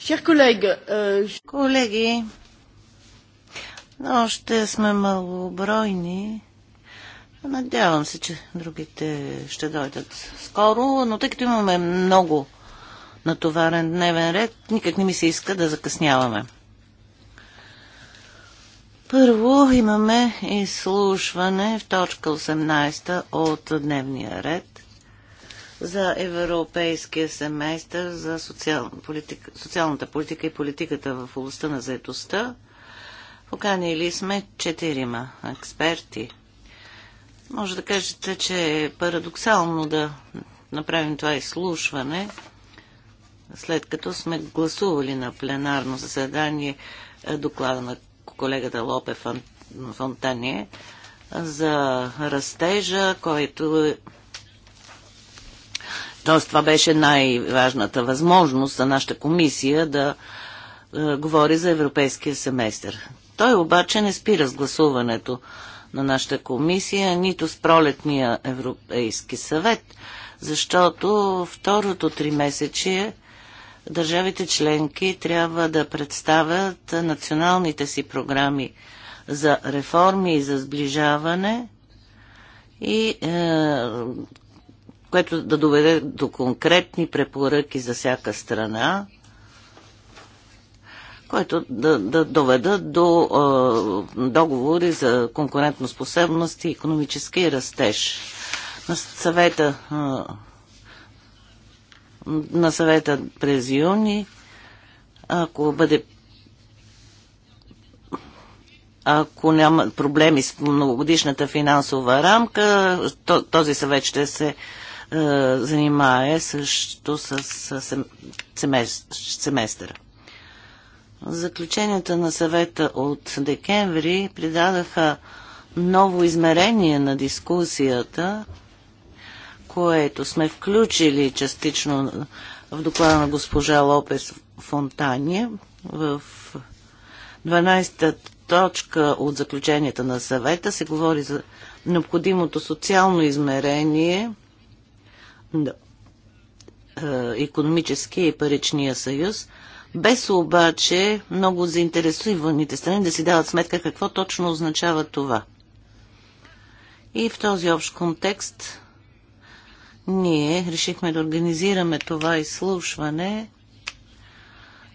Euh, Колеги, още сме малобройни. Надявам се, че другите ще дойдат скоро, но тъй като имаме много натоварен дневен ред, никак не ми се иска да закъсняваме. Първо имаме изслушване в точка 18 от дневния ред – за европейския семестър за социал, социалната политика и политиката в областта на заедостта. Поканили сме четирима експерти. Може да кажете, че е парадоксално да направим това изслушване, след като сме гласували на пленарно заседание е, доклада на колегата Лопе Фонтание за растежа, който е Тоест, това беше най-важната възможност за нашата комисия да е, говори за европейския семестър. Той обаче не спира с гласуването на нашата комисия, нито с пролетния Европейски съвет, защото второто три месече държавите членки трябва да представят националните си програми за реформи и за сближаване – и е, което да доведе до конкретни препоръки за всяка страна, което да, да доведат до е, договори за конкурентоспособност и економически растеж. На съвета, е, на съвета през юни, ако бъде ако няма проблеми с многогодишната финансова рамка, този съвет ще се е, занимае също с семестъра. Заключенията на съвета от декември придадаха ново измерение на дискусията, което сме включили частично в доклада на госпожа Лопес Фонтания в 12-та точка от заключенията на съвета се говори за необходимото социално измерение е, економически и паричния съюз, без обаче много заинтересуваните страни да си дават сметка какво точно означава това. И в този общ контекст ние решихме да организираме това изслушване,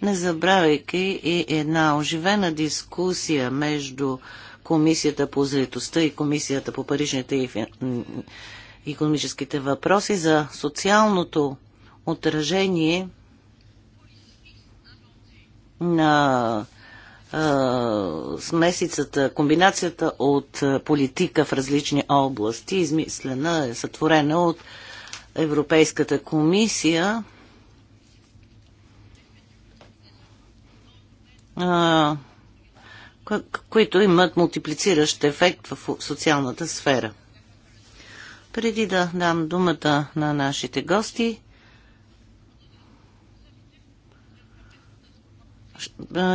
не забравяйки и една оживена дискусия между Комисията по заедостта и Комисията по паричните и економическите въпроси, за социалното отражение на смесицата, комбинацията от политика в различни области, измислена, е сътворена от Европейската комисия. които имат мултиплициращ ефект в социалната сфера. Преди да дам думата на нашите гости,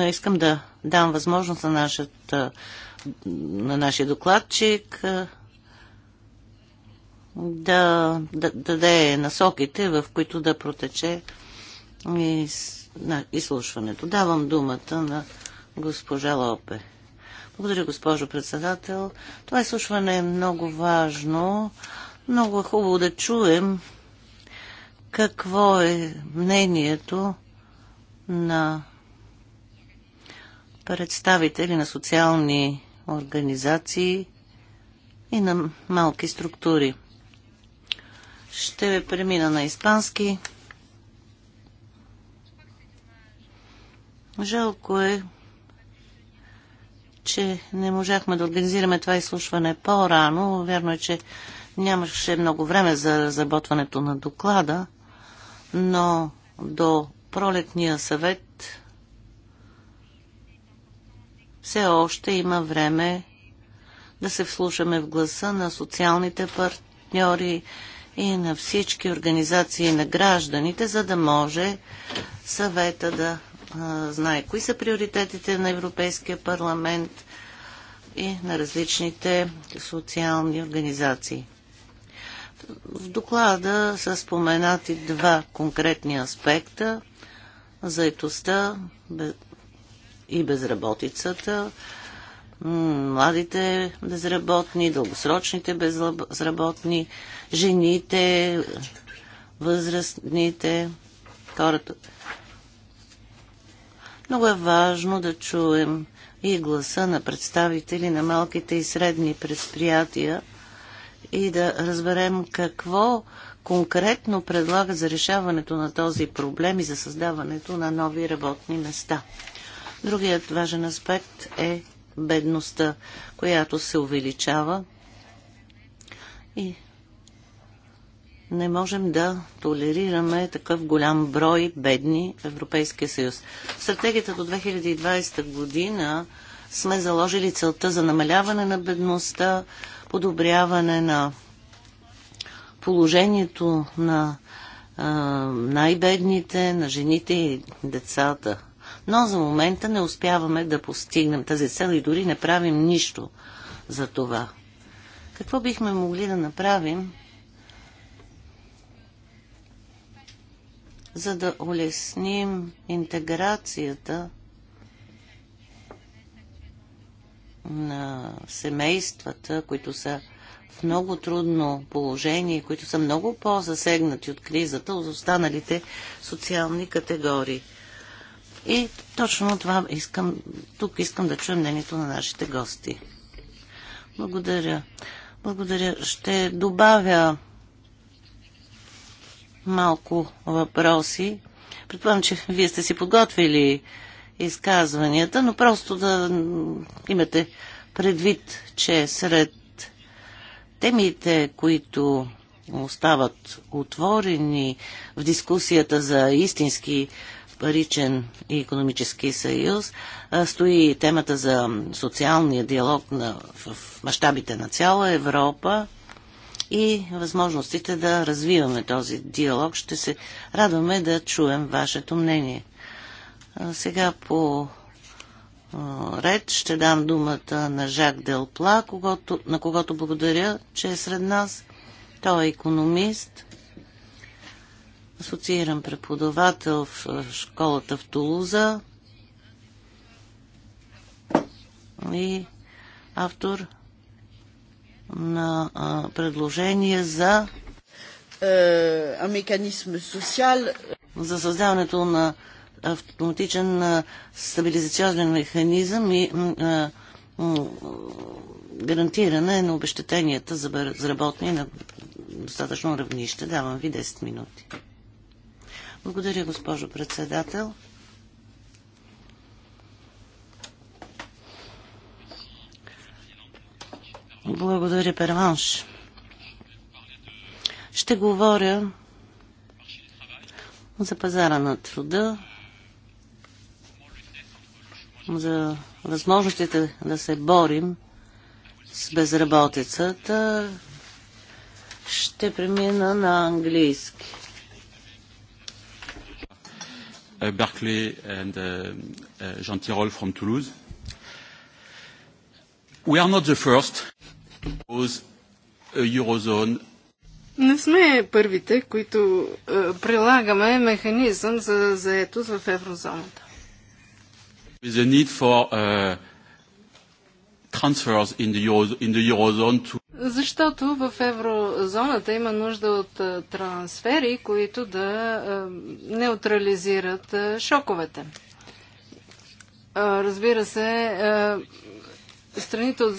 искам да дам възможност на, нашата, на нашия докладчик да, да даде насоките, в които да протече изслушването. Давам думата на госпожа Лопе. Благодаря, госпожо председател. Това изслушване е много важно. Много е хубаво да чуем какво е мнението на представители на социални организации и на малки структури. Ще ви премина на испански. Жалко е, че не можахме да организираме това изслушване по-рано. Вярно е, че Нямаше много време за разработването на доклада, но до пролетния съвет все още има време да се вслушаме в гласа на социалните партньори и на всички организации на гражданите, за да може съвета да а, знае кои са приоритетите на Европейския парламент и на различните социални организации. В доклада са споменати два конкретни аспекта заетостта и безработицата, младите безработни, дългосрочните безработни, жените, възрастните, хората. Много е важно да чуем и гласа на представители на малките и средни предприятия – и да разберем какво конкретно предлага за решаването на този проблем и за създаването на нови работни места. Другият важен аспект е бедността, която се увеличава и не можем да толерираме такъв голям брой бедни в Европейския съюз. В стратегията до 2020 година сме заложили целта за намаляване на бедността подобряване на положението на най-бедните, на жените и децата. Но за момента не успяваме да постигнем тази цел и дори не правим нищо за това. Какво бихме могли да направим, за да улесним интеграцията на семействата, които са в много трудно положение, които са много по-засегнати от кризата от останалите социални категории. И точно това искам, тук искам да чуя мнението на нашите гости. Благодаря. Благодаря. Ще добавя малко въпроси. Предполагам, че вие сте си подготвили изказванията, но просто да имате предвид, че сред темите, които остават отворени в дискусията за истински паричен и економически съюз, стои темата за социалния диалог на, в мащабите на цяла Европа и възможностите да развиваме този диалог. Ще се радваме да чуем вашето мнение. Сега по ред ще дам думата на Жак Делпла, на когото благодаря, че е сред нас. Той е економист, асоцииран преподавател в школата в Тулуза и автор на предложение за механизъм euh, социал за създаването на автоматичен стабилизационен механизъм и гарантиране на обещетенията за безработни на достатъчно равнище. Давам ви 10 минути. Благодаря, госпожо председател. Благодаря, Перванш. Ще говоря за пазара на труда, за възможностите да се борим с безработицата, ще премина на английски. Uh, Berkeley and uh, uh, Jean Tirole from Toulouse. We are not the first because a uh, Eurozone не сме първите, които е, прилагаме механизъм за заетост в еврозоната. With the need for uh, transfers in the, Euro, in the Eurozone to защото в еврозоната има нужда от трансфери, които да неутрализират шоковете. Разбира се, страните от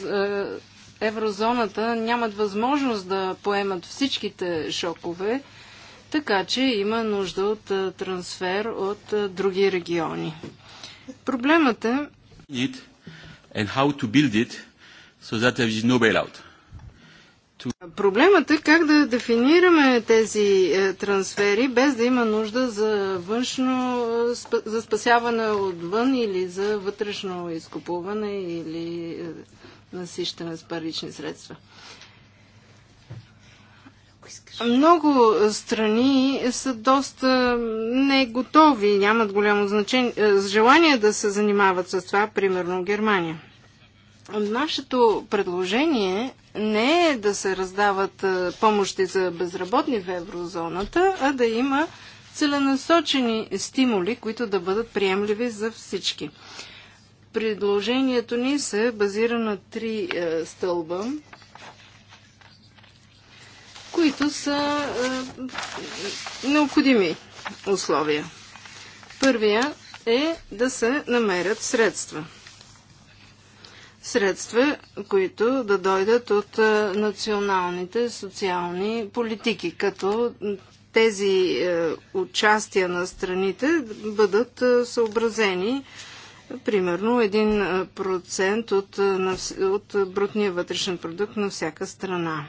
еврозоната нямат възможност да поемат всичките шокове, така че има нужда от трансфер от други региони. Проблемът е and how to build it so that there is no bailout. Проблемът е как да дефинираме тези е, трансфери без да има нужда за външно, е, за спасяване отвън или за вътрешно изкупуване или е, насищане с парични средства. Много страни са доста не готови, нямат голямо значение, желание да се занимават с това, примерно Германия. Нашето предложение не е да се раздават е, помощи за безработни в еврозоната, а да има целенасочени стимули, които да бъдат приемливи за всички. Предложението ни се базира на три е, стълба които са е, необходими условия. Първия е да се намерят средства. Средства, които да дойдат от е, националните социални политики, като тези е, участия на страните бъдат съобразени примерно 1% от, от брутния вътрешен продукт на всяка страна.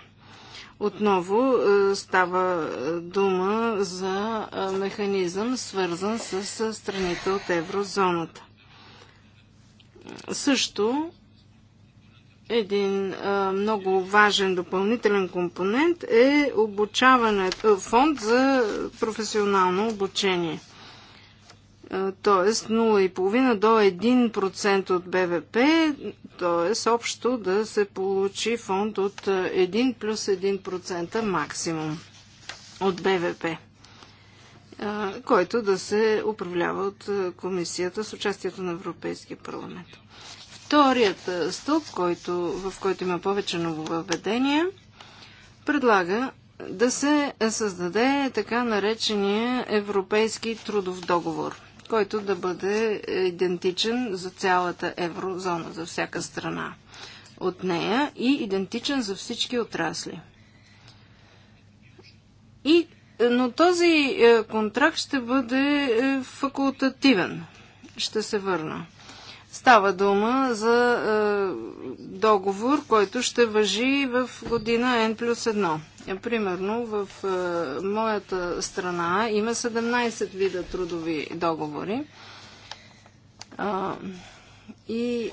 Отново е, става е, дума за е, механизъм, свързан с страните от еврозоната. Също един много важен допълнителен компонент е обучаването, фонд за професионално обучение. Тоест 0,5 до 1% от БВП т.е. общо да се получи фонд от 1 плюс 1% максимум от БВП, който да се управлява от комисията с участието на Европейския парламент. Вторият стълб, който, в който има повече нововъведения, предлага да се създаде така наречения Европейски трудов договор – който да бъде идентичен за цялата еврозона, за всяка страна от нея и идентичен за всички отрасли. И, но този е, контракт ще бъде е, факултативен. Ще се върна. Става дума за е, договор, който ще въжи в година N плюс 1. Примерно в е, моята страна има 17 вида трудови договори. Е, и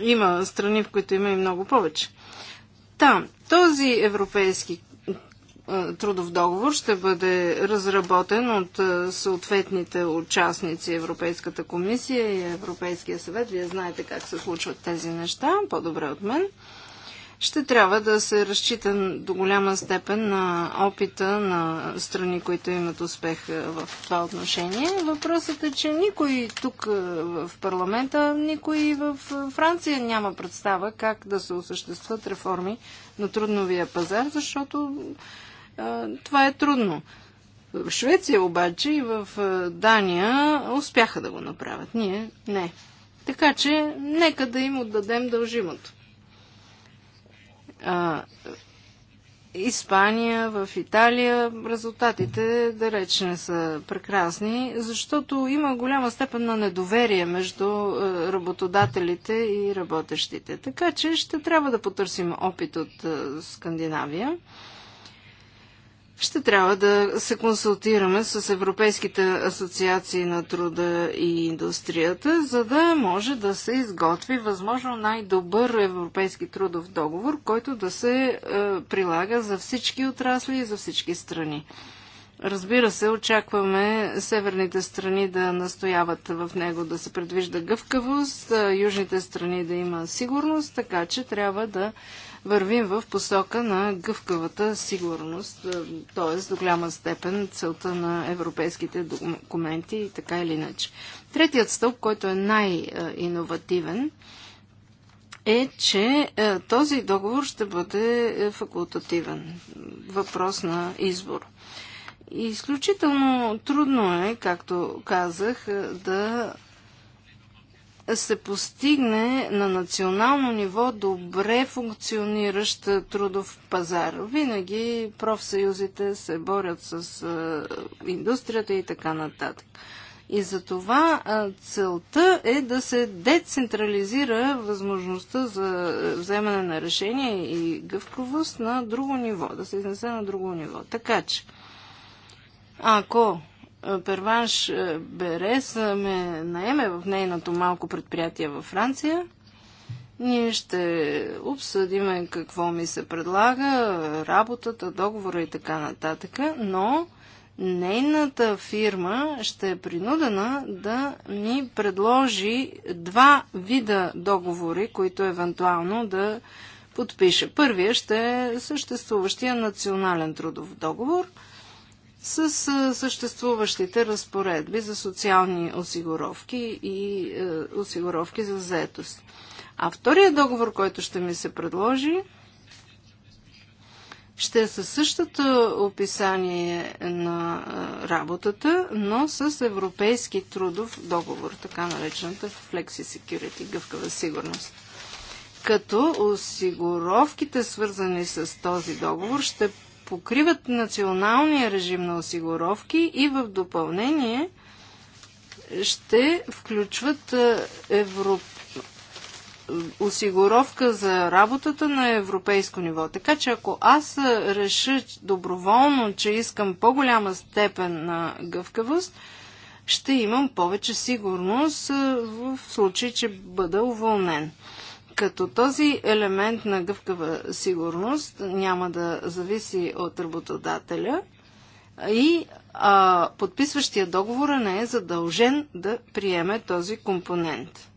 има страни, в които има и много повече. Та, този европейски е, трудов договор ще бъде разработен от съответните участници Европейската комисия и Европейския съвет. Вие знаете как се случват тези неща, по-добре от мен ще трябва да се разчита до голяма степен на опита на страни, които имат успех е, в това отношение. Въпросът е, че никой тук е, в парламента, никой в е, Франция няма представа как да се осъществят реформи на трудновия пазар, защото това е трудно. В Швеция обаче и в Дания успяха да го направят. Ние не. Така че нека да им отдадем дължимото а, Испания, в Италия резултатите да реч не са прекрасни, защото има голяма степен на недоверие между работодателите и работещите. Така че ще трябва да потърсим опит от Скандинавия ще трябва да се консултираме с европейските асоциации на труда и индустрията, за да може да се изготви възможно най-добър европейски трудов договор, който да се е, прилага за всички отрасли и за всички страни. Разбира се, очакваме северните страни да настояват в него да се предвижда гъвкавост, южните страни да има сигурност, така че трябва да вървим в посока на гъвкавата сигурност, т.е. до голяма степен целта на европейските документи и така или иначе. Третият стълб, който е най-инновативен, е, че този договор ще бъде е, факултативен. Въпрос на избор. Изключително трудно е, както казах, е, да се постигне на национално ниво добре функциониращ е, трудов пазар. Винаги профсъюзите се борят с е, индустрията и така нататък. И за това целта е да се децентрализира възможността за вземане на решение и гъвковост на друго ниво, да се изнесе на друго ниво. Така че, ако е, Перванш е, Берес е, ме наеме в нейното малко предприятие във Франция, ние ще обсъдиме какво ми се предлага, работата, договора и така нататък, но нейната фирма ще е принудена да ни предложи два вида договори, които евентуално да подпише. Първия ще е съществуващия национален трудов договор – с съществуващите разпоредби за социални осигуровки и е, осигуровки за заетост. А втория договор, който ще ми се предложи, ще е със същото описание на е, работата, но с европейски трудов договор, така наречената Flexi Security, гъвкава сигурност. Като осигуровките, свързани с този договор, ще покриват националния режим на осигуровки и в допълнение ще включват е, евро... осигуровка за работата на европейско ниво. Така че ако аз е, реша доброволно, че искам по-голяма степен на гъвкавост, ще имам повече сигурност е, в случай, че бъда уволнен като този елемент на гъвкава сигурност няма да зависи от работодателя и а, подписващия договора не е задължен да приеме този компонент.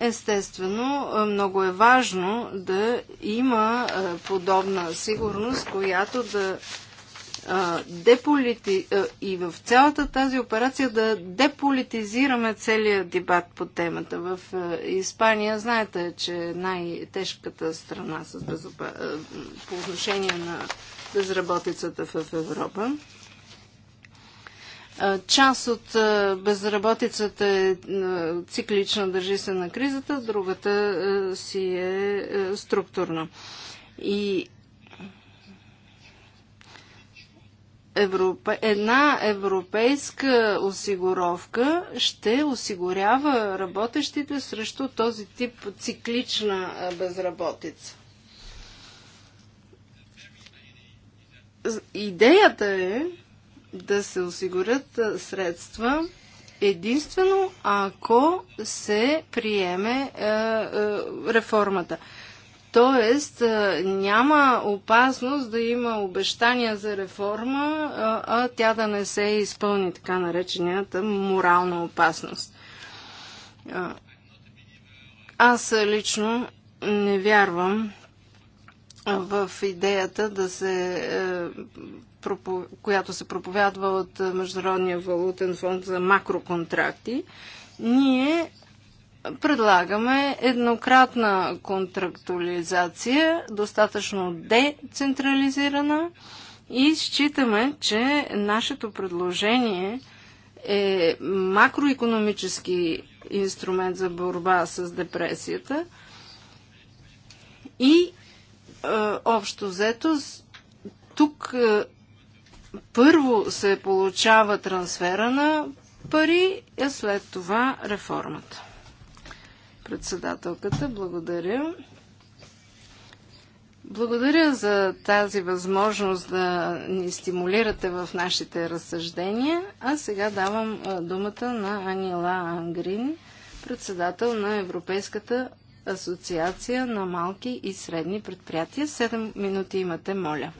Естествено, много е важно да има подобна сигурност, която да деполити... и в цялата тази операция да деполитизираме целия дебат по темата. В Испания знаете, че е най-тежката страна с безоп... по отношение на безработицата в Европа. Част от безработицата е циклична, държи се на кризата, другата си е структурна. И Европе... една европейска осигуровка ще осигурява работещите срещу този тип циклична безработица. Идеята е да се осигурят средства единствено ако се приеме е, е, реформата. Тоест, няма опасност да има обещания за реформа, а тя да не се изпълни така наречената морална опасност. Аз лично не вярвам в идеята да се е, която се проповядва от Международния валутен фонд за макроконтракти, ние предлагаме еднократна контрактуализация, достатъчно децентрализирана и считаме, че нашето предложение е макроекономически инструмент за борба с депресията и е, общо взето тук е, първо се получава трансфера на пари, а след това реформата. Председателката, благодаря. Благодаря за тази възможност да ни стимулирате в нашите разсъждения. А сега давам думата на Анила Ангрин, председател на Европейската асоциация на малки и средни предприятия. Седем минути имате, моля.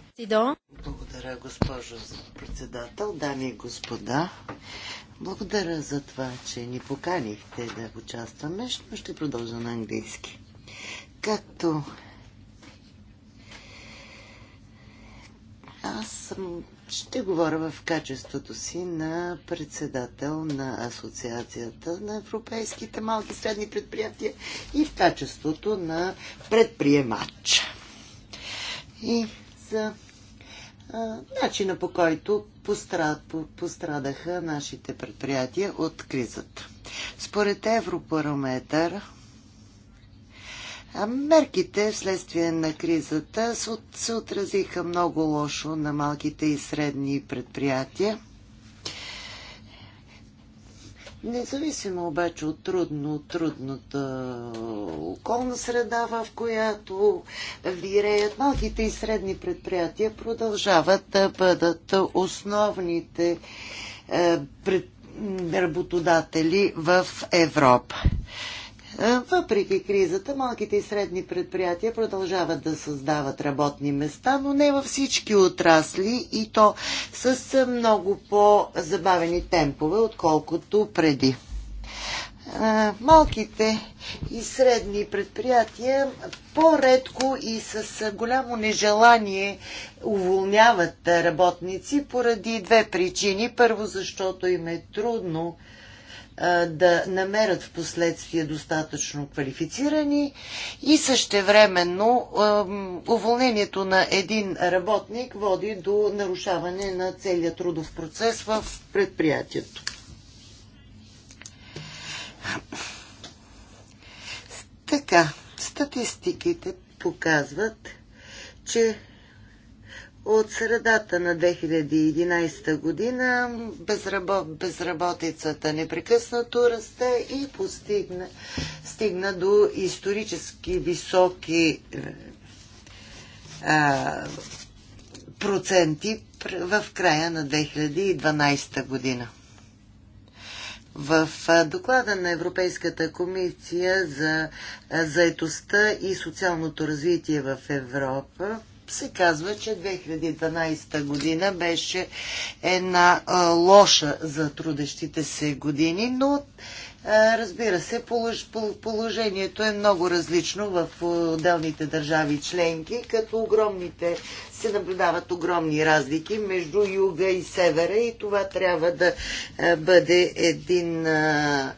Благодаря, госпожо председател, дами и господа. Благодаря за това, че ни поканихте да участваме, но ще продължа на английски. Както аз съм, ще говоря в качеството си на председател на Асоциацията на европейските малки и средни предприятия и в качеството на предприемач. И за начина по който пострадаха нашите предприятия от кризата. Според Европарометър, мерките вследствие на кризата се отразиха много лошо на малките и средни предприятия Независимо обаче от трудно, трудната околна среда, в която виреят малките и средни предприятия, продължават да бъдат основните е, работодатели в Европа. Е, въпреки кризата, малките и средни предприятия продължават да създават работни места, но не във всички отрасли и то с много по-забавени темпове, отколкото преди. Малките и средни предприятия по-редко и с голямо нежелание уволняват работници поради две причини. Първо, защото им е трудно да намерят в последствие достатъчно квалифицирани и същевременно уволнението на един работник води до нарушаване на целият трудов процес в предприятието. Така, статистиките показват, че от средата на 2011 година безработ, безработицата непрекъснато расте и постигна, стигна до исторически високи е, а, проценти в края на 2012 година. В доклада на Европейската комисия за заетостта и социалното развитие в Европа се казва, че 2012 година беше една а, лоша за трудещите се години, но а, разбира се, полож, положението е много различно в отделните държави членки, като огромните се наблюдават огромни разлики между юга и севера и това трябва да а, бъде един а,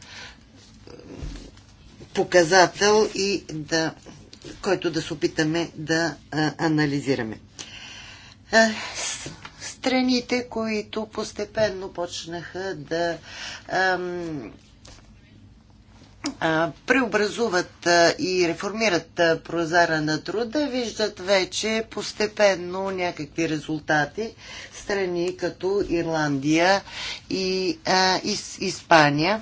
показател и да който да се опитаме да анализираме. Страните, които постепенно почнаха да преобразуват и реформират прозара на труда, виждат вече постепенно някакви резултати страни като Ирландия и Испания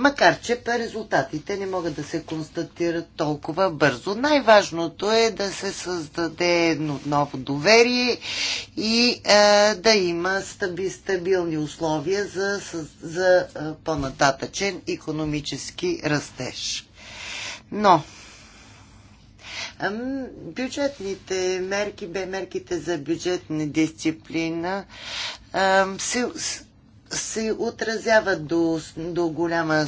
макар че резултатите не могат да се констатират толкова бързо. Най-важното е да се създаде едно ново доверие и е, да има стаби, стабилни условия за, за е, по-нататъчен економически растеж. Но бюджетните мерки, бе мерките за бюджетна дисциплина, се, се отразява до, до, голяма,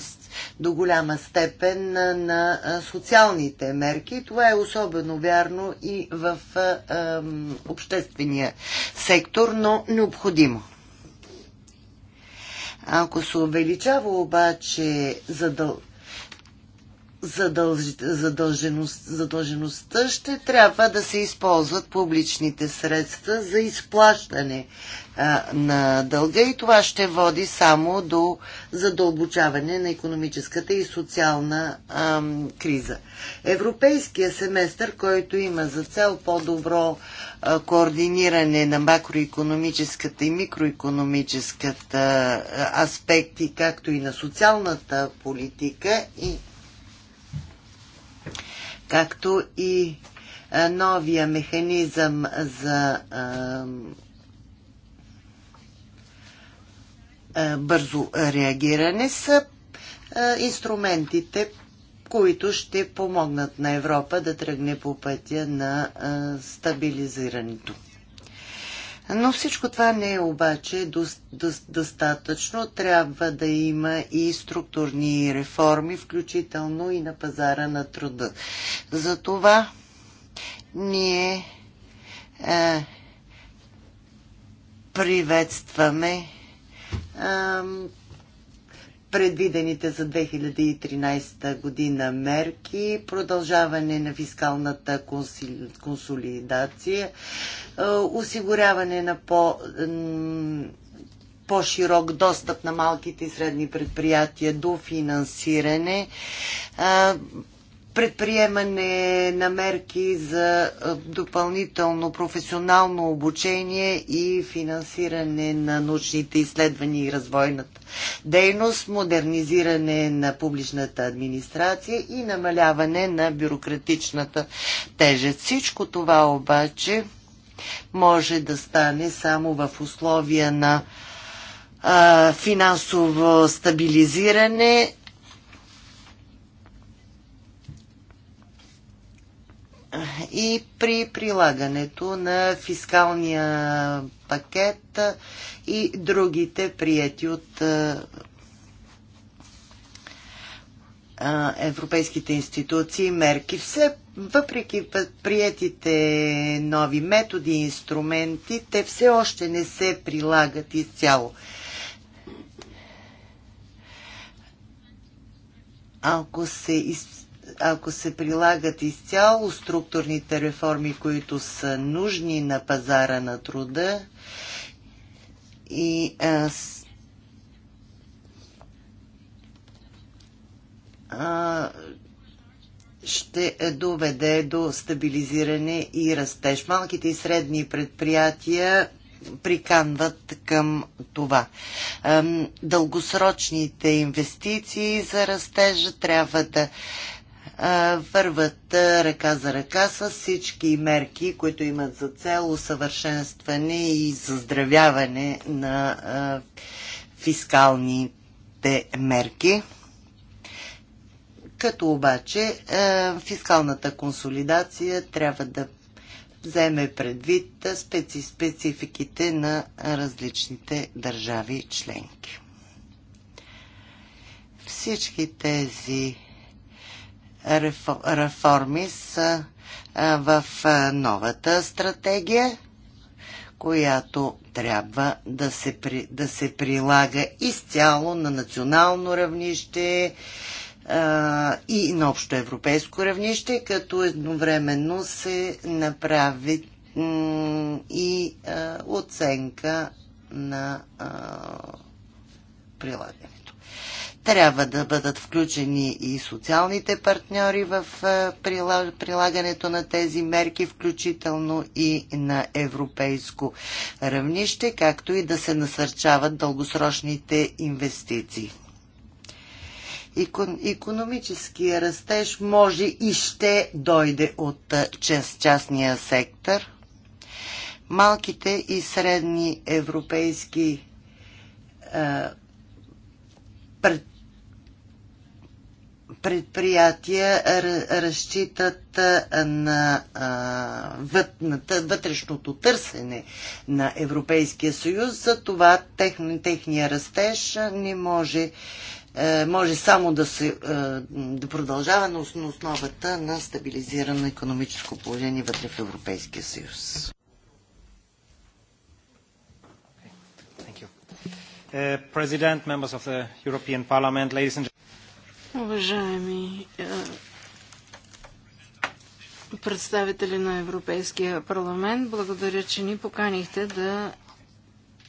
до голяма степен на, на социалните мерки. Това е особено вярно и в а, а, обществения сектор, но необходимо. Ако се увеличава обаче задъл задълж... задълженост... задължеността ще трябва да се използват публичните средства за изплащане а, на дълга и това ще води само до задълбочаване на економическата и социална а, криза. Европейския семестър, който има за цел по-добро координиране на макроекономическата и микроекономическата аспекти, както и на социалната политика и както и новия механизъм за бързо реагиране са инструментите, които ще помогнат на Европа да тръгне по пътя на стабилизирането. Но всичко това не е обаче достатъчно. Трябва да има и структурни реформи, включително и на пазара на труда. Затова ние е, приветстваме е, предвидените за 2013 година мерки, продължаване на фискалната консолидация, е, осигуряване на по, по-широк достъп на малките и средни предприятия до финансиране, е, предприемане на мерки за допълнително професионално обучение и финансиране на научните изследвания и развойната дейност, модернизиране на публичната администрация и намаляване на бюрократичната тежест. Всичко това обаче може да стане само в условия на финансово стабилизиране и при прилагането на фискалния пакет и другите прияти от европейските институции мерки. Все, въпреки приятите нови методи и инструменти, те все още не се прилагат изцяло. Ако се из ако се прилагат изцяло структурните реформи, които са нужни на пазара на труда и а, с, а, ще доведе до стабилизиране и растеж. Малките и средни предприятия приканват към това. Дългосрочните инвестиции за растежа трябва да върват ръка за ръка с всички мерки, които имат за цел усъвършенстване и заздравяване на фискалните мерки. Като обаче фискалната консолидация трябва да вземе предвид специ спецификите на различните държави членки. Всички тези реформи са в новата стратегия, която трябва да се, да се прилага изцяло на национално равнище и на общо европейско равнище, като едновременно се направи и оценка на прилагането. Трябва да бъдат включени и социалните партньори в прилагането на тези мерки, включително и на европейско равнище, както и да се насърчават дългосрочните инвестиции. Икономическия растеж може и ще дойде от частния сектор. Малките и средни европейски предприятия, предприятия разчитат на вътрешното търсене на Европейския съюз, За това техния растеж не може, може само да, се, да продължава на основата на стабилизирано економическо положение вътре в Европейския съюз. Президент, uh, members of the European Parliament, ladies and Уважаеми е, представители на Европейския парламент, благодаря, че ни поканихте да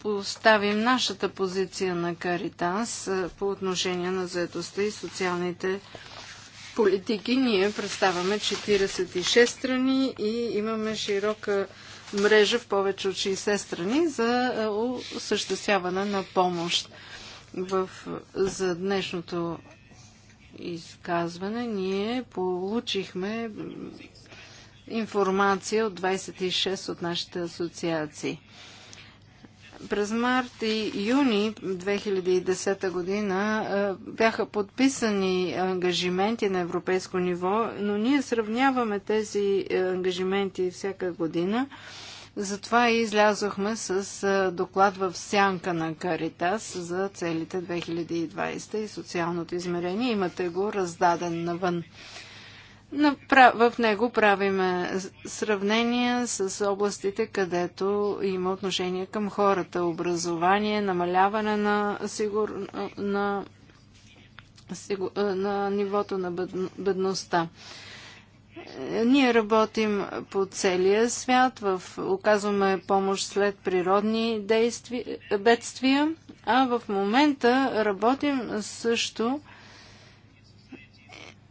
поставим нашата позиция на Каритас е, по отношение на заедостта и социалните политики. Ние представяме 46 страни и имаме широка мрежа в повече от 60 страни за е, осъществяване на помощ в, за днешното изказване ние получихме информация от 26 от нашите асоциации. През март и юни 2010 година бяха подписани ангажименти на европейско ниво, но ние сравняваме тези ангажименти всяка година затова и излязохме с доклад в сянка на Каритас за целите 2020 и социалното измерение. Имате го раздаден навън. В него правиме сравнения с областите, където има отношение към хората. Образование, намаляване на, сигур... на... на нивото на бедността. Ние работим по целия свят, в, оказваме помощ след природни действи, бедствия, а в момента работим също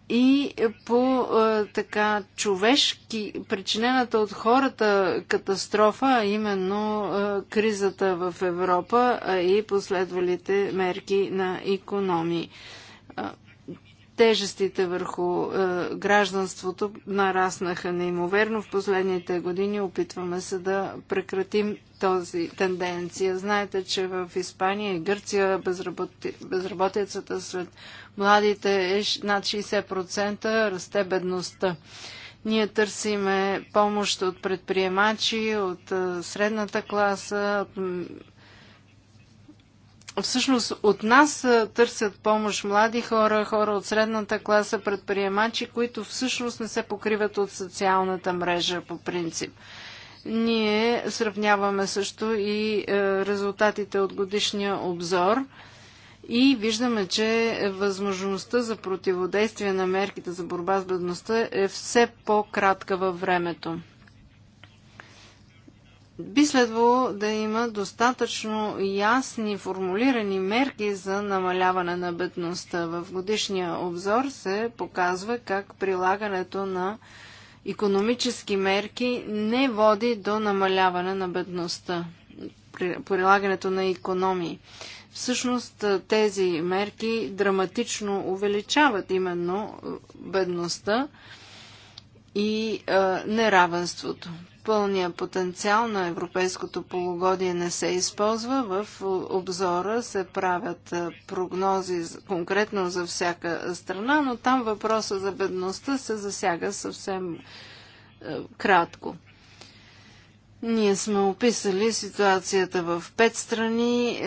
и по е, така човешки, причинената от хората катастрофа, а именно е, кризата в Европа и последвалите мерки на економии тежестите върху е, гражданството нараснаха неимоверно в последните години. Опитваме се да прекратим този тенденция. Знаете, че в Испания и Гърция безработи... безработицата сред младите е над 60%, расте бедността. Ние търсиме помощ от предприемачи, от е, средната класа, от всъщност от нас търсят помощ млади хора, хора от средната класа, предприемачи, които всъщност не се покриват от социалната мрежа по принцип. Ние сравняваме също и е, резултатите от годишния обзор и виждаме, че възможността за противодействие на мерките за борба с бедността е все по-кратка във времето би следвало да има достатъчно ясни формулирани мерки за намаляване на бедността. В годишния обзор се показва как прилагането на економически мерки не води до намаляване на бедността. Прилагането на економии. Всъщност тези мерки драматично увеличават именно бедността и е, неравенството пълния потенциал на европейското полугодие не се използва. В обзора се правят прогнози конкретно за всяка страна, но там въпроса за бедността се засяга съвсем кратко. Ние сме описали ситуацията в пет страни.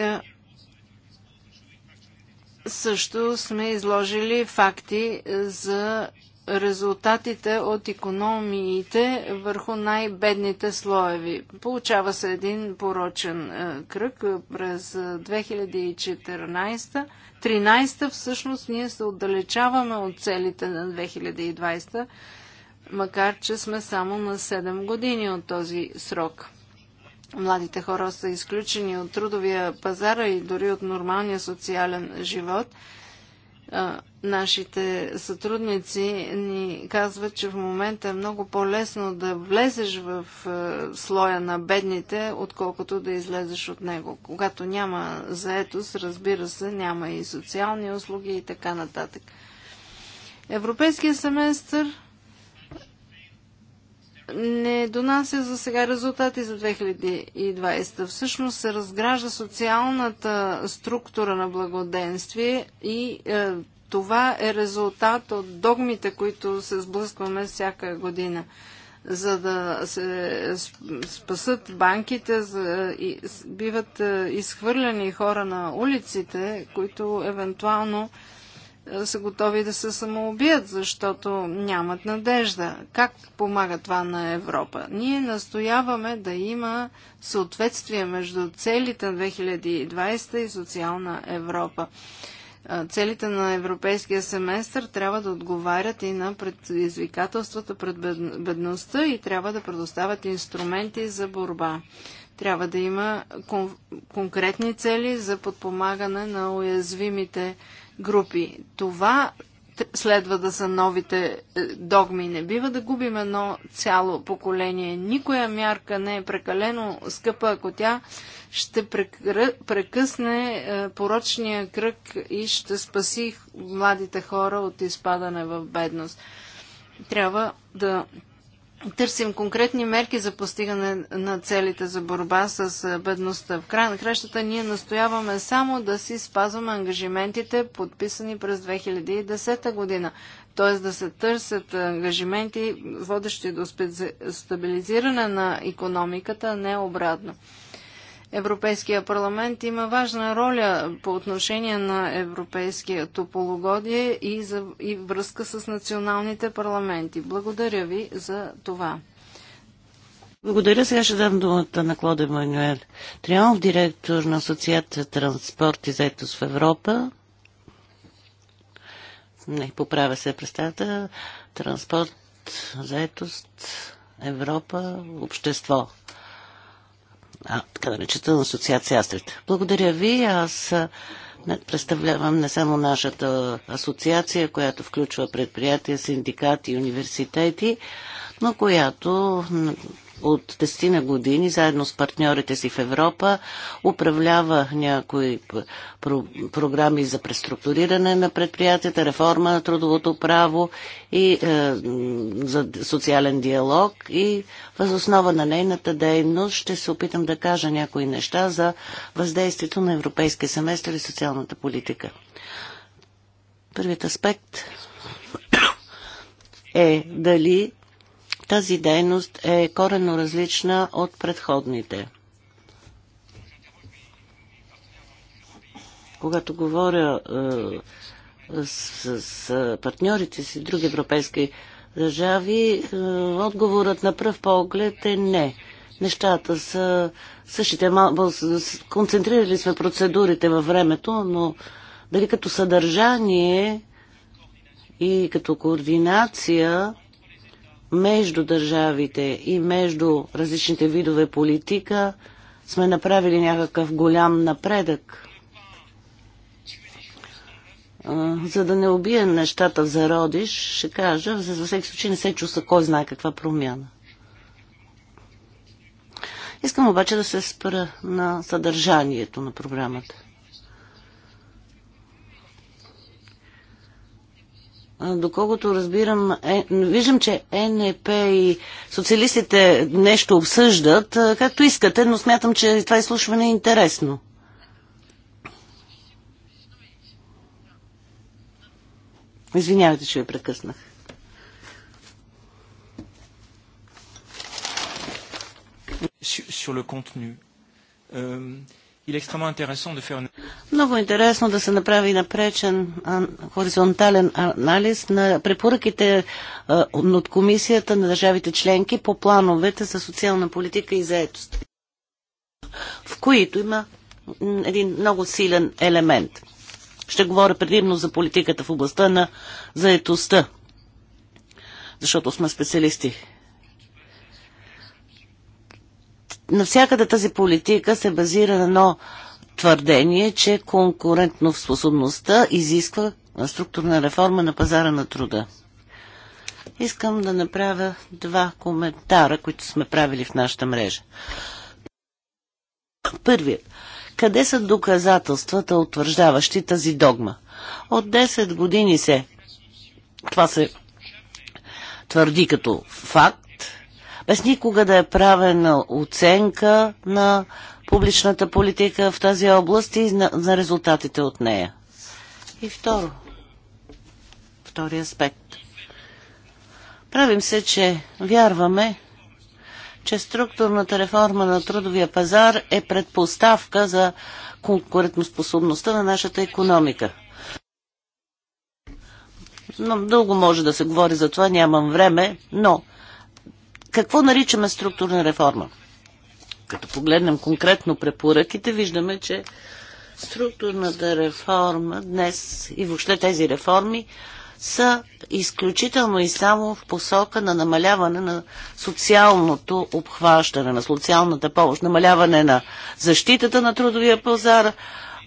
също сме изложили факти за резултатите от економиите върху най-бедните слоеви. Получава се един порочен е, кръг. През 2014 е, 13 всъщност ние се отдалечаваме от целите на 2020, макар че сме само на 7 години от този срок. Младите хора са изключени от трудовия пазар и дори от нормалния социален живот – а, нашите сътрудници ни казват, че в момента е много по-лесно да влезеш в а, слоя на бедните, отколкото да излезеш от него. Когато няма заетост, разбира се, няма и социални услуги и така нататък. Европейския семестър не донася за сега резултати за 2020. Всъщност се разгражда социалната структура на благоденствие и е, това е резултат от догмите, които се сблъскваме всяка година. За да се спасат банките, за, и, биват е, изхвърляни хора на улиците, които евентуално е, са готови да се самоубият, защото нямат надежда. Как помага това на Европа? Ние настояваме да има съответствие между целите на 2020 и социална Европа. Целите на европейския семестър трябва да отговарят и на предизвикателствата пред бедността и трябва да предоставят инструменти за борба трябва да има конкретни цели за подпомагане на уязвимите групи. Това следва да са новите е, догми. Не бива да губим едно цяло поколение. Никоя мярка не е прекалено скъпа, ако тя ще прекъсне е, порочния кръг и ще спаси младите хора от изпадане в бедност. Трябва да търсим конкретни мерки за постигане на целите за борба с бедността. В края на кращата ние настояваме само да си спазваме ангажиментите, подписани през 2010 година. Т.е. да се търсят ангажименти, водещи до стабилизиране на економиката, не обратно. Европейския парламент има важна роля по отношение на европейското полугодие и, за, и връзка с националните парламенти. Благодаря ви за това. Благодаря. Сега ще дам думата на Клод Емануел Трианов, директор на Асоциация Транспорт и заетост в Европа. Не, поправя се представата. Транспорт, заетост, Европа, общество а, така речета на асоциация Астрид. Благодаря ви. Аз представлявам не само нашата асоциация, която включва предприятия, синдикати и университети, но която от 10 на години, заедно с партньорите си в Европа, управлява някои про програми за преструктуриране на предприятията, реформа на трудовото право и е, за социален диалог и възоснова на нейната дейност ще се опитам да кажа някои неща за въздействието на европейския семестър и социалната политика. Първият аспект е дали тази дейност е коренно различна от предходните. Когато говоря е, с, с партньорите си, други европейски държави, е, отговорът на пръв поглед е не нещата са същите. Концентрирали сме процедурите във времето, но дали като съдържание и като координация между държавите и между различните видове политика сме направили някакъв голям напредък. За да не убия нещата в зародиш, ще кажа, за всеки случай не се чувства кой знае каква промяна. Искам обаче да се спра на съдържанието на програмата. Доколкото разбирам, е, виждам, че НЕП и социалистите нещо обсъждат, както искате, но смятам, че това изслушване е интересно. Извинявайте, че ви прекъснах. Sur le contenu. Euh... Много интересно да се направи напречен хоризонтален анализ на препоръките от комисията на държавите членки по плановете за социална политика и заетост, в които има един много силен елемент. Ще говоря предимно за политиката в областта на заетостта, защото сме специалисти навсякъде тази политика се базира на едно твърдение, че конкурентноспособността изисква структурна реформа на пазара на труда. Искам да направя два коментара, които сме правили в нашата мрежа. Първият. Къде са доказателствата, утвърждаващи тази догма? От 10 години се това се твърди като факт, без никога да е правена оценка на публичната политика в тази област и на, на резултатите от нея. И второ, втори аспект. Правим се, че вярваме, че структурната реформа на трудовия пазар е предпоставка за конкурентоспособността на нашата економика. Но дълго може да се говори за това, нямам време, но какво наричаме структурна реформа? Като погледнем конкретно препоръките, виждаме, че структурната реформа днес и въобще тези реформи са изключително и само в посока на намаляване на социалното обхващане, на социалната помощ, намаляване на защитата на трудовия пазар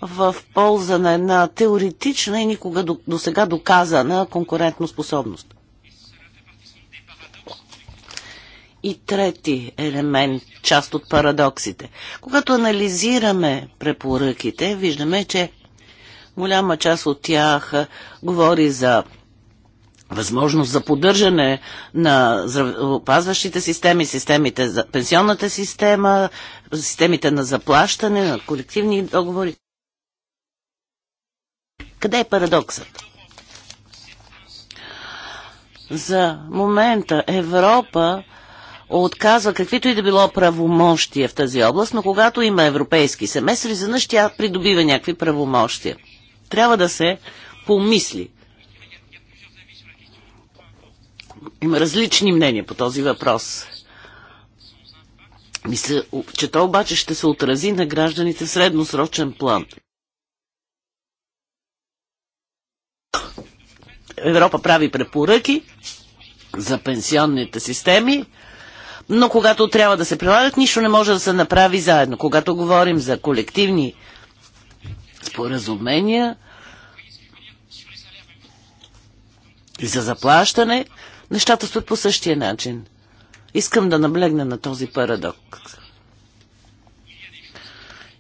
в полза на една теоретична и никога до, до сега доказана конкурентоспособност. И трети елемент, част от парадоксите. Когато анализираме препоръките, виждаме, че голяма част от тях говори за възможност за поддържане на здравеопазващите системи, системите за пенсионната система, системите на заплащане, на колективни договори. Къде е парадоксът? За момента Европа отказва каквито и да било правомощия в тази област, но когато има европейски семестри, изведнъж тя придобива някакви правомощия. Трябва да се помисли. Има различни мнения по този въпрос. Мисля, че то обаче ще се отрази на гражданите в средносрочен план. Европа прави препоръки за пенсионните системи, но когато трябва да се прилагат, нищо не може да се направи заедно. Когато говорим за колективни споразумения и за заплащане, нещата стоят по същия начин. Искам да наблегна на този парадокс.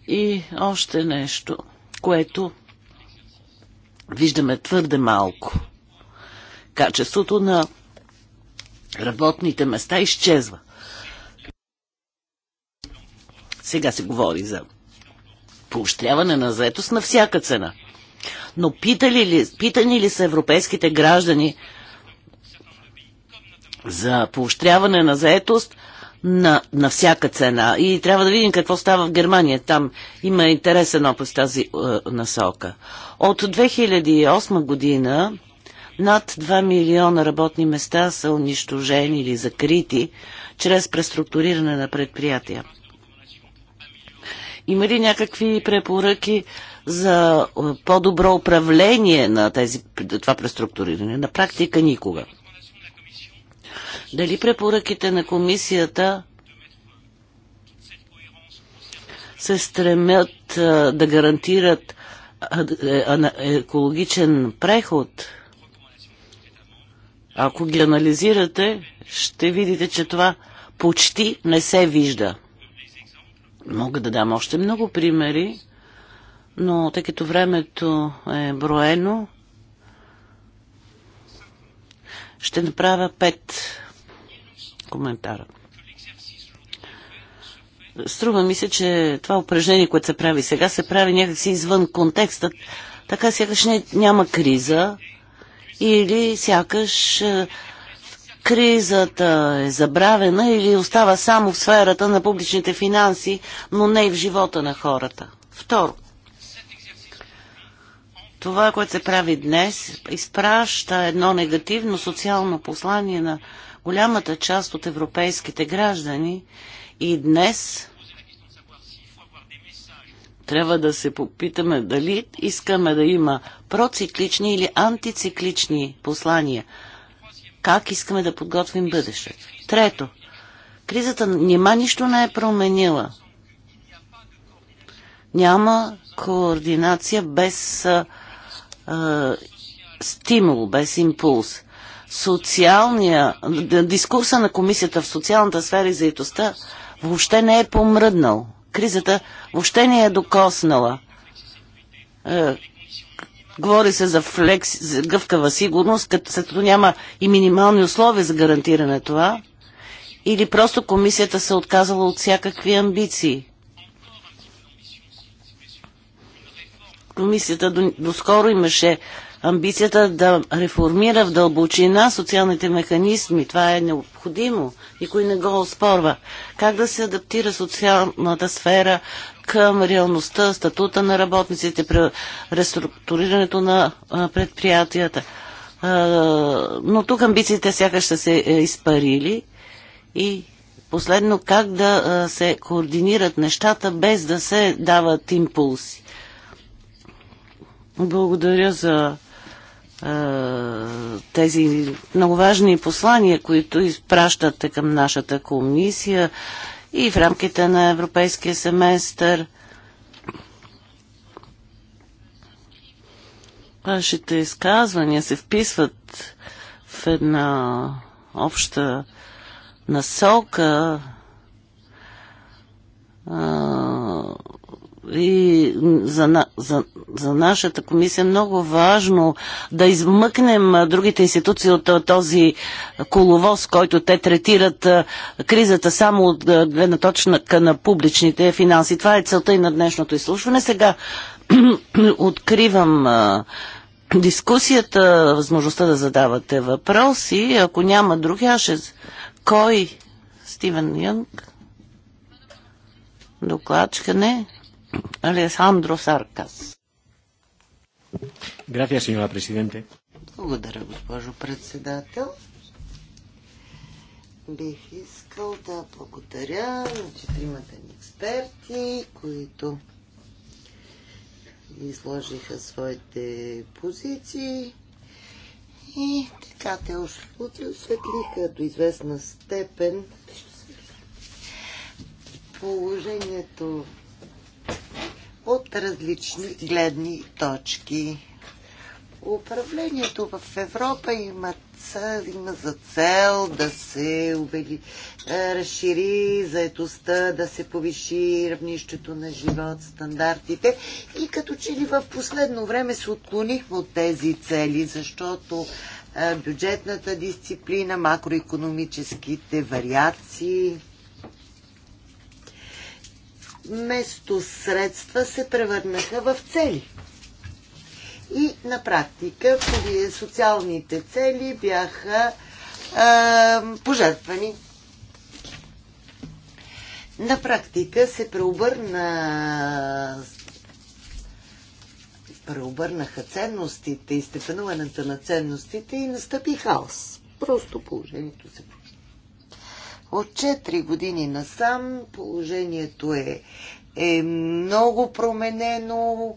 И още нещо, което виждаме твърде малко. Качеството на работните места изчезва. Сега се говори за поощряване на заетост на всяка цена. Но питали ли, питани ли са европейските граждани за поощряване на заетост на, на всяка цена? И трябва да видим какво става в Германия. Там има интересен опит с тази е, насока. От 2008 година над 2 милиона работни места са унищожени или закрити чрез преструктуриране на предприятия. Има ли някакви препоръки за е, по-добро управление на тези, това преструктуриране? На практика никога. Дали препоръките на комисията се стремят е, да гарантират е, екологичен преход? Ако ги анализирате, ще видите, че това почти не се вижда. Мога да дам още много примери, но тъй като времето е броено, ще направя пет коментара. Струва ми се, че това упражнение, което се прави сега, се прави някакси извън контекста, така сякаш няма криза или сякаш е, кризата е забравена или остава само в сферата на публичните финанси, но не и в живота на хората. Второ, това, което се прави днес, изпраща едно негативно социално послание на голямата част от европейските граждани и днес трябва да се попитаме дали искаме да има проциклични или антициклични послания – как искаме да подготвим бъдещето. Трето, кризата няма нищо не е променила. Няма координация без а, а, стимул, без импулс. Социалния, дискурса на комисията в социалната сфера и заедостта въобще не е помръднал. Кризата въобще не е докоснала. Е, Говори се за, флекс, за гъвкава сигурност, като след като няма и минимални условия за гарантиране това. Или просто комисията се е отказала от всякакви амбиции. Комисията доскоро имаше амбицията да реформира в дълбочина социалните механизми. Това е необходимо. Никой не го оспорва. Как да се адаптира социалната сфера към реалността, статута на работниците, реструктурирането на предприятията. Но тук амбициите сякаш са се е, изпарили и последно как да се координират нещата без да се дават импулси. Благодаря за тези много важни послания, които изпращате към нашата комисия и в рамките на европейския семестър вашите изказвания се вписват в една обща насока, и за, на, за, за нашата комисия е много важно да измъкнем другите институции от този коловоз, който те третират кризата само от гледна точка на публичните финанси. Това е целта и на днешното изслушване. Сега откривам дискусията, възможността да задавате въпроси. Ако няма други, аз ще... Кой? Стивен Юнг? Докладчика? Не. Алесандро Саркас. Благодаря, госпожо председател. Бих искал да благодаря на четиримата ни експерти, които изложиха своите позиции и така те осветлиха до известна степен положението от различни гледни точки. Управлението в Европа има, цел, има за цел да се увели, е, разшири заетостта, да се повиши равнището на живот, стандартите. И като че ли в последно време се отклонихме от тези цели, защото е, бюджетната дисциплина, макроекономическите вариации вместо средства се превърнаха в цели. И на практика социалните цели бяха а, пожертвани. На практика се преобърна преобърнаха ценностите и степенуването на ценностите и настъпи хаос. Просто положението се от 4 години насам положението е, е много променено.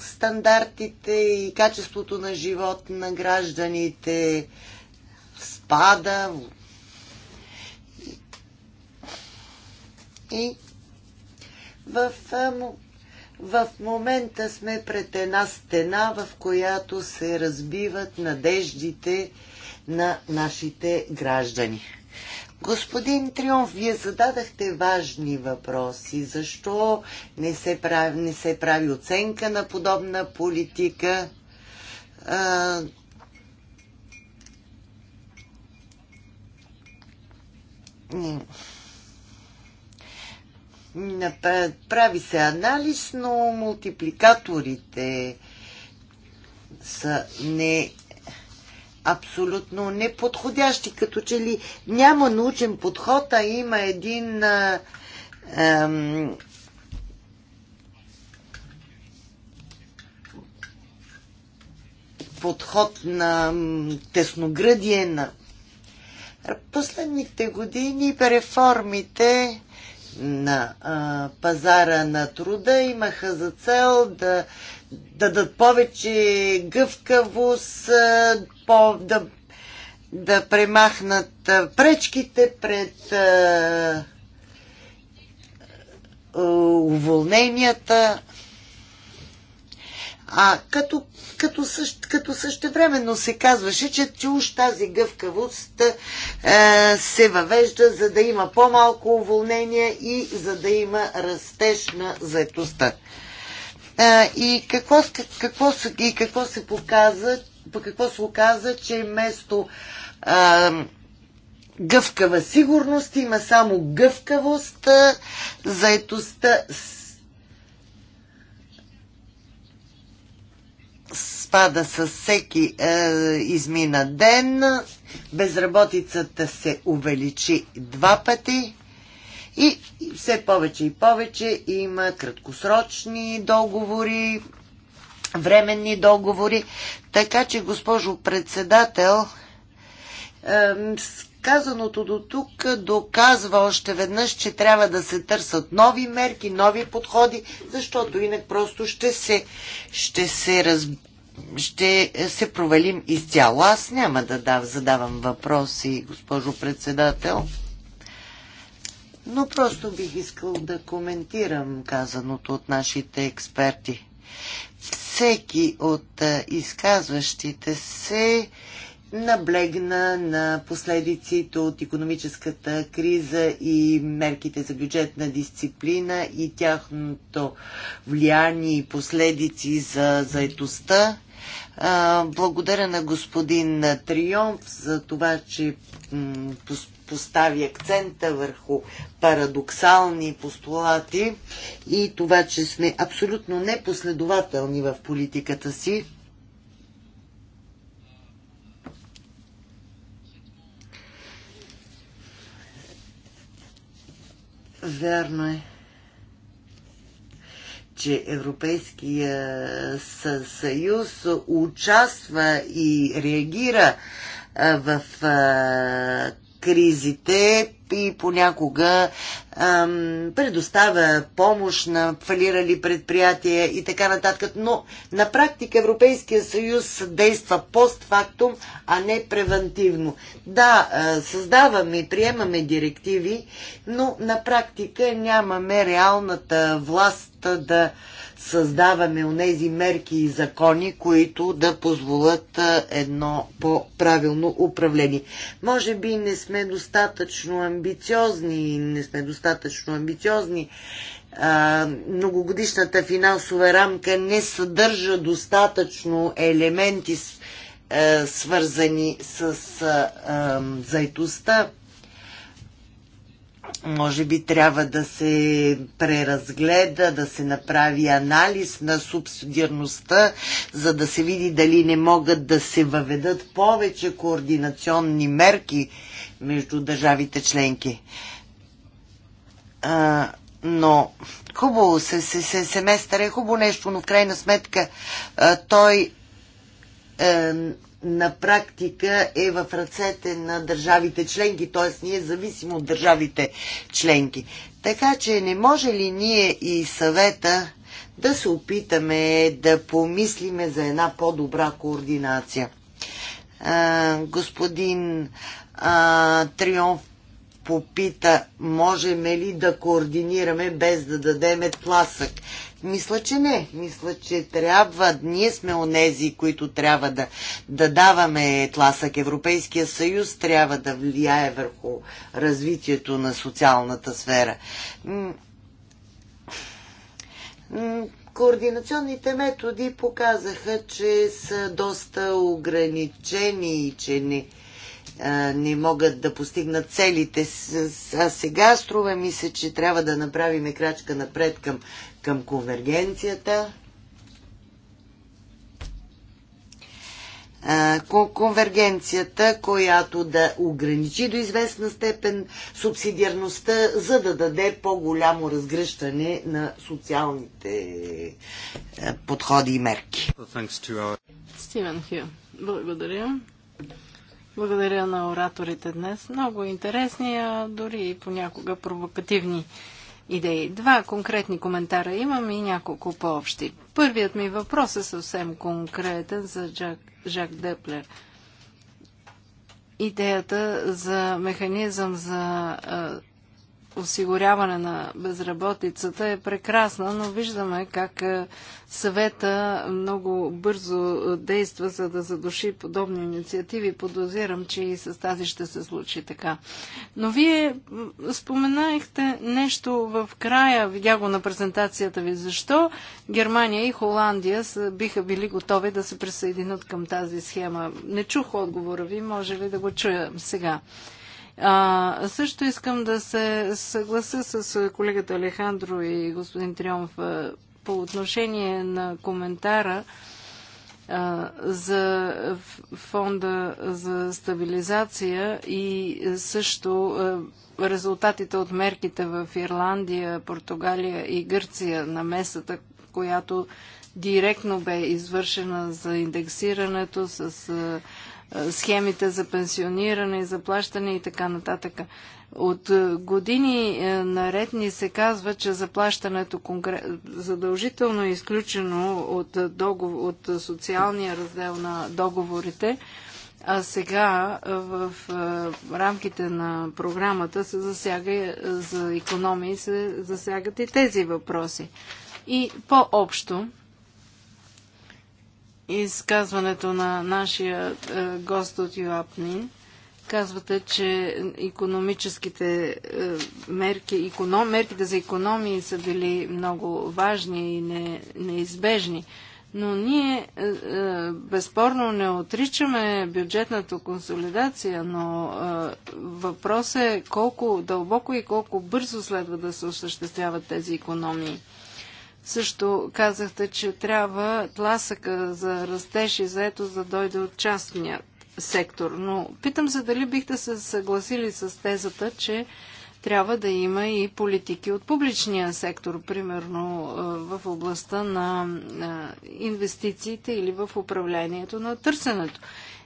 стандартите и качеството на живот на гражданите спада. И в, в момента сме пред една стена, в която се разбиват надеждите на нашите граждани. Господин Триумф, вие зададахте важни въпроси. Защо не се прави, не се прави оценка на подобна политика? А, Прави се анализ, но мултипликаторите са не абсолютно неподходящи, като че ли няма научен подход, а има един а, ам, подход на тесноградие на последните години реформите на а, пазара на труда имаха за цел да дадат повече гъвкавост, по, да, да премахнат пречките пред а, уволненията. А като, като, същ, като същевременно се казваше, че, че уж тази гъвкавост е, се въвежда, за да има по-малко уволнения и за да има растеж на заетостта и, какво, какво, и какво се показа, по какво се оказа, че вместо а, гъвкава сигурност има само гъвкавост, заетостта спада с всеки е, измина ден, безработицата се увеличи два пъти. И все повече и повече има краткосрочни договори, временни договори. Така че, госпожо председател, казаното до тук доказва още веднъж, че трябва да се търсят нови мерки, нови подходи, защото инак просто ще се, ще се раз... ще се провалим изцяло. Аз няма да дав, задавам въпроси, госпожо председател но просто бих искал да коментирам казаното от нашите експерти. Всеки от изказващите се наблегна на последиците от економическата криза и мерките за бюджетна дисциплина и тяхното влияние и последици за заетостта. Благодаря на господин Триумф за това, че постави акцента върху парадоксални постулати и това, че сме абсолютно непоследователни в политиката си. Верно е че Европейския съюз участва и реагира в кризите и понякога ам, предоставя помощ на фалирали предприятия и така нататък. Но на практика Европейския съюз действа постфактум, а не превентивно. Да, създаваме и приемаме директиви, но на практика нямаме реалната власт да създаваме онези мерки и закони, които да позволят едно по-правилно управление. Може би не сме достатъчно амбициозни, не сме достатъчно амбициозни. многогодишната финансова рамка не съдържа достатъчно елементи, свързани с заетостта може би трябва да се преразгледа, да се направи анализ на субсидиарността, за да се види дали не могат да се въведат повече координационни мерки между държавите членки. А, но хубаво се, се, се, семестър е хубаво нещо, но в крайна сметка а, той е, на практика е в ръцете на държавите членки, т.е. ние зависим от държавите членки. Така че не може ли ние и съвета да се опитаме да помислиме за една по-добра координация? А, господин а, Триумф попита, можем ли да координираме без да дадеме тласък мисля, че не. Мисля, че трябва, ние сме онези, които трябва да, да даваме тласък. Европейския съюз трябва да влияе върху развитието на социалната сфера. Координационните методи показаха, че са доста ограничени и че не, не могат да постигнат целите. А сега струва ми се, че трябва да направим крачка напред към към конвергенцията. конвергенцията, която да ограничи до известна степен субсидиарността, за да даде по-голямо разгръщане на социалните подходи и мерки. Стивен Хю, благодаря. Благодаря на ораторите днес. Много интересни, а дори и понякога провокативни идеи. Два конкретни коментара имам и няколко по-общи. Първият ми въпрос е съвсем конкретен за Жак, Жак Деплер. Идеята за механизъм за а, осигуряване на безработицата е прекрасна, но виждаме как е, съвета много бързо действа, за да задуши подобни инициативи. Подозирам, че и с тази ще се случи така. Но вие споменахте нещо в края, видя го на презентацията ви, защо Германия и Холандия биха били готови да се присъединят към тази схема. Не чух отговора ви, може ли да го чуя сега? А, също искам да се съгласа с колегата Алехандро и господин Триомф по отношение на коментара а, за фонда за стабилизация и също а, резултатите от мерките в Ирландия, Португалия и Гърция на месата, която директно бе извършена за индексирането с а, схемите за пенсиониране, заплащане и така нататък. От години наред ни се казва, че заплащането задължително е изключено от, договор, от социалния раздел на договорите, а сега в рамките на програмата се засяга за економии се засягат и тези въпроси. И по-общо, изказването на нашия е, гост от Юапнин. Казвате, че економическите е, мерки, економ, мерките за економии са били много важни и не, неизбежни. Но ние е, е безспорно не отричаме бюджетната консолидация, но е, въпросът е колко дълбоко и колко бързо следва да се осъществяват тези економии. Също казахте, че трябва тласъка за растеж и заето да дойде от частния сектор. Но питам се дали бихте се съгласили с тезата, че трябва да има и политики от публичния сектор, примерно е, в областта на е, инвестициите или в управлението на търсенето.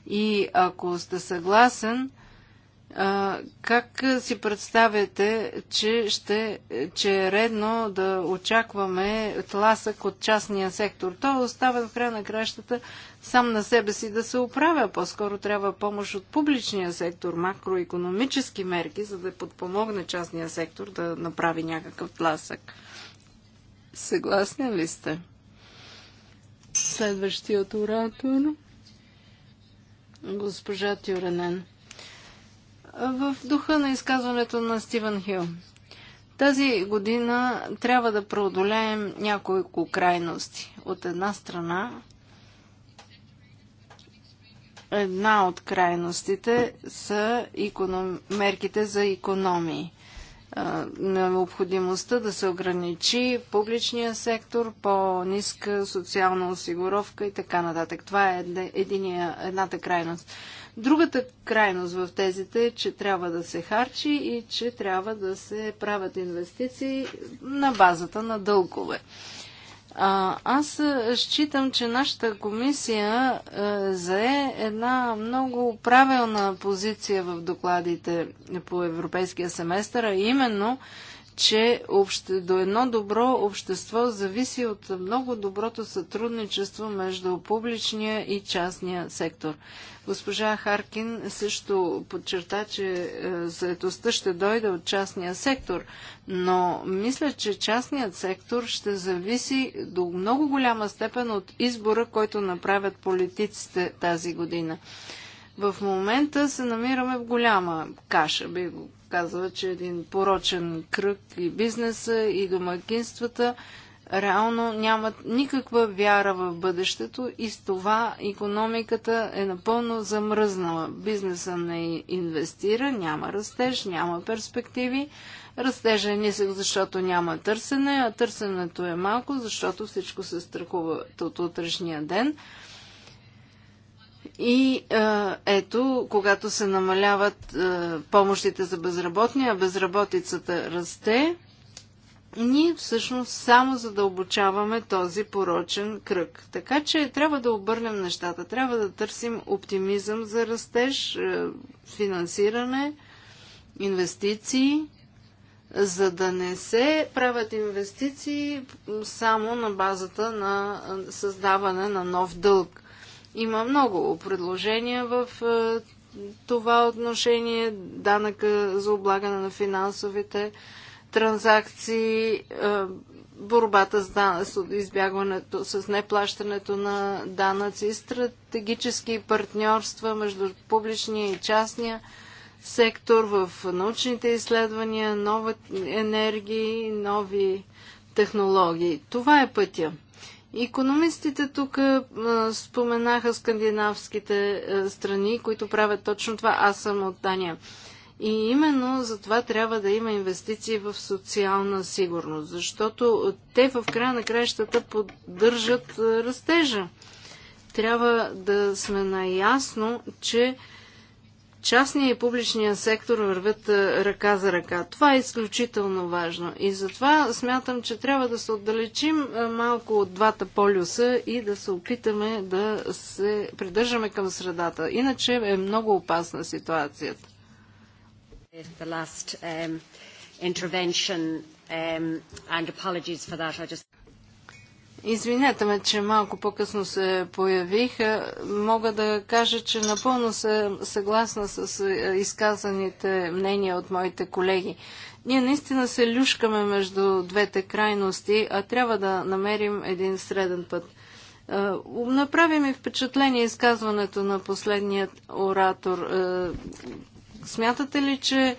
И ако сте съгласен, как си представяте, че, ще, че е редно да очакваме тласък от частния сектор? Той остава в края на кращата сам на себе си да се оправя. По-скоро трябва помощ от публичния сектор, макроекономически мерки, за да подпомогне частния сектор да направи някакъв тласък. Съгласни ли сте? Следващият оратор. Госпожа Тюренен в духа на изказването на Стивен Хил. Тази година трябва да преодолеем няколко крайности. От една страна, една от крайностите са економ... мерките за економии. Необходимостта да се ограничи публичния сектор, по-ниска социална осигуровка и така нататък. Това е единия, едната крайност. Другата крайност в тезите е, че трябва да се харчи и че трябва да се правят инвестиции на базата на дългове. А, аз считам, че нашата комисия е, зае една много правилна позиция в докладите по европейския семестър, а именно че обще, до едно добро общество зависи от много доброто сътрудничество между публичния и частния сектор. Госпожа Харкин също подчерта, че е, заедостта ще дойде от частния сектор, но мисля, че частният сектор ще зависи до много голяма степен от избора, който направят политиците тази година. В момента се намираме в голяма каша, би го казва, че един порочен кръг и бизнеса, и домакинствата реално нямат никаква вяра в бъдещето и с това економиката е напълно замръзнала. Бизнеса не инвестира, няма растеж, няма перспективи. Растежа е нисък, защото няма търсене, а търсенето е малко, защото всичко се страхува от утрешния ден. И а, е, ето, когато се намаляват а, е, помощите за безработни, а безработицата расте, ние всъщност само задълбочаваме този порочен кръг. Така че трябва да обърнем нещата, трябва да търсим оптимизъм за растеж, е, финансиране, инвестиции, за да не се правят инвестиции само на базата на създаване на нов дълг. Има много предложения в е, това отношение. Данъка за облагане на финансовите транзакции, е, борбата с избягването с неплащането на данъци, стратегически партньорства между публичния и частния сектор в научните изследвания, нови енергии, нови технологии. Това е пътя. Економистите тук споменаха скандинавските страни, които правят точно това. Аз съм от Дания. И именно за това трябва да има инвестиции в социална сигурност, защото те в края на краищата поддържат растежа. Трябва да сме наясно, че частния и публичния сектор вървят е, ръка за ръка. Това е изключително важно. И затова смятам, че трябва да се отдалечим е, малко от двата полюса и да се опитаме да се придържаме към средата. Иначе е много опасна ситуацията. Last, um, um, just... Извинете ме, че малко по-късно се появих. Е, мога да кажа, че напълно съм съгласна с е, изказаните мнения от моите колеги. Ние наистина се люшкаме между двете крайности, а трябва да намерим един среден път. Е, направи ми впечатление изказването на последният оратор. Смятате ли, че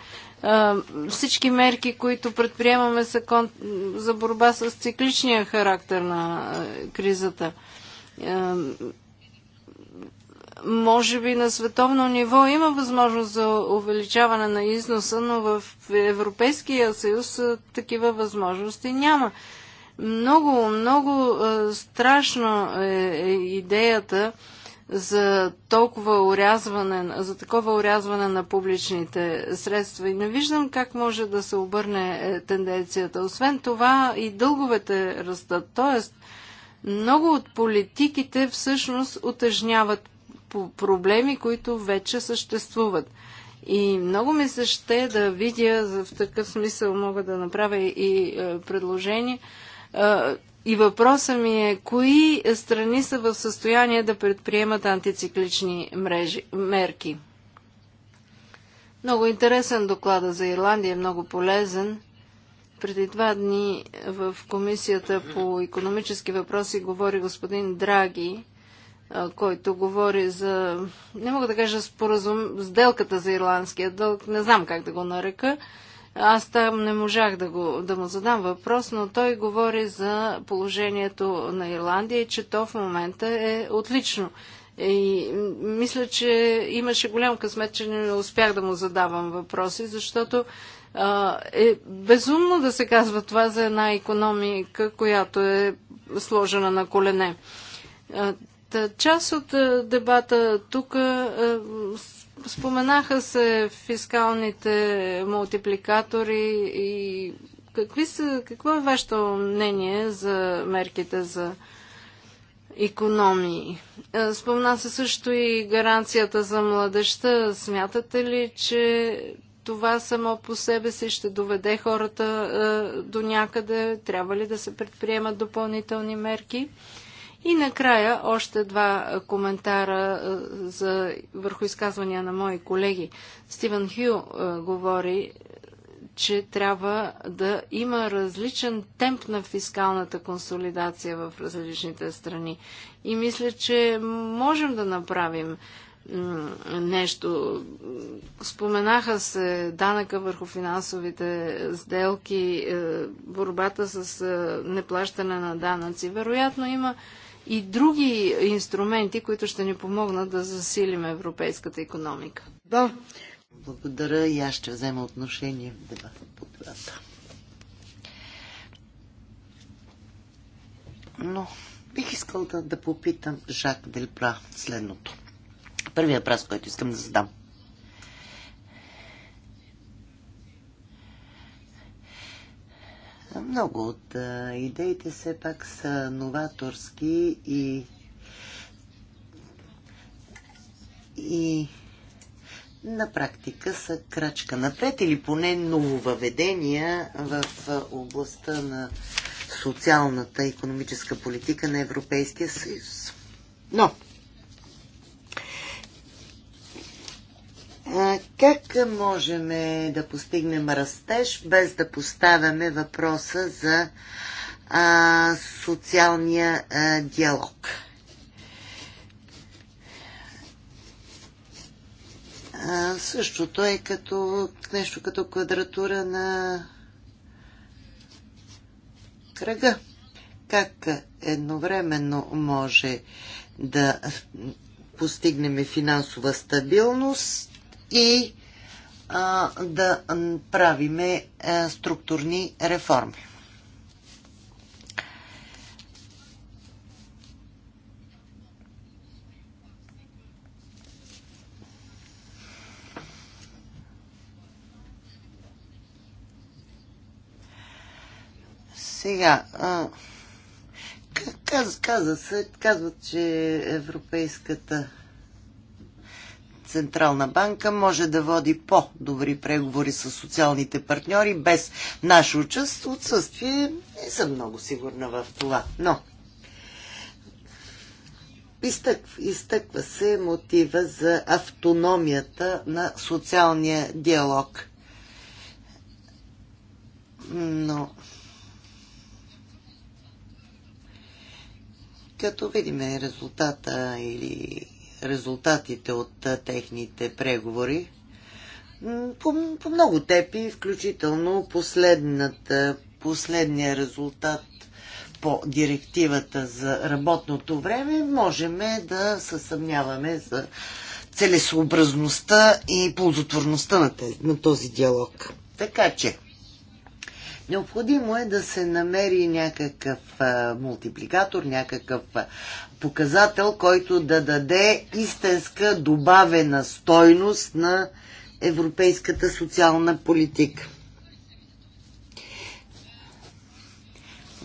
всички мерки, които предприемаме са кон... за борба с цикличния характер на кризата. Може би на световно ниво има възможност за увеличаване на износа, но в Европейския съюз такива възможности няма. Много, много страшно е, е идеята за толкова урязване, за такова урязване на публичните средства и не виждам как може да се обърне е, тенденцията. Освен това и дълговете растат, т.е. много от политиките всъщност отъжняват проблеми, които вече съществуват. И много ми се ще да видя, в такъв смисъл мога да направя и е, предложение, е, и въпросът ми е, кои страни са в състояние да предприемат антициклични мрежи, мерки? Много интересен доклада за Ирландия, много полезен. Преди два дни в Комисията по економически въпроси говори господин Драги, който говори за, не мога да кажа споразум, сделката за ирландския дълг, не знам как да го нарека, аз там не можах да, го, да му задам въпрос, но той говори за положението на Ирландия и че то в момента е отлично. И мисля, че имаше голям късмет, че не успях да му задавам въпроси, защото а, е безумно да се казва това за една економика, която е сложена на колене. А, Та, е, част от е, дебата тук е, споменаха се фискалните мултипликатори и какви са, какво е вашето мнение за мерките за економии? Спомна се също и гаранцията за младеща. Смятате ли, че това само по себе си ще доведе хората е, до някъде? Трябва ли да се предприемат допълнителни мерки? И накрая още два коментара за, върху изказвания на мои колеги. Стивен Хю говори, че трябва да има различен темп на фискалната консолидация в различните страни. И мисля, че можем да направим нещо. Споменаха се данъка върху финансовите сделки, борбата с неплащане на данъци. Вероятно има и други инструменти, които ще ни помогнат да засилим европейската економика. Да, благодаря и аз ще взема отношение в дебата по това. Но бих искал да, да попитам Жак Дельпра следното. Първият въпрос, който искам да задам. Много от идеите все пак са новаторски и и на практика са крачка напред или поне нововъведения в областта на социалната и економическа политика на Европейския съюз. Но, Как можем да постигнем растеж, без да поставяме въпроса за а, социалния а, диалог? А, същото е като нещо като квадратура на кръга. Как едновременно може да постигнем финансова стабилност, и а, да правиме а, структурни реформи. Сега, а, каз, каза се, казват, че Европейската Централна банка може да води по-добри преговори с социалните партньори без наше отсъствие. Не съм много сигурна в това. Но изтъква, изтъква се мотива за автономията на социалния диалог. Но като видим резултата или резултатите от техните преговори. По, по много тепи, включително последната, последния резултат по директивата за работното време, можем да се съмняваме за целесообразността и ползотворността на, тези, на този диалог. Така че, необходимо е да се намери някакъв а, мултипликатор, някакъв показател, който да даде истинска добавена стойност на европейската социална политика.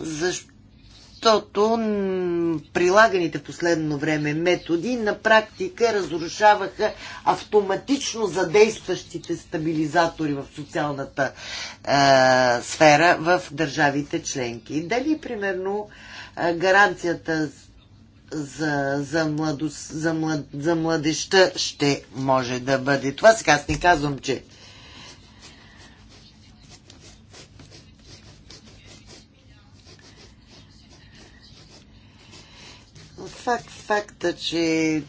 Защото прилаганите последно време методи на практика разрушаваха автоматично задействащите стабилизатори в социалната е, сфера в държавите членки. Дали, примерно, е, гаранцията за, за, младост, за, млад, за младеща ще може да бъде. Това сега аз не казвам, че факт, факта, че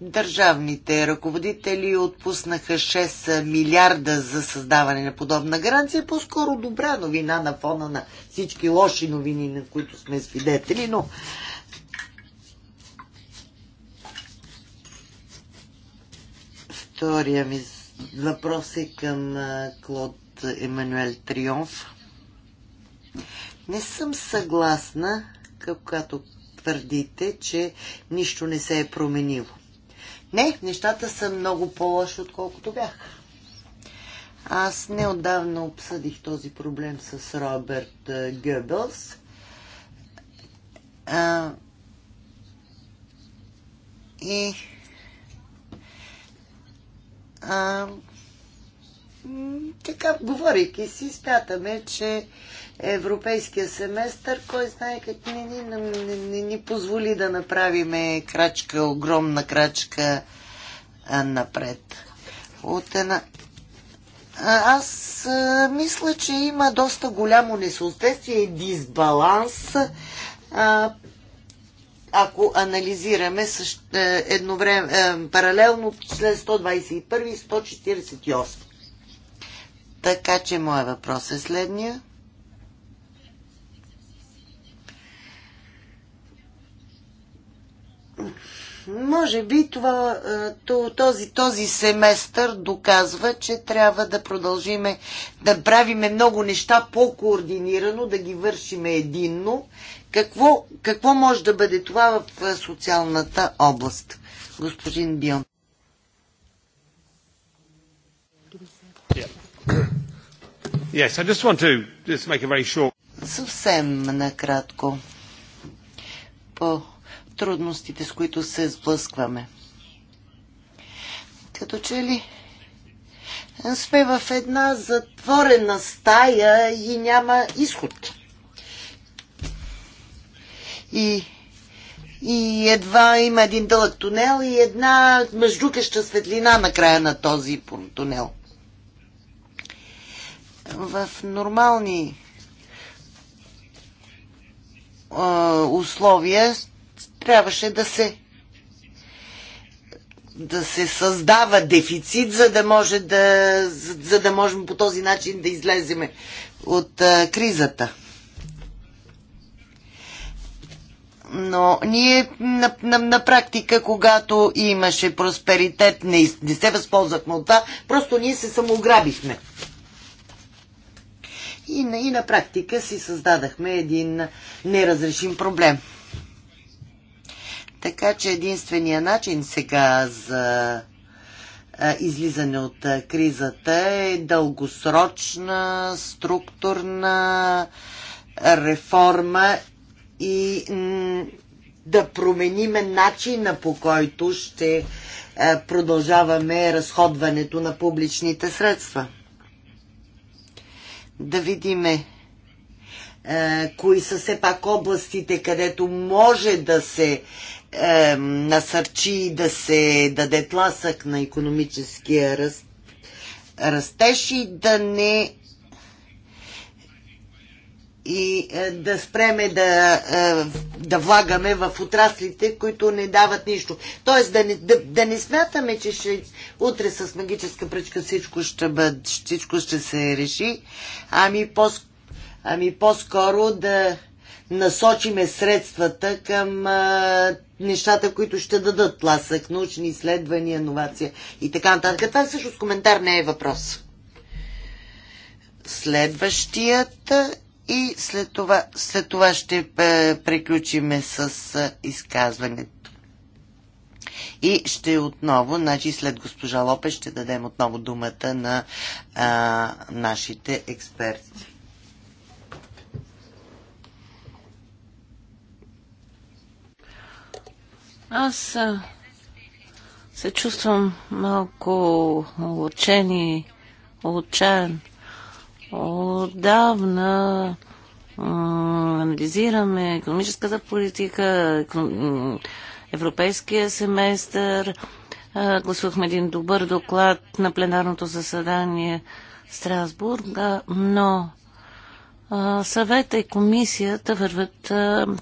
държавните ръководители отпуснаха 6 милиарда за създаване на подобна гаранция. По-скоро добра новина на фона на всички лоши новини, на които сме свидетели, но втория ми въпрос е към Клод Емануел Триумф. Не съм съгласна, когато твърдите, че нищо не се е променило. Не, нещата са много по-лоши, отколкото бях. Аз неодавна обсъдих този проблем с Роберт Гъбелс. А, и а, така, говорейки си, смятаме, че европейския семестър, кой знае как не ни, не, не ни позволи да направиме крачка, огромна крачка а, напред. От една... А, аз а, мисля, че има доста голямо несъответствие и дисбаланс, а, ако анализираме същ, е, едноврем, а, е, паралелно член 121 и 148. Така че моя въпрос е следния. Може би това, е, този, този семестър доказва, че трябва да продължиме да правиме много неща по-координирано, да ги вършиме единно. Какво, какво може да бъде това в е, социалната област, господин Бион? Yes, I just want to just make a very short... Съвсем накратко по трудностите, с които се сблъскваме. Като че ли сме в една затворена стая и няма изход. И, и едва има един дълъг тунел и една мъждукаща светлина на края на този тунел в нормални условия трябваше да се да се създава дефицит, за да може да, за, за да можем по този начин да излеземе от а, кризата. Но ние на, на, на практика, когато имаше просперитет, не, не се възползвахме от това, просто ние се самоограбихме. И на, и на практика си създадахме един неразрешим проблем. Така че единствения начин сега за излизане от кризата е дългосрочна, структурна реформа и да промениме начина по който ще продължаваме разходването на публичните средства да видиме кои са все пак областите, където може да се е, насърчи и да се даде тласък на економическия ръст, растеж и да не и е, да спреме да, е, да влагаме в отраслите, които не дават нищо. Тоест да не, да, да не смятаме, че ще, утре с магическа пръчка всичко ще, бъд, всичко ще се реши, ами, по, ами по-скоро да насочиме средствата към а, е, нещата, които ще дадат тласък, научни изследвания, иновация и така нататък. Това всъщност коментар не е въпрос. Следващият и след това, след това ще е, приключиме с е, изказването. И ще отново, значи след госпожа Лопе, ще дадем отново думата на а, е, нашите експерти. Аз се чувствам малко улучен и отчаян. Отдавна анализираме економическата политика, европейския семестър. Гласувахме един добър доклад на пленарното заседание в Страсбург, но съвета и комисията върват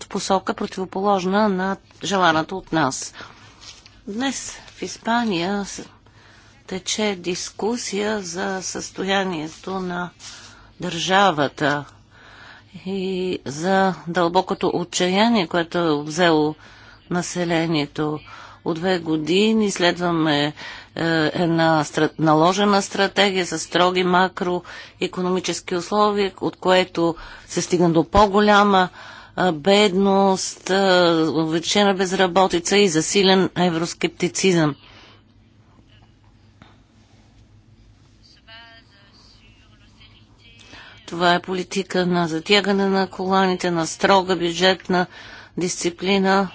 в посока противоположна на желаната от нас. Днес в Испания тече дискусия за състоянието на държавата и за дълбокото отчаяние, което е взело населението. От две години следваме е, една наложена стратегия с строги макроекономически условия, от което се стигна до по-голяма е, бедност, е, увеличена безработица и засилен евроскептицизъм. Това е политика на затягане на коланите, на строга бюджетна дисциплина,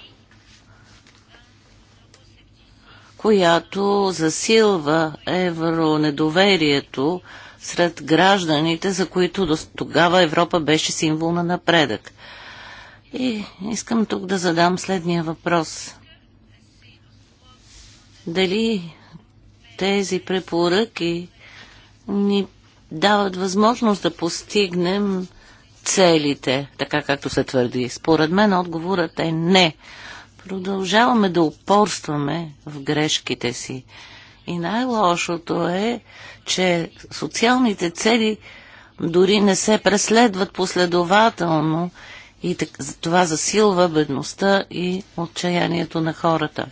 която засилва евронедоверието сред гражданите, за които до тогава Европа беше символ на напредък. И искам тук да задам следния въпрос. Дали тези препоръки ни дават възможност да постигнем целите, така както се твърди. Според мен отговорът е не. Продължаваме да упорстваме в грешките си. И най-лошото е, че социалните цели дори не се преследват последователно и това засилва бедността и отчаянието на хората.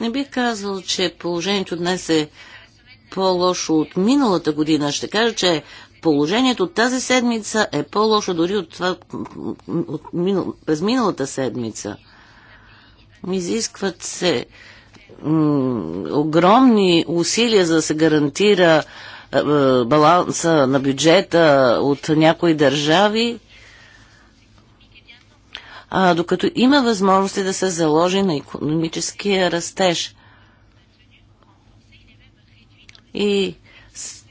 Не бих казал, че положението днес е по-лошо от миналата година. Ще кажа, че положението тази седмица е по-лошо дори от това от минал, през миналата седмица. Изискват се огромни усилия за да се гарантира баланса на бюджета от някои държави а, докато има възможности да се заложи на економическия растеж. И с,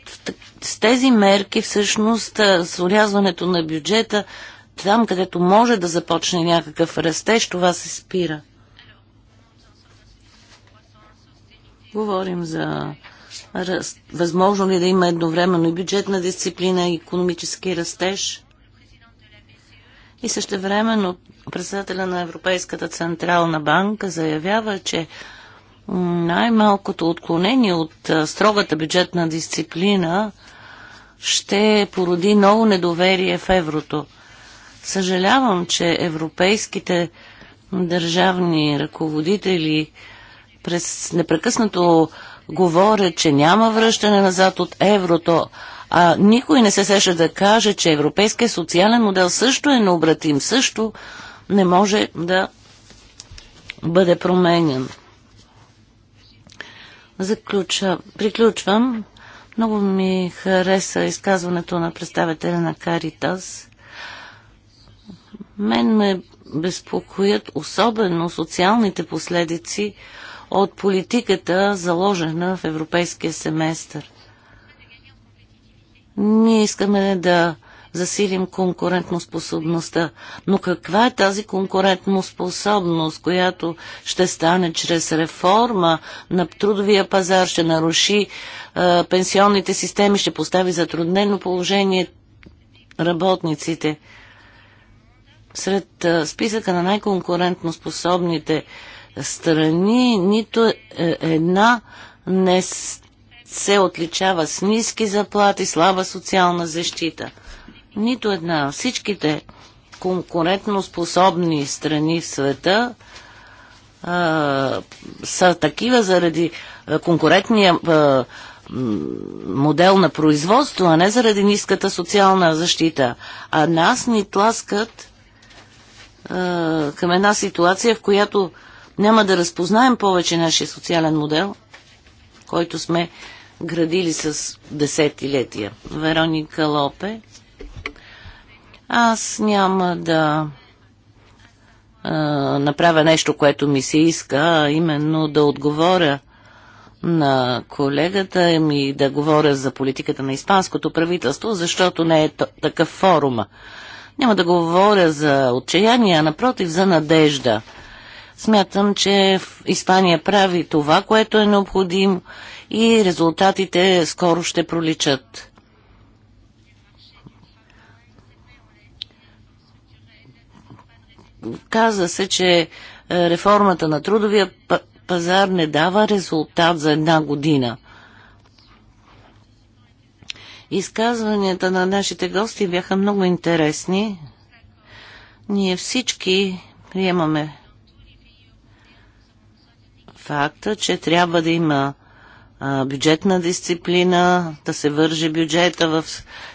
с тези мерки всъщност с урязването на бюджета, там където може да започне някакъв растеж, това се спира. Говорим за възможно ли да има едновременно и бюджетна дисциплина и економически растеж и също времено председателя на Европейската Централна банка заявява, че най-малкото отклонение от строгата бюджетна дисциплина ще породи ново недоверие в еврото. Съжалявам, че европейските държавни ръководители през непрекъснато говорят, че няма връщане назад от еврото, а никой не се сеща да каже, че европейския социален модел също е необратим, също не може да бъде променен. Заключа, приключвам. Много ми хареса изказването на представителя на Каритас. Мен ме безпокоят особено социалните последици от политиката, заложена в европейския семестър. Ние искаме да засилим конкурентноспособността. Но каква е тази конкурентноспособност, която ще стане чрез реформа на трудовия пазар, ще наруши е, пенсионните системи, ще постави затруднено положение работниците? Сред е, списъка на най конкурентоспособните страни нито е, една не се отличава с ниски заплати, слаба социална защита. Нито една. Всичките конкурентно способни страни в света а, са такива заради конкурентния а, модел на производство, а не заради ниската социална защита. А нас ни тласкат а, към една ситуация, в която няма да разпознаем повече нашия социален модел, който сме градили с десетилетия. Вероника Лопе. Аз няма да а, направя нещо, което ми се иска, а именно да отговоря на колегата ми да говоря за политиката на испанското правителство, защото не е такъв форума. Няма да говоря за отчаяние, а напротив за надежда. Смятам, че Испания прави това, което е необходимо и резултатите скоро ще проличат. Каза се, че е, реформата на трудовия пазар не дава резултат за една година. Изказванията на нашите гости бяха много интересни. Ние всички приемаме факта, че трябва да има бюджетна дисциплина, да се върже бюджета в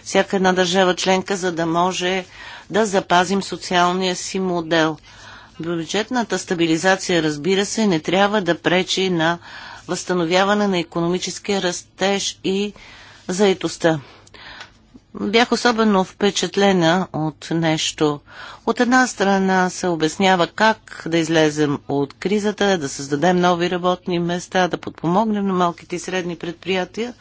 всяка една държава членка, за да може да запазим социалния си модел. Бюджетната стабилизация, разбира се, не трябва да пречи на възстановяване на економическия растеж и заетостта. Бях особено впечатлена от нещо. От една страна се обяснява как да излезем от кризата, да създадем нови работни места, да подпомогнем на малките и средни предприятия.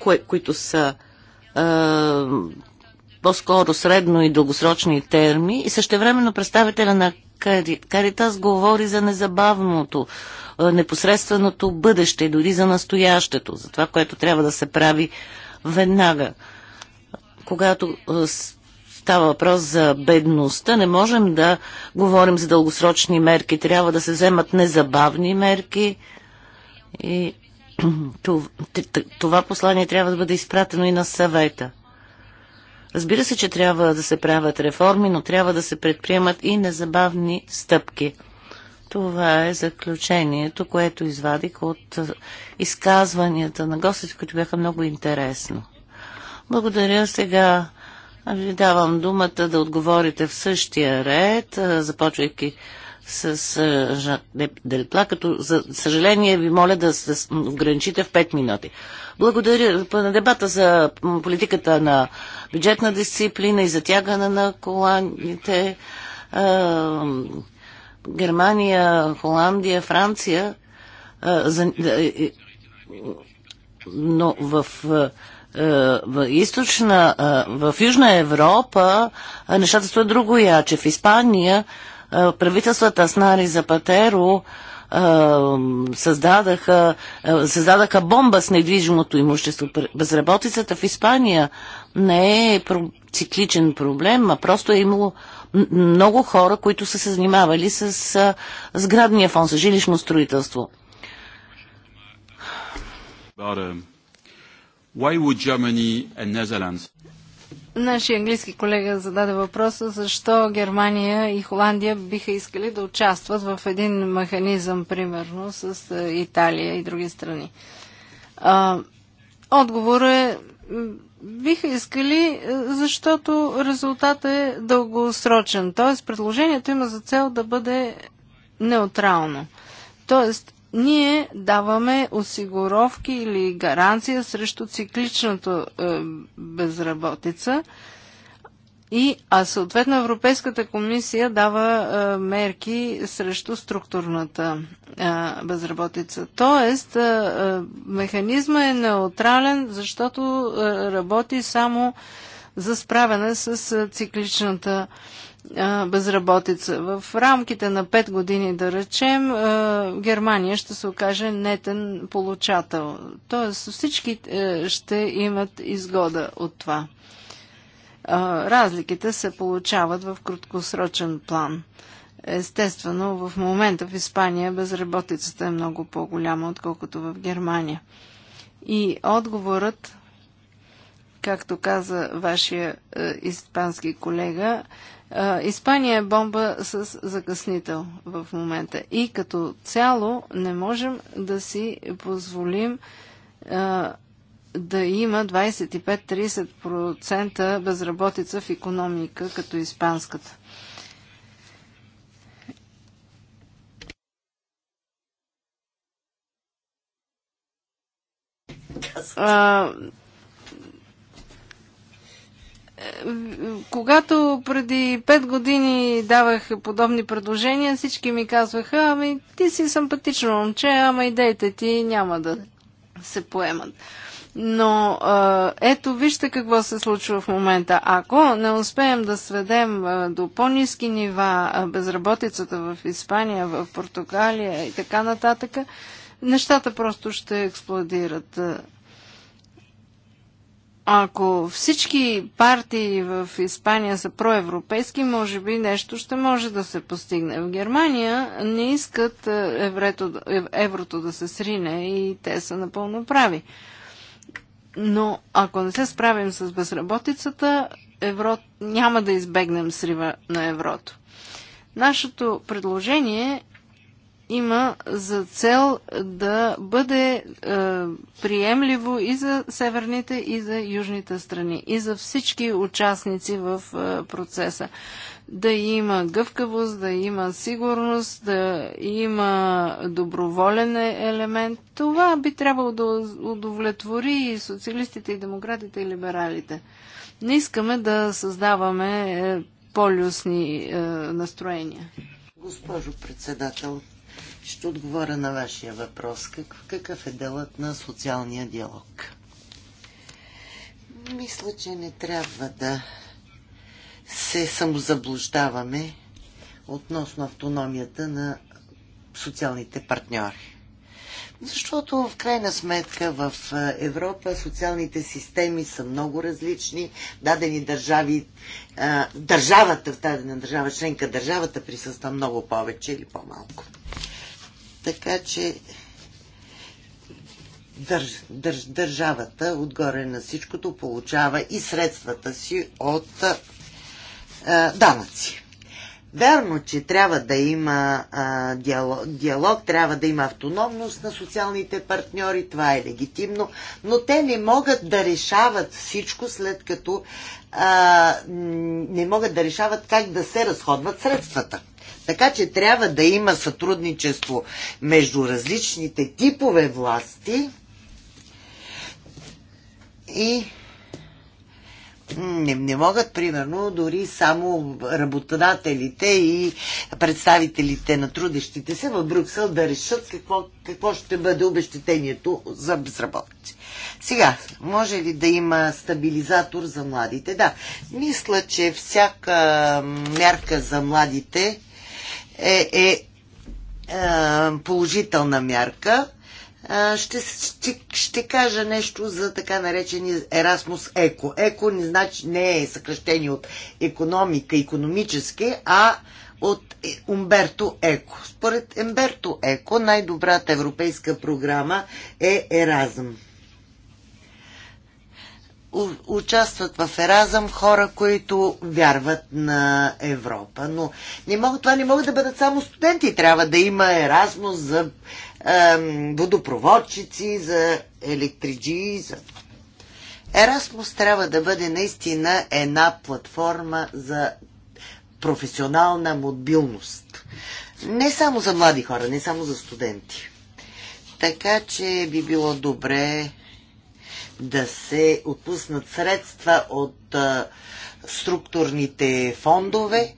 Кое, които са е, по-скоро средно и дългосрочни терми и същевременно представителя на Каритас говори за незабавното, е, непосредственото бъдеще, дори за настоящето, за това, което трябва да се прави веднага. Когато е, става въпрос за бедността, не можем да говорим за дългосрочни мерки. Трябва да се вземат незабавни мерки и това послание трябва да бъде изпратено и на съвета. Разбира се, че трябва да се правят реформи, но трябва да се предприемат и незабавни стъпки. Това е заключението, което извадих от изказванията на гостите, които бяха много интересно. Благодаря сега. Ви давам думата да отговорите в същия ред, започвайки с е, Жак Делепла, като за съжаление ви моля да се ограничите в 5 минути. Благодаря на дебата за политиката на бюджетна дисциплина и затягане на коланите. Е, Германия, Холандия, Франция. Е, но в в източна, в Южна Европа нещата стоят друго яче. В Испания правителствата за Патеро създадаха, създадаха бомба с недвижимото имущество. Безработицата в Испания не е цикличен проблем, а просто е имало много хора, които са се занимавали с сградния фонд, с жилищно строителство. Uh, why would Germany and Netherlands Нашия английски колега зададе въпроса защо Германия и Холандия биха искали да участват в един механизъм, примерно, с е, Италия и други страни. Отговор е биха искали, е, защото резултатът е дългосрочен. Т.е. предложението има за цел да бъде неутрално. Тоест, ние даваме осигуровки или гаранция срещу цикличната е, безработица, и, а съответно Европейската комисия дава е, мерки срещу структурната е, безработица. Тоест, е, е, механизма е неутрален, защото е, работи само за справяне с е, цикличната безработица. В рамките на 5 години, да речем, Германия ще се окаже нетен получател. Тоест всички е, ще имат изгода от това. Разликите се получават в краткосрочен план. Естествено, в момента в Испания безработицата е много по-голяма, отколкото в Германия. И отговорът, както каза вашия е, испански колега, Испания е бомба с закъснител в момента. И като цяло не можем да си позволим да има 25-30% безработица в економика като испанската. А, когато преди 5 години давах подобни предложения, всички ми казваха, ами ти си симпатично момче, ама идеите ти няма да се поемат. Но ето вижте какво се случва в момента. Ако не успеем да сведем до по-низки нива безработицата в Испания, в Португалия и така нататък, нещата просто ще експлодират. Ако всички партии в Испания са проевропейски, може би нещо ще може да се постигне. В Германия не искат е, еврото, еврото да се срине и те са напълно прави. Но ако не се справим с безработицата, евро... няма да избегнем срива на еврото. Нашето предложение е има за цел да бъде е, приемливо и за северните, и за южните страни, и за всички участници в е, процеса. Да има гъвкавост, да има сигурност, да има доброволен елемент. Това би трябвало да удовлетвори и социалистите, и демократите, и либералите. Не искаме да създаваме е, полюсни е, настроения. Госпожо председател, ще отговоря на вашия въпрос. Какъв, какъв е делът на социалния диалог? Мисля, че не трябва да се самозаблуждаваме относно автономията на социалните партньори. Защото в крайна сметка в Европа социалните системи са много различни. Дадени държави, държавата в дадена държава членка, държавата присъства много повече или по-малко така че държ, държ, държавата отгоре на всичкото получава и средствата си от а, данъци. Вярно, че трябва да има а, диалог, диалог, трябва да има автономност на социалните партньори, това е легитимно, но те не могат да решават всичко, след като а, не могат да решават как да се разходват средствата. Така че трябва да има сътрудничество между различните типове власти и не, не могат, примерно, дори само работодателите и представителите на трудещите се в Брюксел да решат какво, какво ще бъде обещетението за безработници. Сега, може ли да има стабилизатор за младите? Да, мисля, че всяка мярка за младите е, е, е положителна мярка. Ще, ще, ще кажа нещо за така наречени Erasmus Еко. Еко не, значи, не е съкръщение от економика, економически, а от Умберто Еко. Според Умберто Еко най-добрата европейска програма е Erasmus участват в Еразъм хора, които вярват на Европа. Но не могат, това не могат да бъдат само студенти. Трябва да има Еразмус за ем, водопроводчици, за електриджи. За... Еразмус трябва да бъде наистина една платформа за професионална мобилност. Не само за млади хора, не само за студенти. Така че би било добре да се отпуснат средства от структурните фондове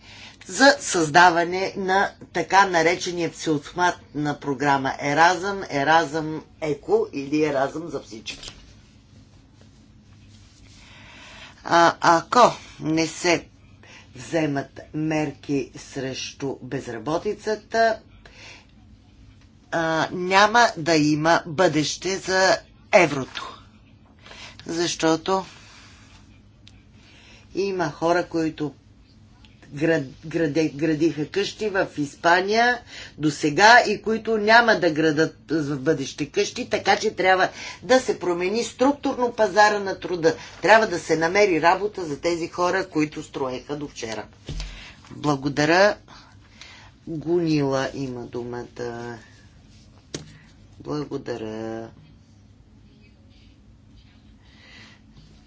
за създаване на така наречения псиотмат на програма Еразъм, Еразъм Еко или Еразъм за всички. А, ако не се вземат мерки срещу безработицата, а, няма да има бъдеще за еврото защото има хора, които град, граде, градиха къщи в Испания до сега и които няма да градат в бъдеще къщи, така че трябва да се промени структурно пазара на труда. Трябва да се намери работа за тези хора, които строеха до вчера. Благодаря. Гунила има думата. Благодаря.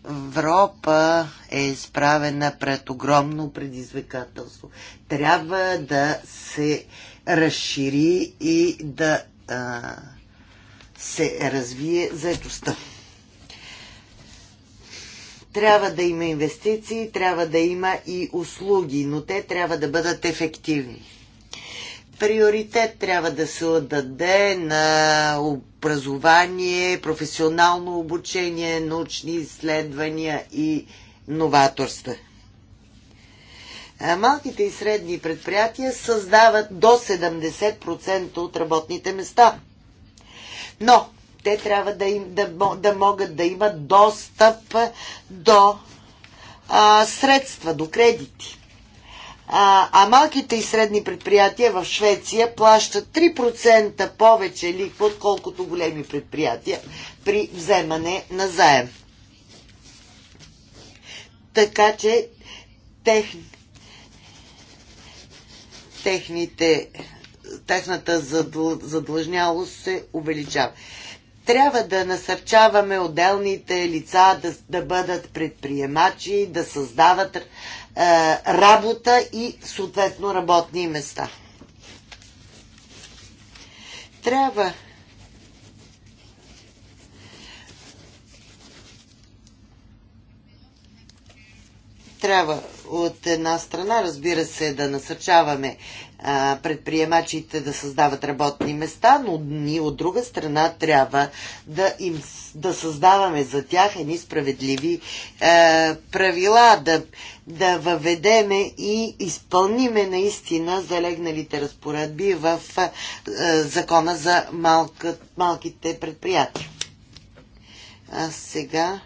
Европа е изправена пред огромно предизвикателство. Трябва да се разшири и да а, се развие заедостта. Трябва да има инвестиции, трябва да има и услуги, но те трябва да бъдат ефективни приоритет трябва да се отдаде на образование, професионално обучение, научни изследвания и новаторства. Малките и средни предприятия създават до 70% от работните места. Но те трябва да, им, да, да могат да имат достъп до а, средства, до кредити а, а малките и средни предприятия в Швеция плащат 3% повече лихва, отколкото големи предприятия при вземане на заем. Така че тех, техните, техната задл, задлъжнялост се увеличава. Трябва да насърчаваме отделните лица да, да бъдат предприемачи, да създават е, работа и съответно работни места. Трябва трябва от една страна, разбира се, да насърчаваме предприемачите да създават работни места, но ние от друга страна трябва да, им, да създаваме за тях едни справедливи е, правила, да, да въведеме и изпълниме наистина залегналите разпоредби в е, закона за малка, малките предприятия. А сега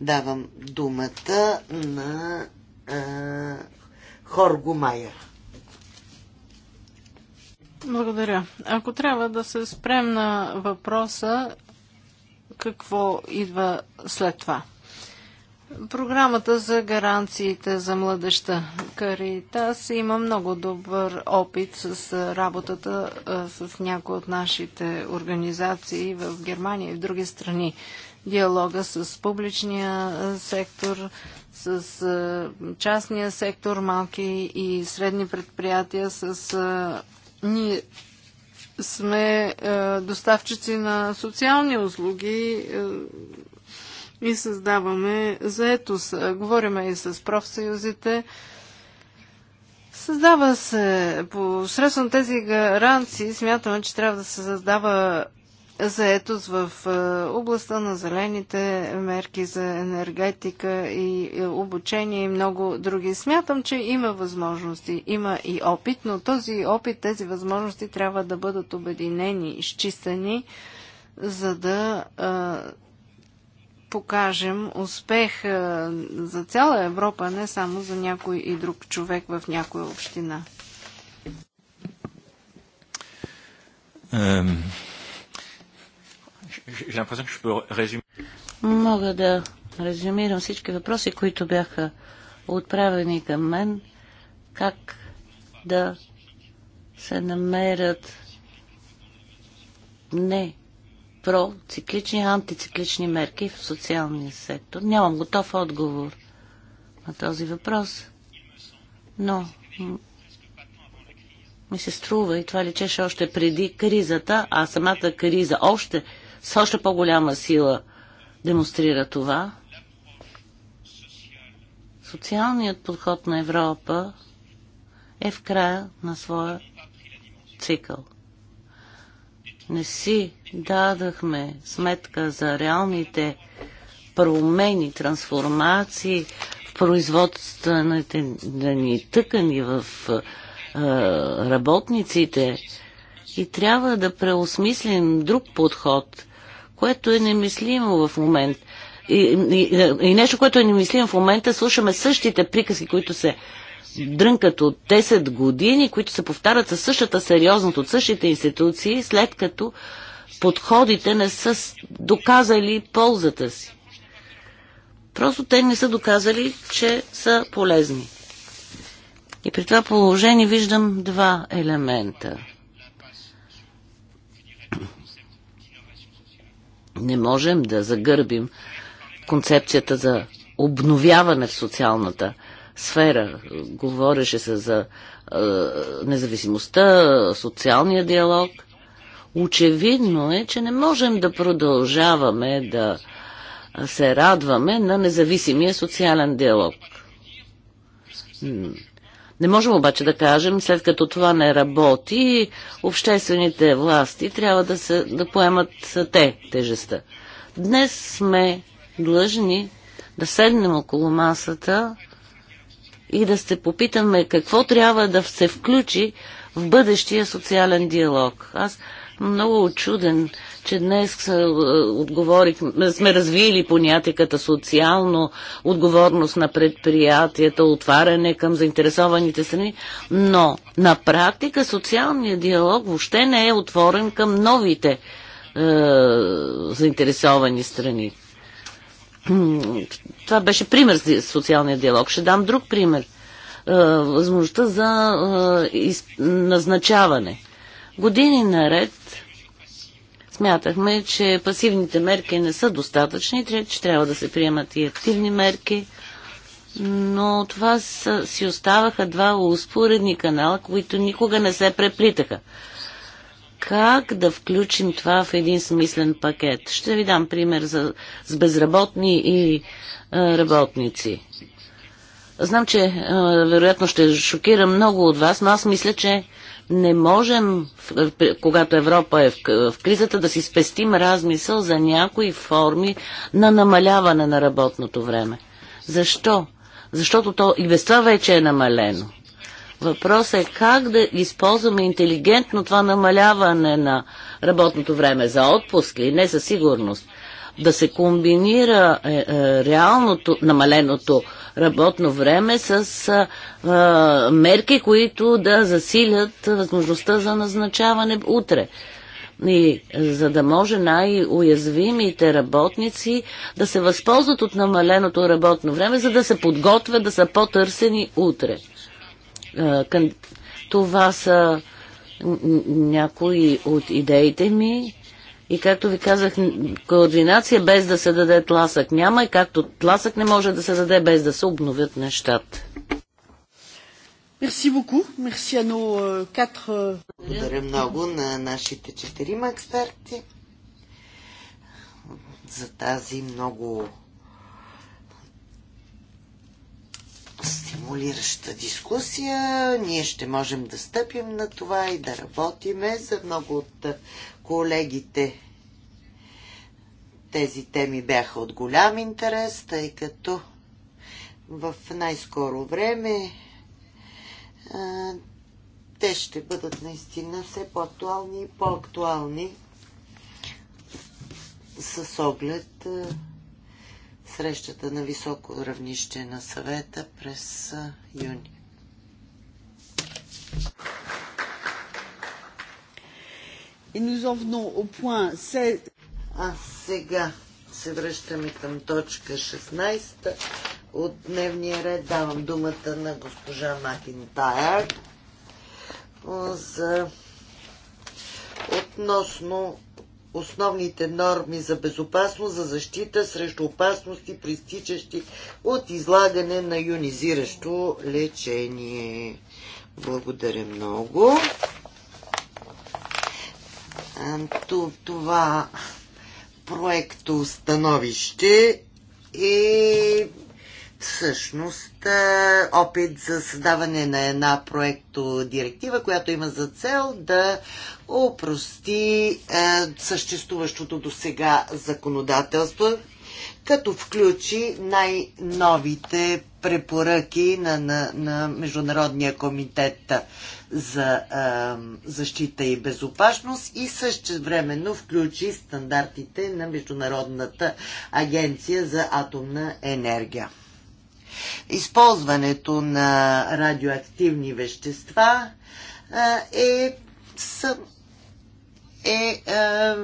давам думата на е, Хорго Майер. Благодаря. Ако трябва да се спрем на въпроса какво идва след това. Програмата за гаранциите за младеща. Каритас има много добър опит с работата с някои от нашите организации в Германия и в други страни. Диалога с публичния сектор, с частния сектор, малки и средни предприятия, с ние сме е, доставчици на социални услуги е, и създаваме заетост. Е, говориме и с профсъюзите. Създава се, посредством тези гаранции, смятаме, че трябва да се създава заетост в е, областта на зелените мерки за енергетика и е, обучение и много други. Смятам, че има възможности, има и опит, но този опит, тези възможности трябва да бъдат обединени, изчистени, за да е, покажем успех за цяла Европа, не само за някой и друг човек в някоя община. Um... Мога да резюмирам всички въпроси, които бяха отправени към мен. Как да се намерят не проциклични, а антициклични мерки в социалния сектор. Нямам готов отговор на този въпрос, но ми се струва и това личеше още преди кризата, а самата криза още с още по-голяма сила демонстрира това. Социалният подход на Европа е в края на своя цикъл. Не си дадахме сметка за реалните промени, трансформации в производствените ни тъкани, в работниците и трябва да преосмислим друг подход което е немислимо в момент. И, и, и нещо, което е немислимо в момента, слушаме същите приказки, които се дрънкат от 10 години, които се повтарят със същата сериозност от същите институции, след като подходите не са доказали ползата си. Просто те не са доказали, че са полезни. И при това положение виждам два елемента – Не можем да загърбим концепцията за обновяване в социалната сфера. Говореше се за е, независимостта, социалния диалог. Очевидно е, че не можем да продължаваме да се радваме на независимия социален диалог. Не можем обаче да кажем, след като това не работи, обществените власти трябва да, се, да поемат те тежеста. Днес сме длъжни да седнем около масата и да се попитаме какво трябва да се включи в бъдещия социален диалог. Аз много очуден, че днес отговорих, сме развили понятиката социално отговорност на предприятията, отваряне към заинтересованите страни, но на практика социалният диалог въобще не е отворен към новите е, заинтересовани страни. Това беше пример за социалния диалог. Ще дам друг пример. Е, възможността за е, назначаване. Години наред Смятахме, че пасивните мерки не са достатъчни, че трябва да се приемат и активни мерки, но това са, си оставаха два успоредни канала, които никога не се преплитаха. Как да включим това в един смислен пакет? Ще ви дам пример за, с безработни и а, работници. Знам, че а, вероятно ще шокира много от вас, но аз мисля, че не можем, когато Европа е в кризата, да си спестим размисъл за някои форми на намаляване на работното време. Защо? Защото то и без това вече е намалено. Въпросът е как да използваме интелигентно това намаляване на работното време за отпуск или не за сигурност – да се комбинира е, е, реалното намаленото работно време с мерки, които да засилят възможността за назначаване утре. И за да може най-уязвимите работници да се възползват от намаленото работно време, за да се подготвят да са по-търсени утре. Това са някои от идеите ми и както ви казах, координация без да се даде тласък няма и както тласък не може да се даде без да се обновят нещата. Мерси beaucoup. Merci à nos euh, euh, Благодаря много на нашите четирима експерти за тази много стимулираща дискусия. Ние ще можем да стъпим на това и да работиме за много от колегите. Тези теми бяха от голям интерес, тъй като в най-скоро време а, те ще бъдат наистина все по-актуални и по-актуални с оглед а, срещата на високо равнище на съвета през а, юни. Et nous en venons au point 16. А сега се връщаме към точка 16 от дневния ред. Давам думата на госпожа Макинтайр за относно основните норми за безопасност, за защита срещу опасности, пристичащи от излагане на ионизиращо лечение. Благодаря много това проекто становище е всъщност опит за създаване на една проекто директива, която има за цел да опрости съществуващото до сега законодателство, като включи най-новите препоръки на, на, на Международния комитет за а, защита и безопасност и същевременно включи стандартите на Международната агенция за атомна енергия. Използването на радиоактивни вещества а, е, са, е а,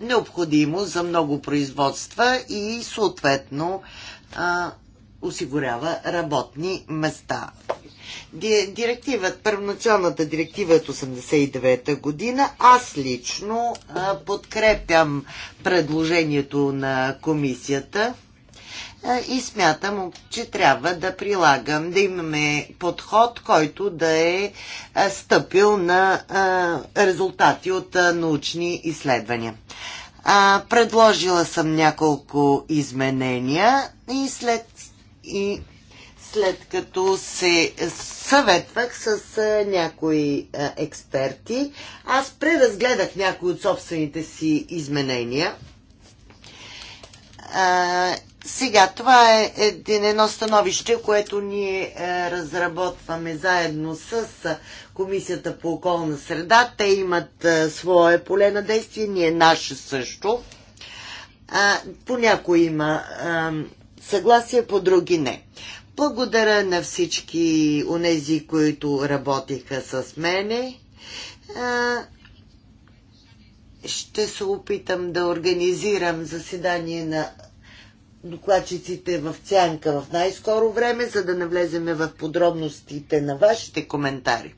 необходимо за много производства и съответно а, осигурява работни места. Директивът, първоначалната директива е от 89-та година. Аз лично а, подкрепям предложението на комисията а, и смятам, че трябва да прилагам, да имаме подход, който да е а, стъпил на резултати от научни изследвания. А, предложила съм няколко изменения и след, и след като се съветвах с а, някои а, експерти, аз преразгледах някои от собствените си изменения – а, сега, това е един, едно становище, което ние е, разработваме заедно с Комисията по околна среда. Те имат е, свое поле на действие, ние наше също. А, по някои има е, съгласие, по други не. Благодаря на всички онези, които работиха с мене ще се опитам да организирам заседание на докладчиците в Цянка в най-скоро време, за да навлеземе в подробностите на вашите коментари.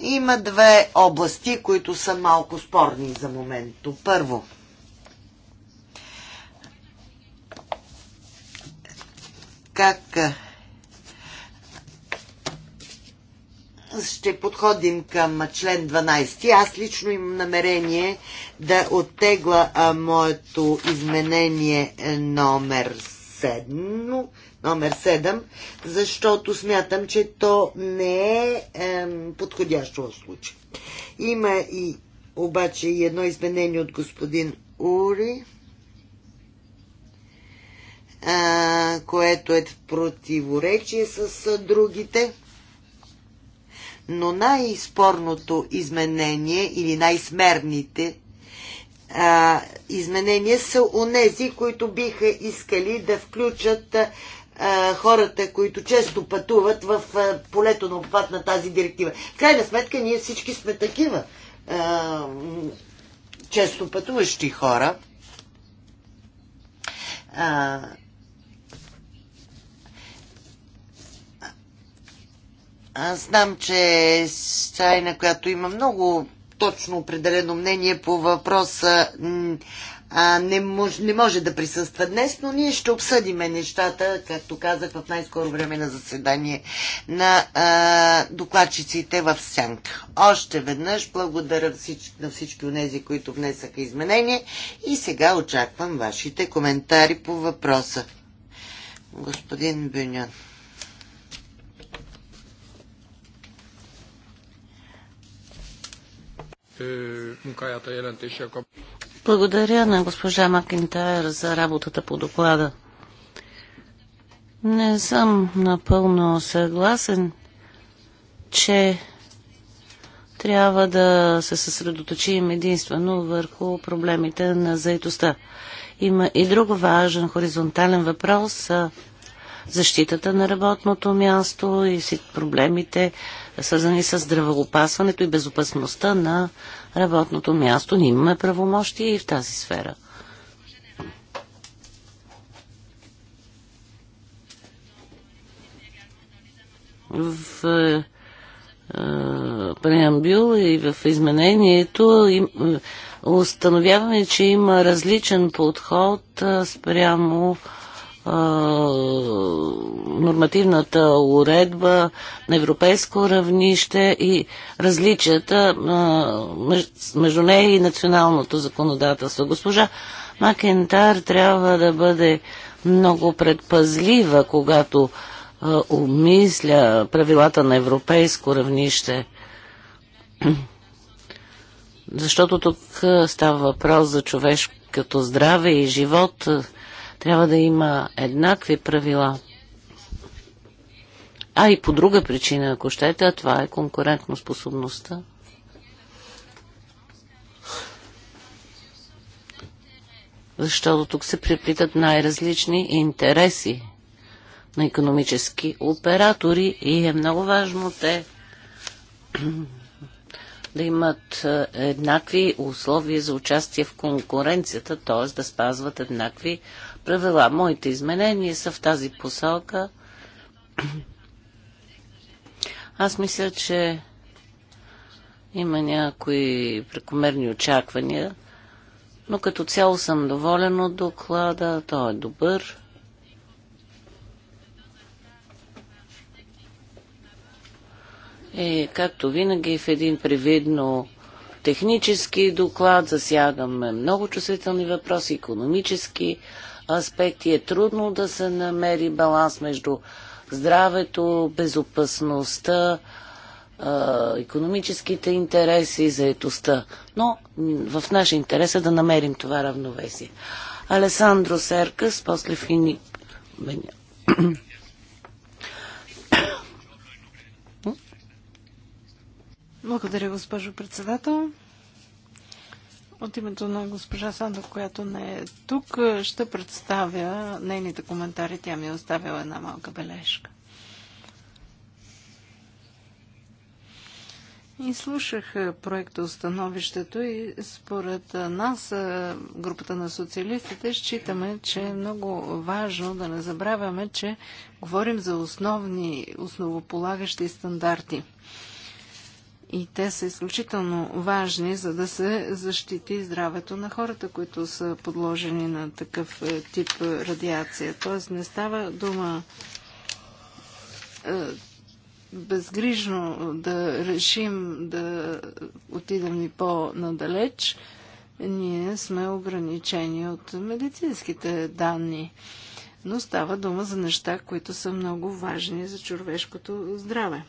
Има две области, които са малко спорни за момента. Първо, как ще подходим към член 12. Аз лично имам намерение да оттегла а, моето изменение е, номер 7, номер 7, защото смятам, че то не е, е подходящо в случай. Има и обаче и едно изменение от господин Ури, а, което е в противоречие с другите но най-спорното изменение или най-смерните а, изменения са онези, които биха искали да включат а, хората, които често пътуват в а, полето на обхват на тази директива. В крайна сметка ние всички сме такива а, често пътуващи хора. А, Аз знам, че Сайна, която има много точно определено мнение по въпроса, а, не, мож, не може да присъства днес, но ние ще обсъдиме нещата, както казах, в най-скоро време на заседание на а, докладчиците в Сянка. Още веднъж благодаря всич, на всички от тези, които внесаха изменения и сега очаквам вашите коментари по въпроса. Господин Бюнян. munkáját a jelentéssel kapcsolatban. Благодаря на госпожа Макентайр за работата по доклада. Не съм напълно съгласен, че трябва да се съсредоточим единствено върху проблемите на заедостта. Има и друг важен хоризонтален въпрос защитата на работното място и проблемите свързани с здравеопасването и безопасността на работното място. Ние имаме правомощи и в тази сфера. В е, е преамбюл и в изменението е, установяваме, че има различен подход е, спрямо е, нормативната уредба на европейско равнище и различията между нея и националното законодателство. Госпожа Макентар трябва да бъде много предпазлива, когато обмисля правилата на европейско равнище. Защото тук става въпрос за човешкото здраве и живот, трябва да има еднакви правила. А и по друга причина, ако щете, а това е конкурентноспособността. Защото тук се приплитат най-различни интереси на економически оператори и е много важно те да имат е, еднакви условия за участие в конкуренцията, т.е. да спазват еднакви правила. Моите изменения са в тази посока. Аз мисля, че има някои прекомерни очаквания, но като цяло съм доволен от доклада. Той е добър. И както винаги в един привидно технически доклад засягаме много чувствителни въпроси, економически, аспекти е трудно да се намери баланс между здравето, безопасността, економическите интереси и заетостта. Но в наш интерес е да намерим това равновесие. Алесандро Серкас, после Фини... Благодаря, госпожо председател. От името на госпожа Сандо, която не е тук, ще представя нейните коментари. Тя ми е оставила една малка бележка. И слушах е, проекта установището и според е, нас, е, групата на социалистите, считаме, че е много важно да не забравяме, че говорим за основни, основополагащи стандарти – и те са изключително важни, за да се защити здравето на хората, които са подложени на такъв е, тип е, радиация. Тоест не става дума е, безгрижно да решим да отидем и по-надалеч. Ние сме ограничени от медицинските данни. Но става дума за неща, които са много важни за човешкото здраве.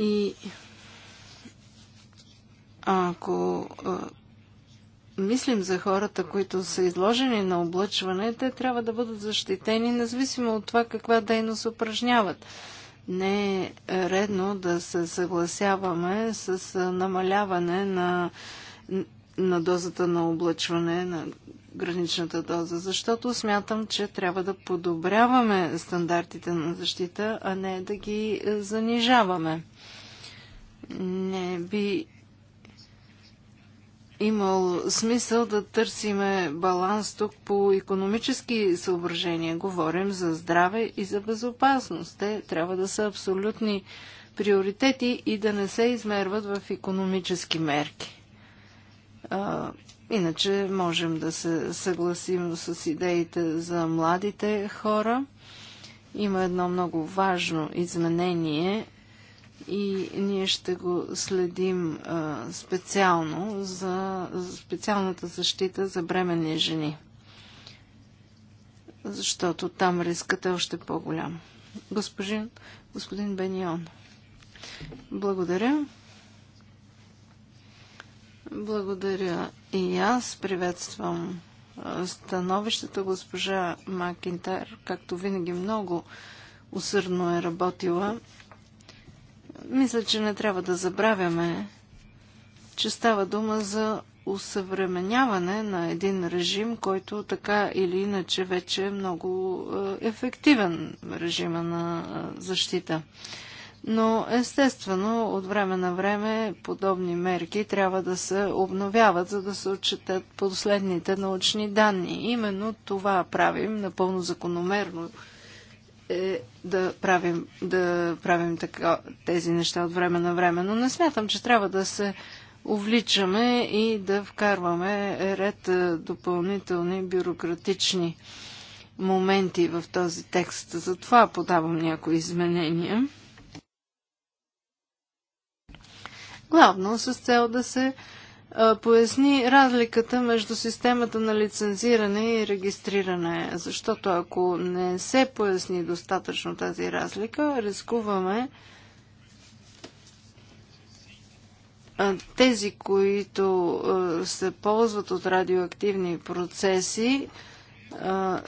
И ако а, мислим за хората, които са изложени на облъчване, те трябва да бъдат защитени, независимо от това каква дейност упражняват. Не е редно да се съгласяваме с намаляване на, на дозата на облъчване, на граничната доза, защото смятам, че трябва да подобряваме стандартите на защита, а не да ги занижаваме не би имал смисъл да търсиме баланс тук по економически съображения. Говорим за здраве и за безопасност. Те трябва да са абсолютни приоритети и да не се измерват в економически мерки. А, иначе можем да се съгласим с идеите за младите хора. Има едно много важно изменение и ние ще го следим а, специално за, специалната защита за бременни жени. Защото там рискът е още по-голям. Господин, господин Бенион, благодаря. Благодаря и аз. Приветствам становището госпожа Макинтар, както винаги много усърдно е работила мисля, че не трябва да забравяме, че става дума за усъвременяване на един режим, който така или иначе вече е много е, ефективен режима на е, защита. Но естествено, от време на време подобни мерки трябва да се обновяват, за да се отчитат последните научни данни. Именно това правим напълно закономерно е да правим, да правим така, тези неща от време на време, но не смятам, че трябва да се увличаме и да вкарваме ред е, допълнителни бюрократични моменти в този текст. Затова подавам някои изменения. Главно с цел да се поясни разликата между системата на лицензиране и регистриране, защото ако не се поясни достатъчно тази разлика, рискуваме тези, които се ползват от радиоактивни процеси,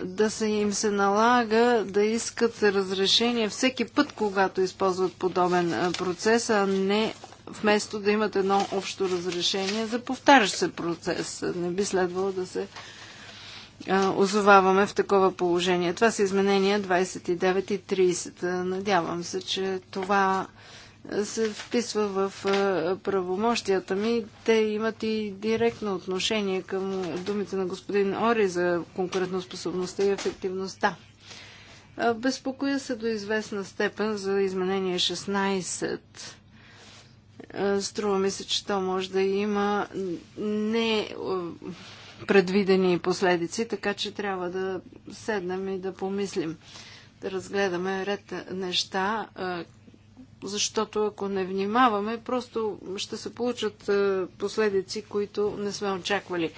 да се им се налага да искат разрешение всеки път, когато използват подобен процес, а не вместо да имат едно общо разрешение за повтарящ се процес. Не би следвало да се озоваваме в такова положение. Това са изменения 29 и 30. Надявам се, че това се вписва в правомощията ми. Те имат и директно отношение към думите на господин Ори за конкурентоспособността и ефективността. Безпокоя се до известна степен за изменение 16 е, струва ми се, че то може да има не е, предвидени последици, така че трябва да седнем и да помислим, да разгледаме ред неща, е, защото ако не внимаваме, просто ще се получат последици, които не сме очаквали.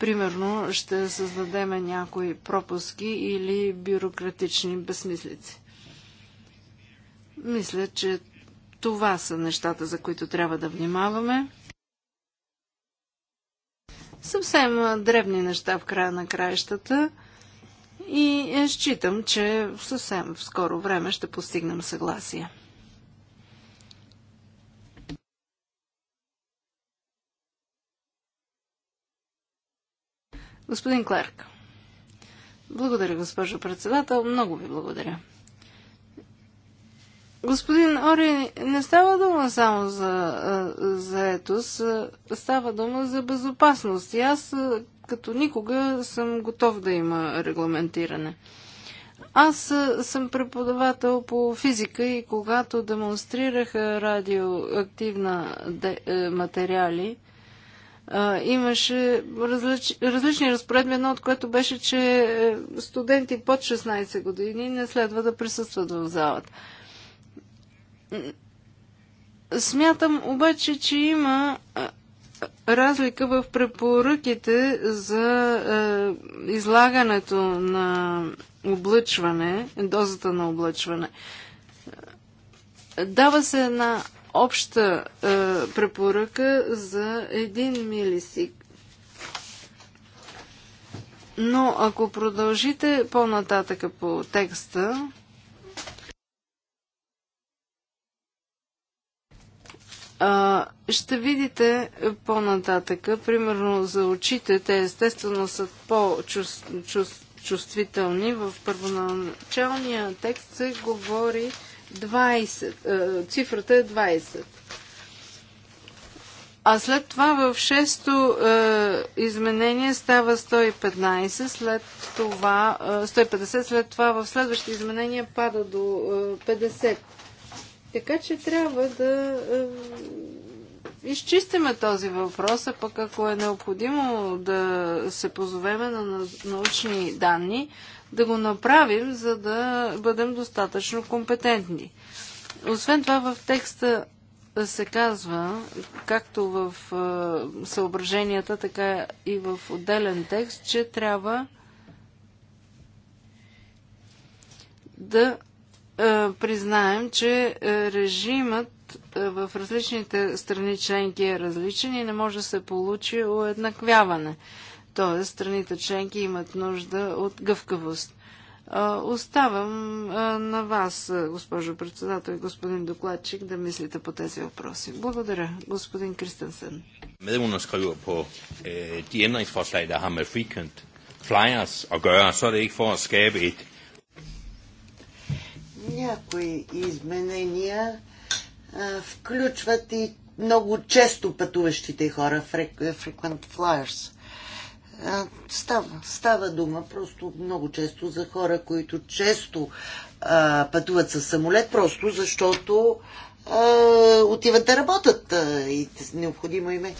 Примерно ще създадем някои пропуски или бюрократични безмислици. Мисля, че това са нещата, за които трябва да внимаваме. Съвсем дребни неща в края на краищата и е, считам, че съвсем в скоро време ще постигнем съгласие. Господин Клерк. Благодаря, госпожо председател. Много ви благодаря. Господин Ори, не става дума само за заетост, става дума за безопасност. И аз като никога съм готов да има регламентиране. Аз съм преподавател по физика и когато демонстрирах радиоактивна де, материали, имаше различ, различни разпоредби, едно от което беше, че е, студенти под 16 години не следва да присъстват в залата. Смятам обаче, че има разлика в препоръките за излагането на облъчване, дозата на облъчване. Дава се една обща препоръка за 1 милисик. Но ако продължите по-нататъка по текста, А, ще видите по-нататъка, примерно за очите, те естествено са по-чувствителни. В първоначалния текст се говори 20, а, цифрата е 20. А след това в шесто а, изменение става 115, след това, а, 150, след това в следващите изменения пада до а, 50. Така че трябва да е, изчистиме този въпрос, а пък ако е необходимо да се позовеме на научни данни, да го направим, за да бъдем достатъчно компетентни. Освен това в текста се казва, както в е, съображенията, така и в отделен текст, че трябва да е, признаем, че е, режимът е, в различните страни членки е различен и не може да се получи уеднаквяване. Тоест, страните членки имат нужда от гъвкавост. Оставам на вас, госпожо председател и господин докладчик, да мислите по тези въпроси. Благодаря, господин Кристенсен. Medlemmer скрива по øh, de ændringsforslag, der har med frequent flyers at gøre, så er det някои изменения а, включват и много често пътуващите хора, frequent flyers. А, става, става дума просто много често за хора, които често а, пътуват с самолет, просто защото а, отиват да работят а, и необходимо им е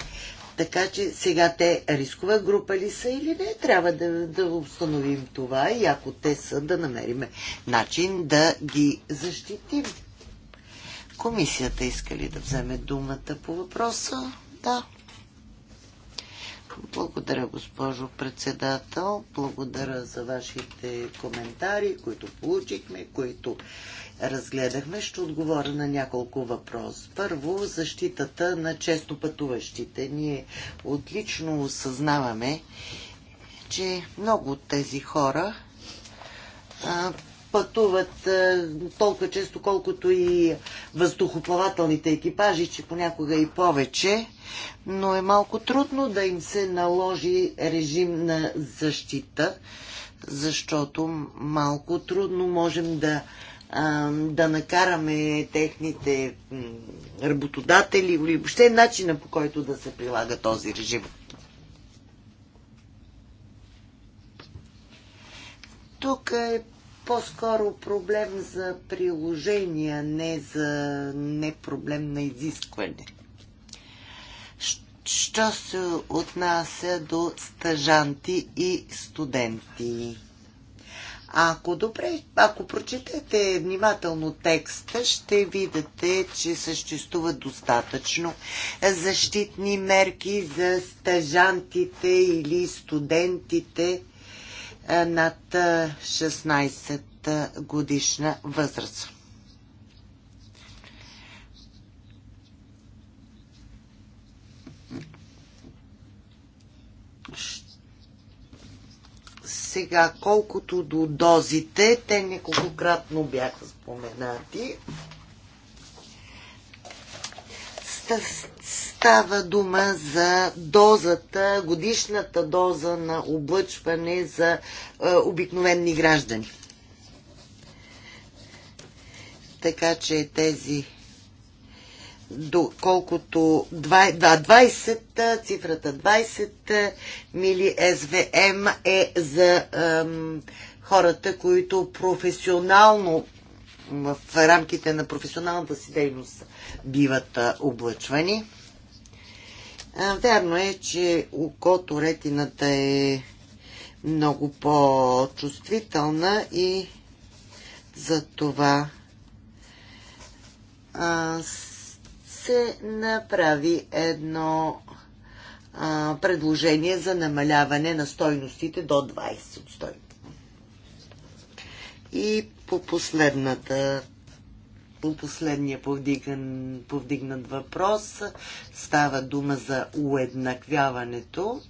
така че сега те рискова група ли са или не, трябва да, да установим това и ако те са, да намерим начин да ги защитим. Комисията иска ли да вземе думата по въпроса? Да. Благодаря, госпожо председател. Благодаря за вашите коментари, които получихме, които разгледахме, ще отговоря на няколко въпрос. Първо, защитата на често пътуващите. Ние отлично осъзнаваме, че много от тези хора а, пътуват а, толкова често, колкото и въздухоплавателните екипажи, че понякога и повече, но е малко трудно да им се наложи режим на защита, защото малко трудно можем да да накараме техните работодатели или въобще начина по който да се прилага този режим. Тук е по-скоро проблем за приложение, не за не проблем на изискване. Що се отнася до стъжанти и студенти? Ако добре, ако прочетете внимателно текста, ще видите, че съществуват достатъчно защитни мерки за стажантите или студентите над 16 годишна възраст. Сега, колкото до дозите, те неколкократно бяха споменати. Става дума за дозата, годишната доза на облъчване за е, обикновени граждани. Така че тези колкото 20, да, 20, цифрата 20 мили СВМ е за ем, хората, които професионално в рамките на професионалната си дейност биват облъчвани. Вярно е, че окото ретината е много по-чувствителна и за това се направи едно а, предложение за намаляване на стойностите до 20 от стойност. И по последната по последния повдиган, повдигнат въпрос става дума за уеднаквяването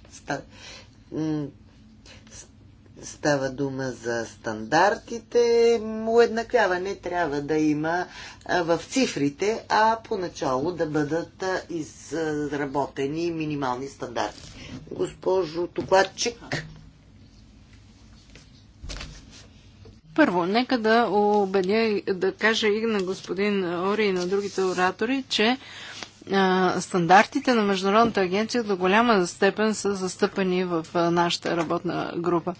Става дума за стандартите. Уеднаквяване трябва да има в цифрите, а поначало да бъдат изработени минимални стандарти. Госпожо Токладчик. Първо, нека да убедя, да кажа и на господин Ори и на другите оратори, че стандартите на Международната агенция до голяма степен са застъпени в нашата работна група.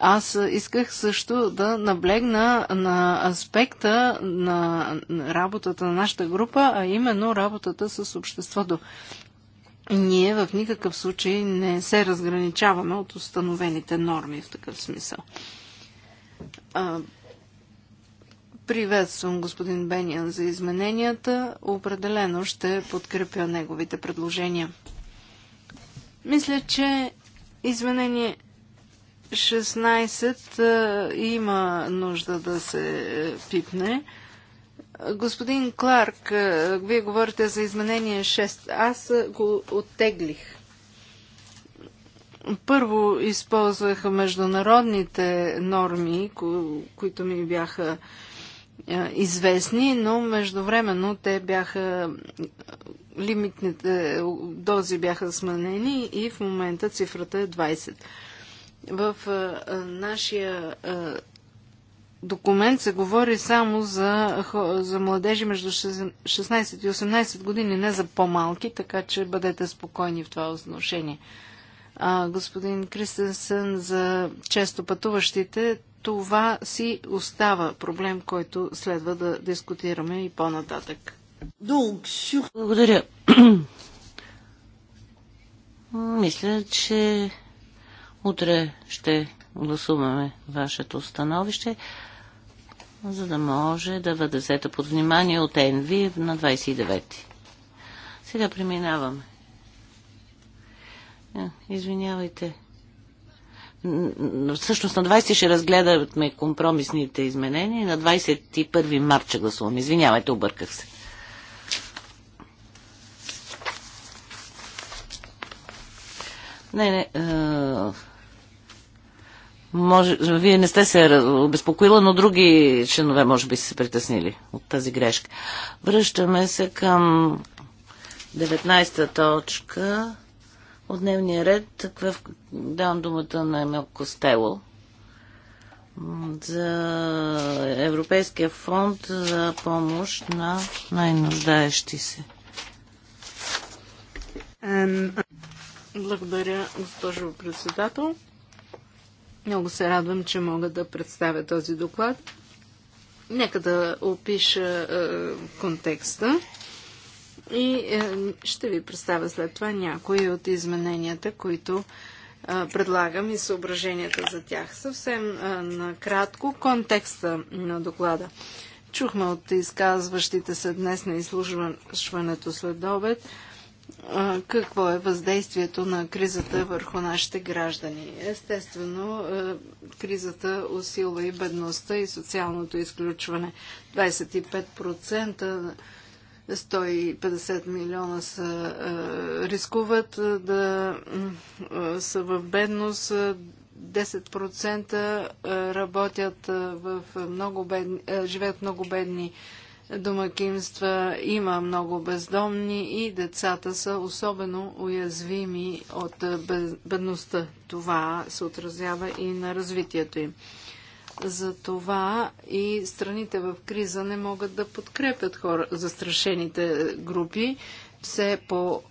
Аз исках също да наблегна на аспекта на работата на нашата група, а именно работата с обществото. Ние в никакъв случай не се разграничаваме от установените норми в такъв смисъл. Приветствам господин Бениан за измененията. Определено ще подкрепя неговите предложения. Мисля, че изменение 16 има нужда да се е, пипне. Господин Кларк, вие говорите за изменение 6. Аз го оттеглих. Първо използвах международните норми, които ми бяха е, известни, но междувременно те бяха лимитните дози бяха сменени и в момента цифрата е 20. В а, е, нашия а, е, документ се говори само за, за младежи между 16 и 18 години, не за по-малки, така че бъдете спокойни в това отношение. А, господин Кристенсен, за често пътуващите, това си остава проблем, който следва да дискутираме и по-нататък. Благодаря. Мисля, че утре ще гласуваме вашето становище, за да може да бъде взето под внимание от ЕНВИ на 29-ти. Сега преминаваме. Е, извинявайте. Всъщност на 20 ще разгледаме компромисните изменения. На 21 март ще гласувам. Извинявайте, обърках се. Не, не. А... Може, вие не сте се обезпокоила, но други членове може би се притеснили от тази грешка. Връщаме се към 19-та точка от дневния ред. Давам думата на Емел Костело за Европейския фонд за помощ на най-нуждаещи се. Благодаря, госпожо председател. Много се радвам, че мога да представя този доклад. Нека да опиша е, контекста. И е, ще ви представя след това някои от измененията, които е, предлагам и съображенията за тях. Съвсем е, накратко контекста на доклада. Чухме от изказващите се днес на изслужването след обед какво е въздействието на кризата върху нашите граждани. Естествено, кризата усилва и бедността и социалното изключване. 25% 150 милиона са, е, рискуват е, да е, са в бедност, 10% работят в много бедни, живеят в много бедни домакинства, има много бездомни и децата са особено уязвими от бедността. Това се отразява и на развитието им. За това и страните в криза не могат да подкрепят хора, застрашените групи. Все по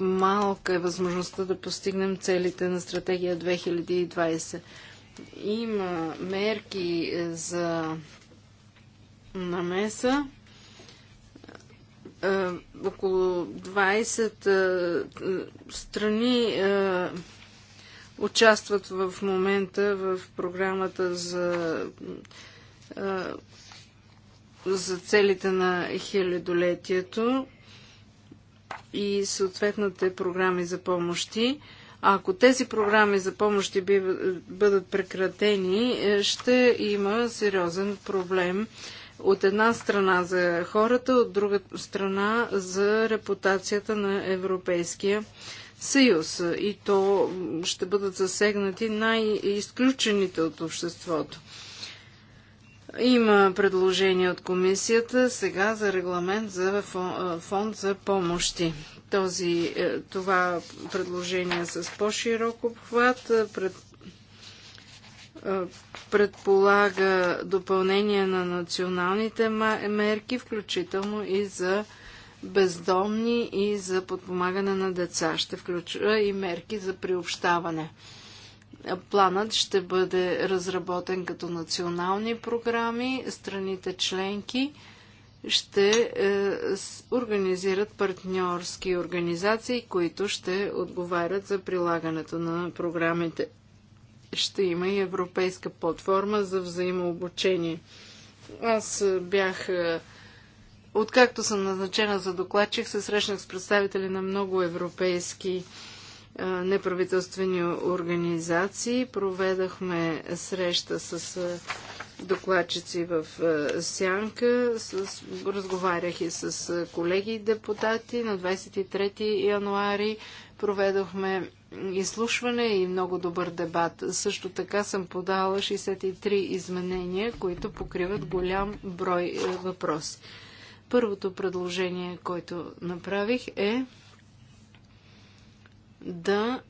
малка е възможността да постигнем целите на стратегия 2020. Има мерки е, за намеса. Е, около 20 е, страни участват в момента в програмата за, за целите на хилядолетието и съответните програми за помощи. А ако тези програми за помощи бъдат прекратени, е, ще има сериозен проблем от една страна за хората, от друга страна за репутацията на Европейския съюз и то ще бъдат засегнати най-изключените от обществото. Има предложение от комисията сега за регламент за фонд за помощи. Този, е, това предложение е с по-широк обхват е, пред, предполага допълнение на националните мерки, включително и за бездомни и за подпомагане на деца. Ще включва и мерки за приобщаване. Планът ще бъде разработен като национални програми. Страните членки ще е, организират партньорски организации, които ще отговарят за прилагането на програмите. Ще има и европейска платформа за взаимообучение. Аз е, бях е, Откакто съм назначена за докладчик, се срещнах с представители на много европейски неправителствени организации. Проведахме среща с докладчици в Сянка. С, разговарях и с колеги депутати. На 23 януари проведохме изслушване и много добър дебат. Също така съм подала 63 изменения, които покриват голям брой въпроси. Първото предложение, което направих е да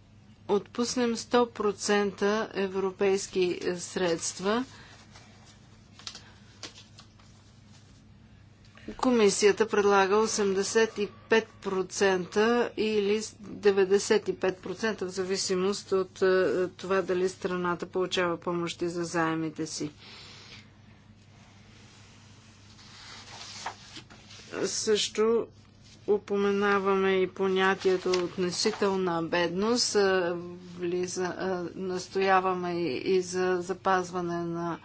отпуснем 100% европейски средства. Комисията предлага 85% или 95% в зависимост от е, това дали страната получава помощи за заемите си. Също упоменаваме и понятието относителна бедност. Влиза, настояваме и за запазване на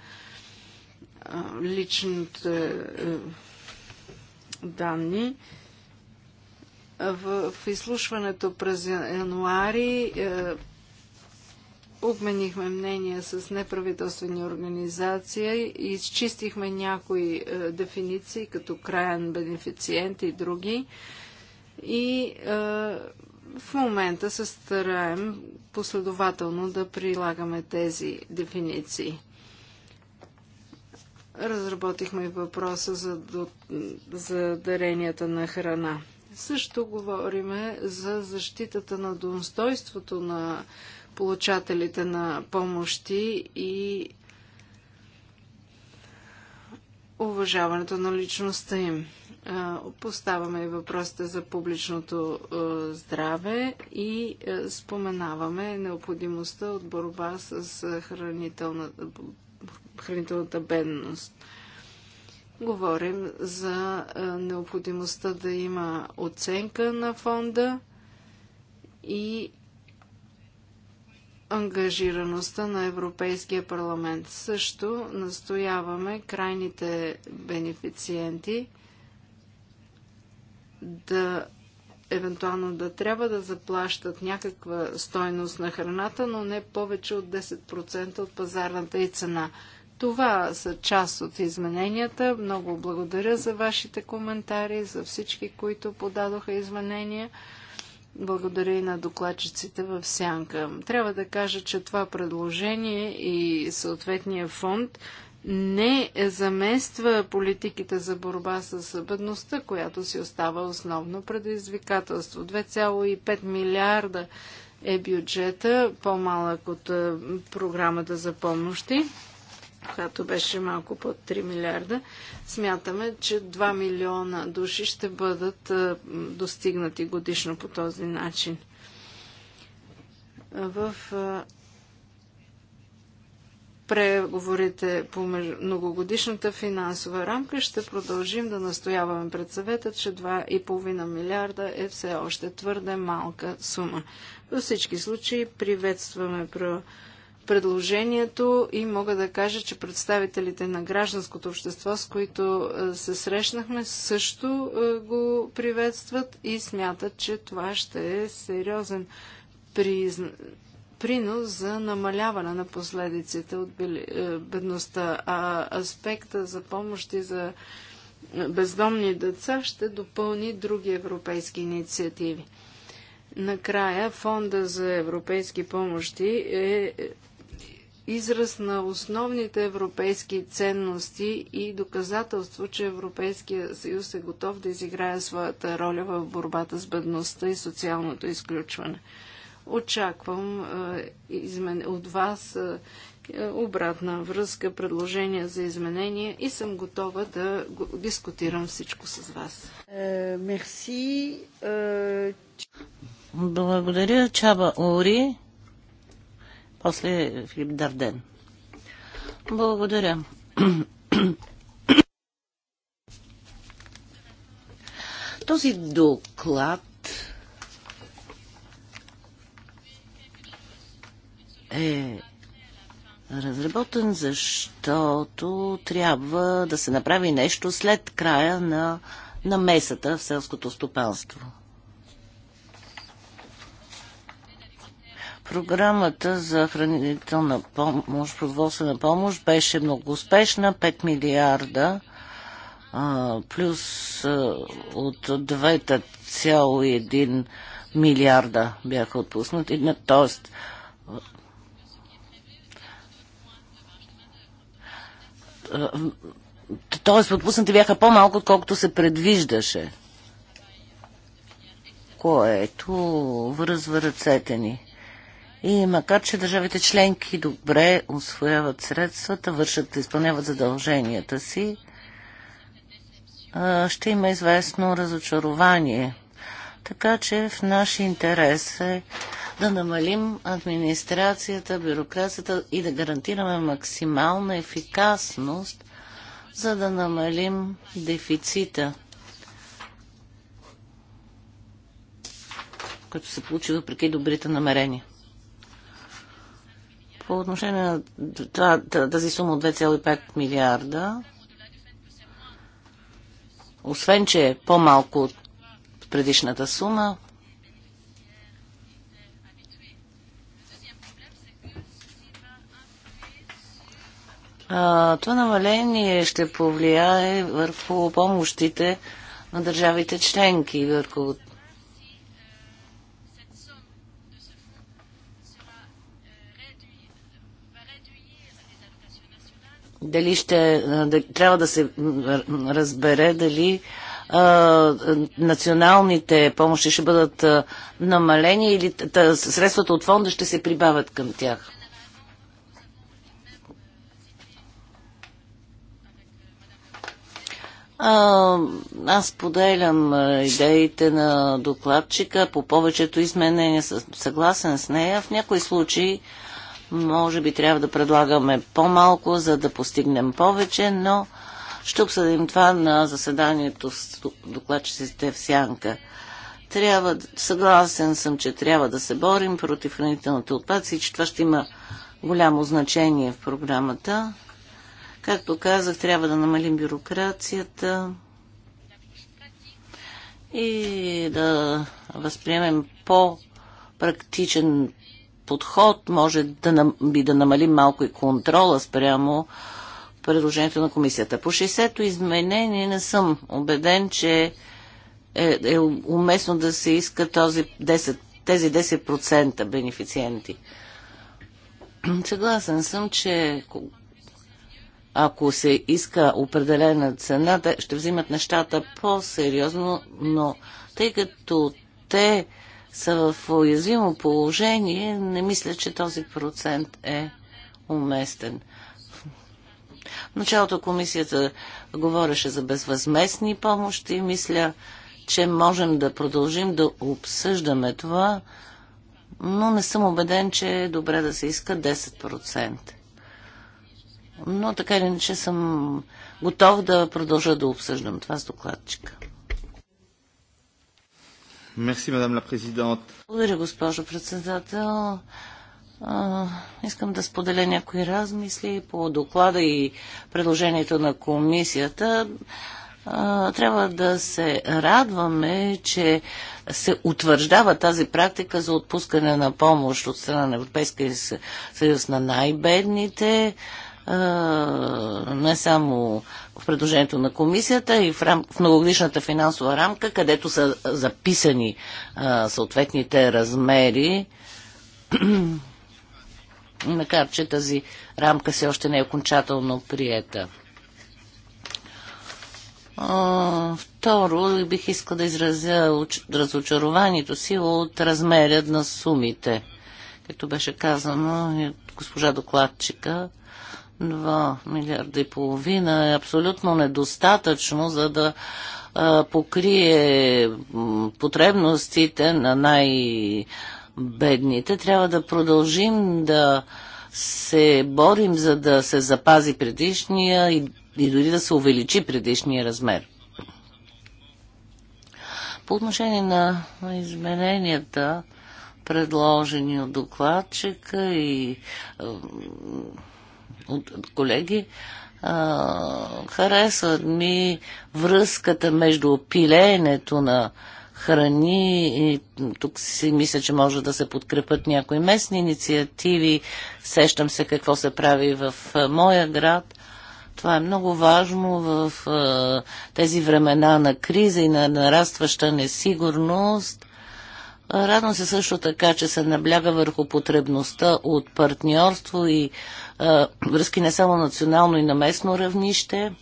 личните е, данни. В изслушването през януари е, Обменихме мнения с неправителствени организации и изчистихме някои е, дефиниции, като краен бенефициент и други. И е, в момента се стараем последователно да прилагаме тези дефиниции. Разработихме и въпроса за, за даренията на храна. Също говориме за защитата на достоинството на получателите на помощи и уважаването на личността им. Поставяме и въпросите за публичното здраве и споменаваме необходимостта от борба с хранителната, хранителната бедност. Говорим за необходимостта да има оценка на фонда и ангажираността на Европейския парламент. Също настояваме крайните бенефициенти да евентуално да трябва да заплащат някаква стойност на храната, но не повече от 10% от пазарната и цена. Това са част от измененията. Много благодаря за вашите коментари, за всички, които подадоха изменения. Благодаря и на докладчиците в Сянка. Трябва да кажа, че това предложение и съответния фонд не замества политиките за борба с бедността, която си остава основно предизвикателство. 2,5 милиарда е бюджета, по-малък от е, програмата за помощи която беше малко под 3 милиарда, смятаме, че 2 милиона души ще бъдат достигнати годишно по този начин. В преговорите по многогодишната финансова рамка ще продължим да настояваме пред съвета, че 2,5 милиарда е все още твърде малка сума. Във всички случаи приветстваме про предложението и мога да кажа, че представителите на гражданското общество, с които е, се срещнахме, също е, го приветстват и смятат, че това ще е сериозен принос за намаляване на последиците от е, бедността, а аспекта за помощи за бездомни деца ще допълни други европейски инициативи. Накрая фонда за европейски помощи е израз на основните европейски ценности и доказателство, че Европейския съюз е готов да изиграе своята роля в борбата с бедността и социалното изключване. Очаквам е, измен... от вас е, е обратна връзка, предложения за изменения и съм готова да го дискутирам всичко с вас. Е, мерси. Е, Благодаря, Чаба Ори. После Филип Дарден. Благодаря. Този доклад е разработен, защото трябва да се направи нещо след края на намесата в селското стопанство. Програмата за хранителна помощ, продоволствена помощ беше много успешна. 5 милиарда плюс от 2,1 милиарда бяха отпуснати. Тоест, Тоест, отпуснати бяха по-малко, отколкото се предвиждаше. Което връзва ръцете ни. И макар, че държавите членки добре освояват средствата, вършат, изпълняват задълженията си, ще има известно разочарование. Така че в наш интерес е да намалим администрацията, бюрокрацията и да гарантираме максимална ефикасност, за да намалим дефицита, който се получи въпреки добрите намерения. По отношение на тази сума от 2,5 милиарда, освен че е по-малко от предишната сума, това намаление ще повлияе върху помощите на държавите членки, върху Дали ще... Трябва да се разбере дали националните помощи ще бъдат намалени или средствата от фонда ще се прибавят към тях? А, аз поделям идеите на докладчика по повечето изменения. Съгласен с нея. В някои случаи може би трябва да предлагаме по-малко, за да постигнем повече, но ще обсъдим това на заседанието с докладчиците в Сянка. Трябва, съгласен съм, че трябва да се борим против хранителната отпадъци и че това ще има голямо значение в програмата. Както казах, трябва да намалим бюрокрацията и да възприемем по-практичен подход може да, би да намалим малко и контрола спрямо предложението на комисията. По 60-то изменение не съм убеден, че е, е уместно да се иска този 10, тези 10% бенефициенти. Съгласен съм, че ако се иска определена цена, ще взимат нещата по-сериозно, но тъй като те са в уязвимо положение, не мисля, че този процент е уместен. В началото комисията говореше за безвъзместни помощи. Мисля, че можем да продължим да обсъждаме това, но не съм убеден, че е добре да се иска 10%. Но така или иначе съм готов да продължа да обсъждам това с докладчика. Благодаря, госпожо председател. искам да споделя някои размисли по доклада и предложението на комисията. трябва да се радваме, че се утвърждава тази практика за отпускане на помощ от страна на Европейския съюз на най-бедните. А, не само в предложението на комисията и в, рам... в многогодишната финансова рамка, където са записани съответните размери. Макар, че тази рамка все още не е окончателно приета. Второ, бих искал да изразя разочарованието си от размерят на сумите. Като беше казано, от госпожа докладчика, 2 милиарда и половина е абсолютно недостатъчно, за да покрие потребностите на най-бедните. Трябва да продължим да се борим, за да се запази предишния и, и дори да се увеличи предишния размер. По отношение на измененията, предложени от докладчика и от, от колеги. А, харесват ми връзката между пилеенето на храни и тук си мисля, че може да се подкрепят някои местни инициативи. Сещам се какво се прави в моя град. Това е много важно в тези времена на криза и на нарастваща несигурност Радвам се също така, че се набляга върху потребността от партньорство и а, връзки не само национално и на местно равнище.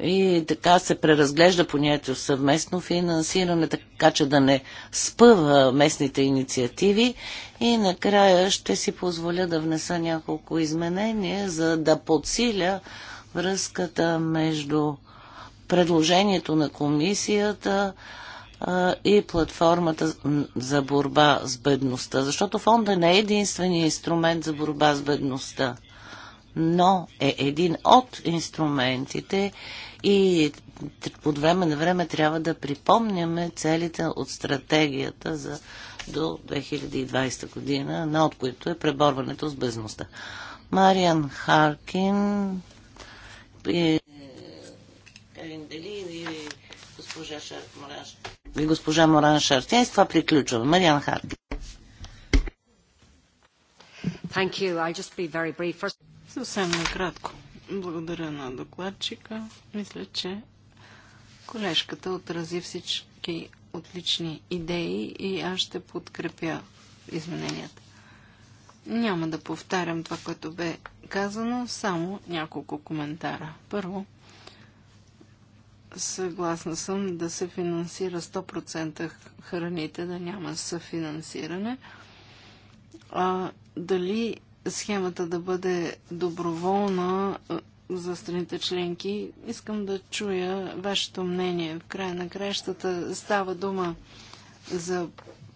И така се преразглежда понятието съвместно финансиране, така че да не спъва местните инициативи. И накрая ще си позволя да внеса няколко изменения, за да подсиля връзката между предложението на комисията и платформата за борба с бедността, защото фонда не е единствения инструмент за борба с бедността, но е един от инструментите и от време на време трябва да припомняме целите от стратегията за до 2020 година, на от които е преборването с бедността. Мариан Харкин е Делин и госпожа Шар... Моран, и госпожа Моран Шартен. С това приключва. Мариан Харки. Thank you. I'll just be very brief. First... Съвсем накратко. Благодаря на докладчика. Мисля, че колежката отрази всички отлични идеи и аз ще подкрепя измененията. Няма да повтарям това, което бе казано, само няколко коментара. Първо, Съгласна съм да се финансира 100% храните, да няма съфинансиране. А, дали схемата да бъде доброволна за страните членки, искам да чуя вашето мнение. В края на кращата става дума за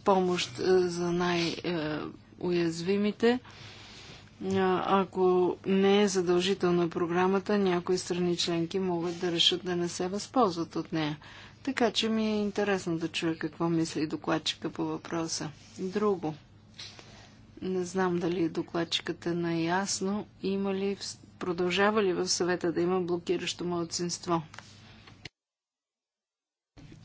помощ за най-уязвимите. Е, ако не е задължителна програмата, някои страни членки могат да решат да не се възползват от нея. Така че ми е интересно да чуя какво мисли докладчика по въпроса. Друго. Не знам дали докладчикът е наясно. Има ли, продължава ли в съвета да има блокиращо младсинство?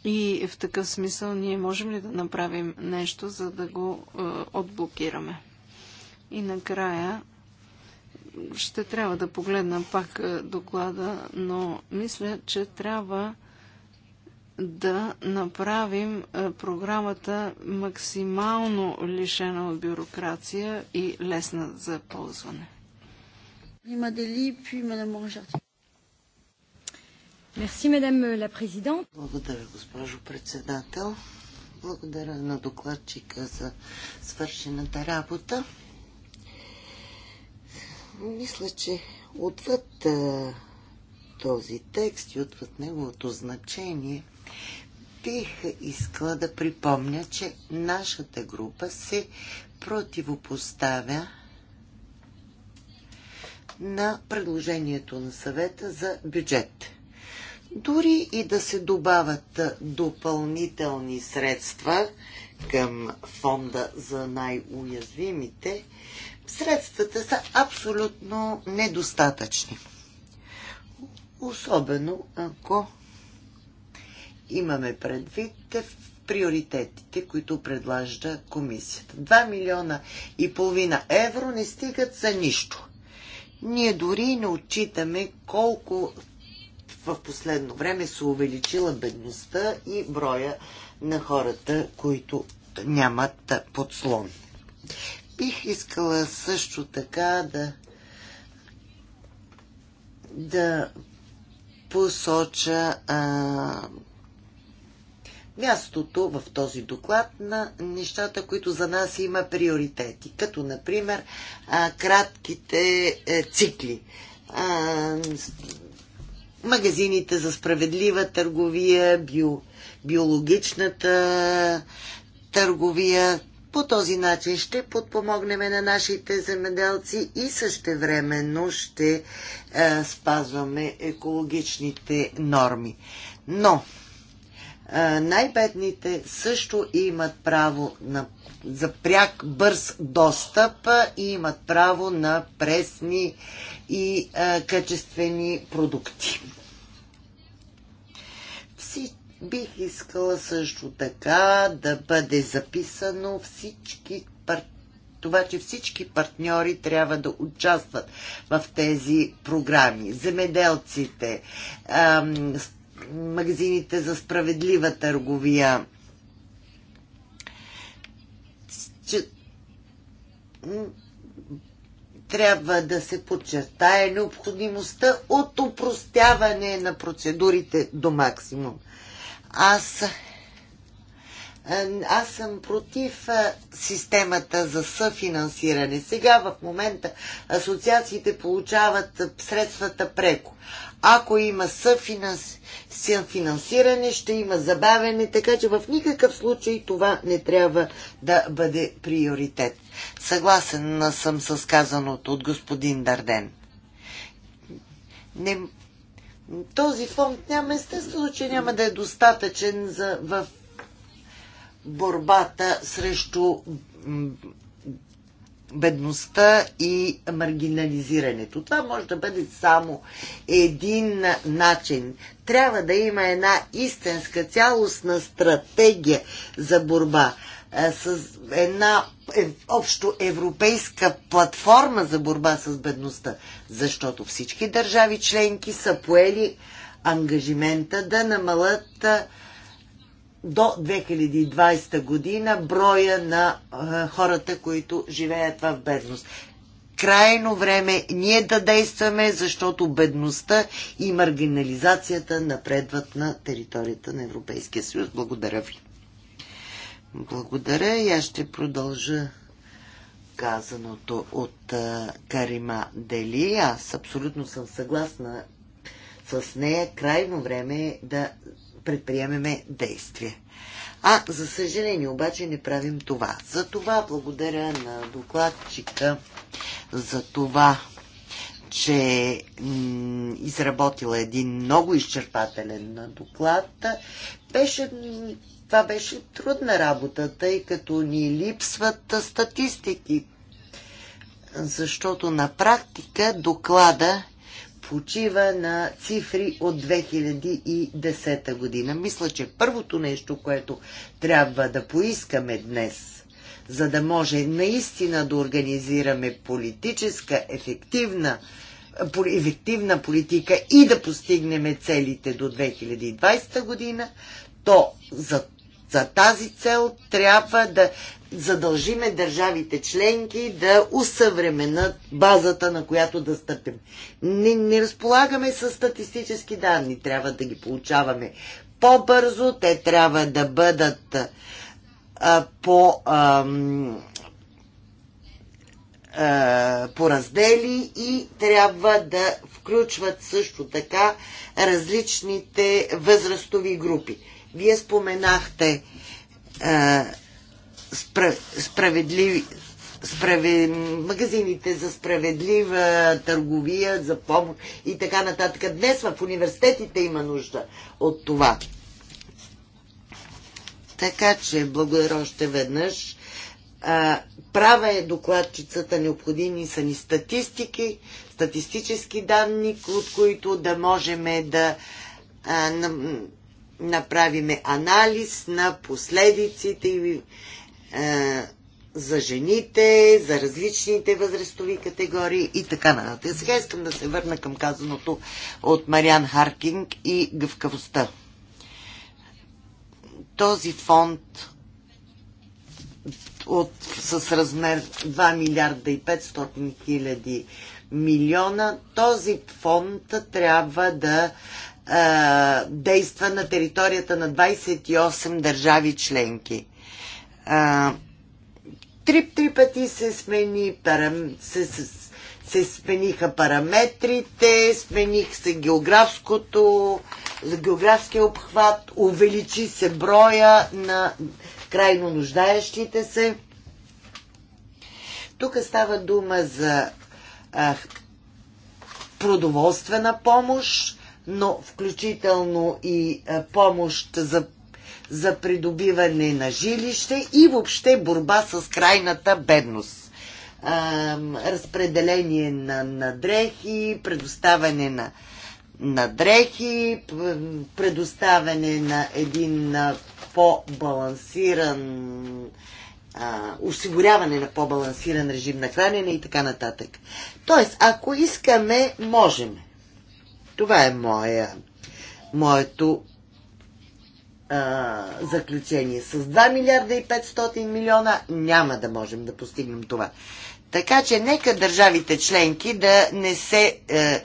И в такъв смисъл ние можем ли да направим нещо, за да го е, отблокираме? И накрая ще трябва да погледна пак е, доклада, но мисля, че трябва да направим е, програмата максимално лишена от бюрокрация и лесна за ползване. Ами, Благодаря, госпожо председател. Благодаря на докладчика за свършената работа мисля, че отвъд а, този текст и отвъд неговото значение, бих искала да припомня, че нашата група се противопоставя на предложението на съвета за бюджет. Дори и да се добавят допълнителни средства към фонда за най-уязвимите, средствата са абсолютно недостатъчни. Особено ако имаме предвид приоритетите, които предлажда комисията. 2 милиона и половина евро не стигат за нищо. Ние дори не отчитаме колко в последно време се увеличила бедността и броя на хората, които нямат подслон. Бих искала също така да да посоча а, мястото в този доклад на нещата, които за нас има приоритети, като например а, кратките е, цикли, а, магазините за справедлива търговия, био, биологичната търговия, по този начин ще подпомогнем на нашите земеделци и същевременно ще е, спазваме екологичните норми. Но е, най-бедните също имат право на, за пряк бърз достъп и имат право на пресни и е, качествени продукти. Бих искала също така да бъде записано всички пар... това, че всички партньори трябва да участват в тези програми. Земеделците, ам, магазините за справедлива търговия. Че... Трябва да се подчертае необходимостта от упростяване на процедурите до максимум. Аз е, аз съм против е, системата за съфинансиране. Сега в момента асоциациите получават е, средствата преко. Ако има съфинансиране, ще има забавене, така че в никакъв случай това не трябва да бъде приоритет. Съгласен съм с казаното от господин Дарден. Не, този фонд няма, естествено, че няма да е достатъчен за, в борбата срещу бедността и маргинализирането. Това може да бъде само един начин. Трябва да има една истинска цялостна стратегия за борба с една е общо европейска платформа за борба с бедността, защото всички държави членки са поели ангажимента да намалят до 2020 година броя на хората, които живеят в бедност. Крайно време ние да действаме, защото бедността и маргинализацията напредват на територията на Европейския съюз. Благодаря ви. Благодаря и аз ще продължа казаното от Карима Дели. Аз абсолютно съм съгласна с нея. Крайно време е да предприемеме действие. А, за съжаление, обаче не правим това. За това благодаря на докладчика за това, че изработила един много изчерпателен доклад. Беше това беше трудна работа, тъй като ни липсват статистики. Защото на практика доклада почива на цифри от 2010 година. Мисля, че първото нещо, което трябва да поискаме днес, за да може наистина да организираме политическа, ефективна, ефективна политика и да постигнем целите до 2020 година, то за за тази цел трябва да задължиме държавите членки да усъвременят базата, на която да стъпим. Не, не разполагаме с статистически данни, трябва да ги получаваме по-бързо, те трябва да бъдат а, по, а, а, по раздели и трябва да включват също така различните възрастови групи. Вие споменахте а, спра, справедливи справед... магазините за справедлива търговия, за помощ и така нататък. Днес в университетите има нужда от това. Така че, благодаря още веднъж. А, права е докладчицата, необходими са ни статистики, статистически данни, от които да можем да а, направиме анализ на последиците и, е, за жените, за различните възрастови категории и така нататък. Сега искам да се върна към казаното от Мариан Харкинг и гъвкавостта. Този фонд от, с размер 2 милиарда и 500 хиляди милиона, този фонд трябва да а, действа на територията на 28 държави членки. три, три пъти се, смени, парам, се, се, се смениха параметрите, смених се географското, географския обхват, увеличи се броя на крайно нуждаещите се. Тук става дума за а, продоволствена помощ, но включително и е, помощ за, за придобиване на жилище и въобще борба с крайната бедност. Разпределение на, на дрехи, предоставяне на, на дрехи, предоставяне на един по-балансиран осигуряване на по-балансиран режим на хранене и така нататък. Тоест, ако искаме, можем. Това е моя, моето а, заключение. С 2 милиарда и 500 милиона няма да можем да постигнем това. Така че нека държавите членки да не се е,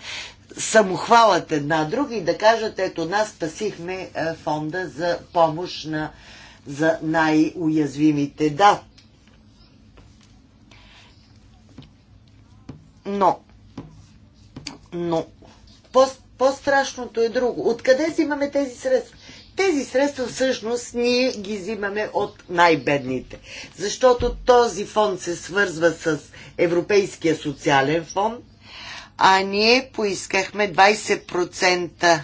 самохвалят една друга и да кажат, ето нас спасихме е, фонда за помощ на, за най-уязвимите. Да. Но. Но по-страшното е друго. Откъде взимаме тези средства? Тези средства всъщност ние ги взимаме от най-бедните. Защото този фонд се свързва с Европейския социален фонд, а ние поискахме 20%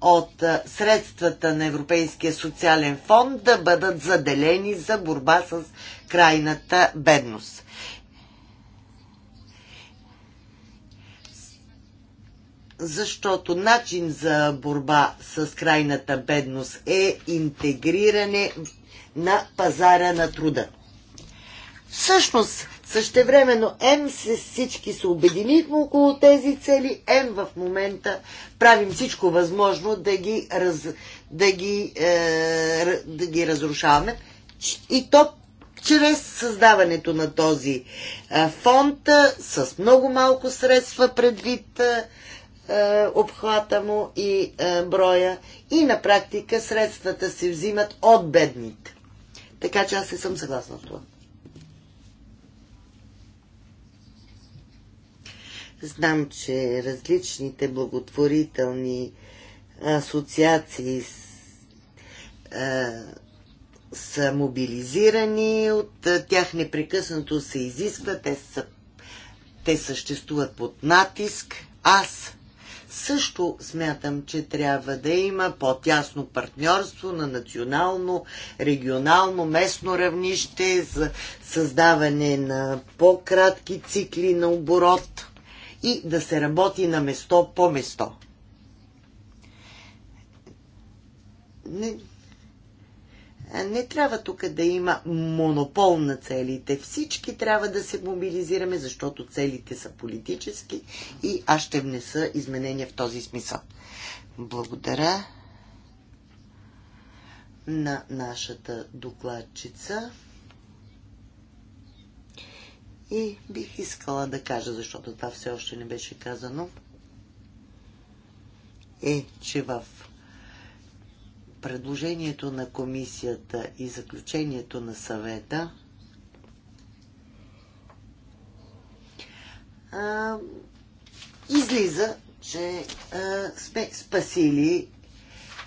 от средствата на Европейския социален фонд да бъдат заделени за борба с крайната бедност. защото начин за борба с крайната бедност е интегриране на пазара на труда. Всъщност, същевременно М се всички се обединихме около тези цели. М в момента правим всичко възможно да ги, раз, да ги, е, да ги разрушаваме. И то чрез създаването на този е, фонд е, с много малко средства предвид е, е, обхвата му и е, броя и на практика средствата се взимат от бедните. Така че аз не съм съгласна с това. Знам, че различните благотворителни асоциации е, са мобилизирани, от тях непрекъснато се изисква, те, са, те съществуват под натиск. Аз също смятам, че трябва да има по-тясно партньорство на национално, регионално, местно равнище за създаване на по-кратки цикли на оборот и да се работи на место по место. Не, не трябва тук да има монопол на целите. Всички трябва да се мобилизираме, защото целите са политически и аз ще внеса изменения в този смисъл. Благодаря на нашата докладчица. И бих искала да кажа, защото това все още не беше казано, е, че в предложението на комисията и заключението на съвета а, излиза, че а, сме спасили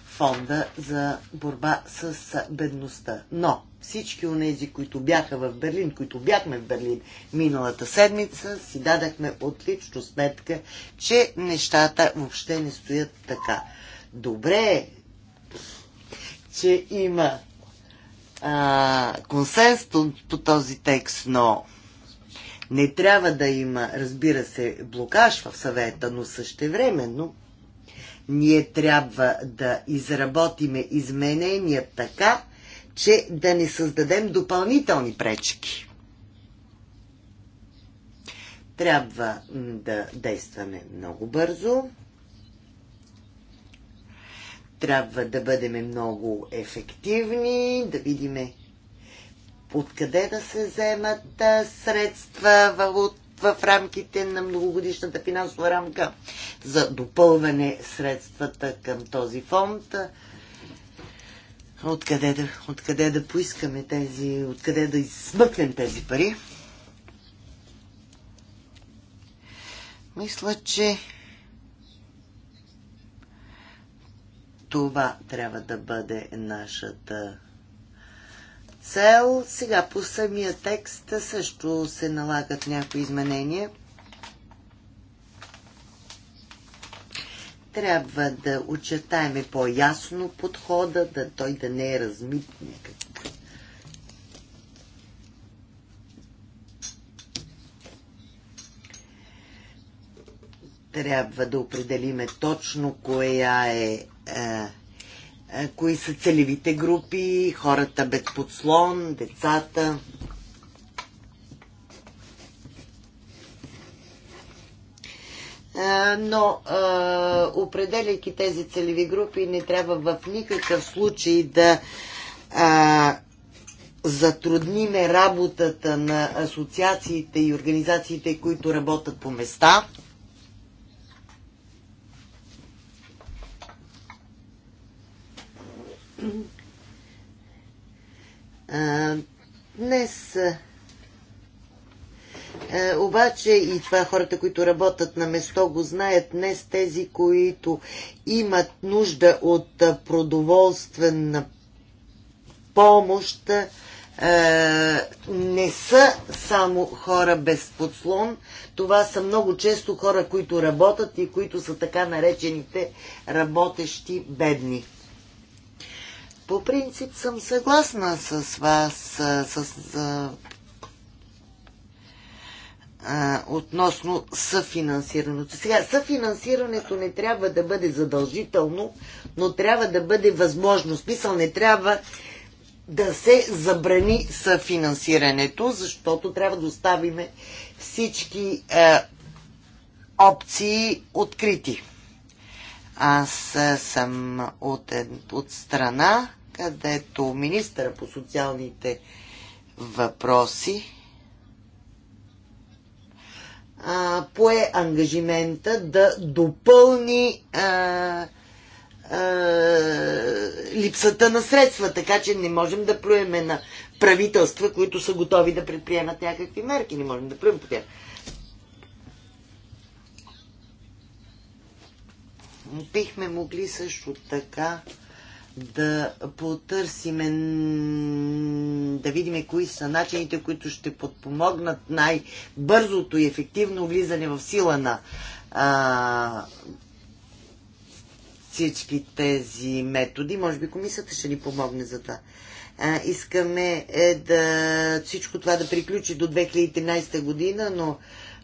фонда за борба с бедността. Но всички онези, които бяха в Берлин, които бяхме в Берлин миналата седмица, си дадахме отлично сметка, че нещата въобще не стоят така. Добре е че има а, консенс по този текст, но не трябва да има, разбира се, блокаж в съвета, но същевременно ние трябва да изработиме изменения така, че да не създадем допълнителни пречки. Трябва да действаме много бързо трябва да бъдем много ефективни, да видим откъде да се вземат средства валут в рамките на многогодишната финансова рамка за допълване средствата към този фонд. Откъде да, откъде да поискаме тези, откъде да изсмъкнем тези пари? Мисля, че Това трябва да бъде нашата цел. Сега по самия текст също се налагат някои изменения. Трябва да очертаеме по-ясно подхода, да той да не е размит някакъв. Трябва да определиме точно коя е е, е, кои са целевите групи, хората без подслон, децата. Е, но а, определяйки тези целеви групи, не трябва в никакъв случай да а, затрудниме работата на асоциациите и организациите, които работят по места. А, днес обаче и това хората, които работят на место, го знаят. Днес тези, които имат нужда от продоволствена помощ, не са само хора без подслон. Това са много често хора, които работят и които са така наречените работещи бедни. По принцип съм съгласна с вас с, с, а, относно съфинансирането. Сега, съфинансирането не трябва да бъде задължително, но трябва да бъде възможно. Смисъл не трябва да се забрани съфинансирането, защото трябва да оставиме всички а, опции открити. Аз съм от, от страна, където министъра по социалните въпроси а, пое ангажимента да допълни а, а, липсата на средства, така че не можем да плюеме на правителства, които са готови да предприемат някакви мерки. Не можем да плюем по тях. бихме могли също така да потърсиме, да видим кои са начините, които ще подпомогнат най-бързото и ефективно влизане в сила на а, всички тези методи. Може би комисията ще ни помогне за това. А, искаме е да всичко това да приключи до 2013 година, но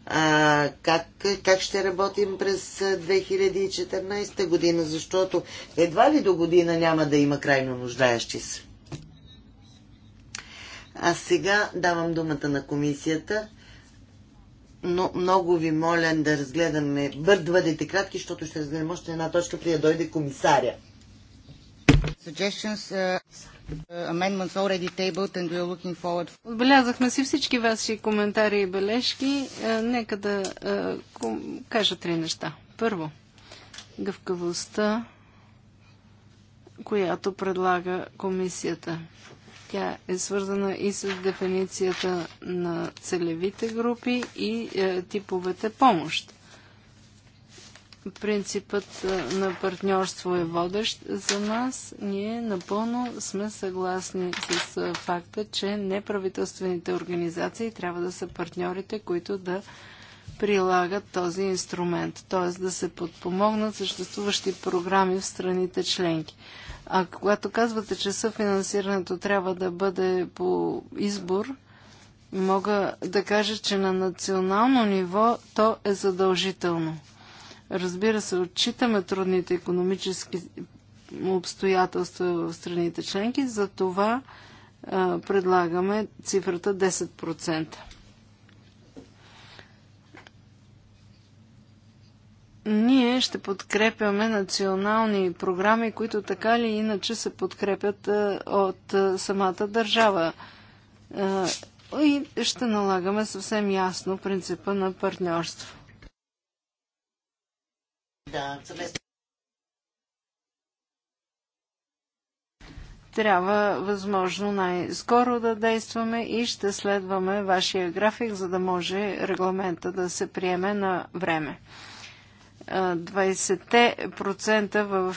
а, как, как ще работим през 2014 година, защото едва ли до година няма да има крайно нуждаещи се. А сега давам думата на комисията, но много ви моля да разгледаме, бър, бъдете кратки, защото ще разгледаме още една точка, при да дойде комисаря. Uh, Uh, Отбелязахме си всички ваши коментари и бележки. Е, нека да е, кажа три неща. Първо, гъвкавостта, която предлага комисията. Тя е свързана и с дефиницията на целевите групи и е, типовете помощ принципът е, на партньорство е водещ за нас. Ние напълно сме съгласни с е, факта, че неправителствените организации трябва да са партньорите, които да прилагат този инструмент, т.е. да се подпомогнат съществуващи програми в страните членки. А когато казвате, че съфинансирането трябва да бъде по избор, мога да кажа, че на национално ниво то е задължително. Разбира се, отчитаме трудните економически обстоятелства в страните членки, за това предлагаме цифрата 10%. Ние ще подкрепяме национални програми, които така или иначе се подкрепят от самата държава. И ще налагаме съвсем ясно принципа на партньорство. Трябва възможно най-скоро да действаме и ще следваме вашия график, за да може регламента да се приеме на време. 20% в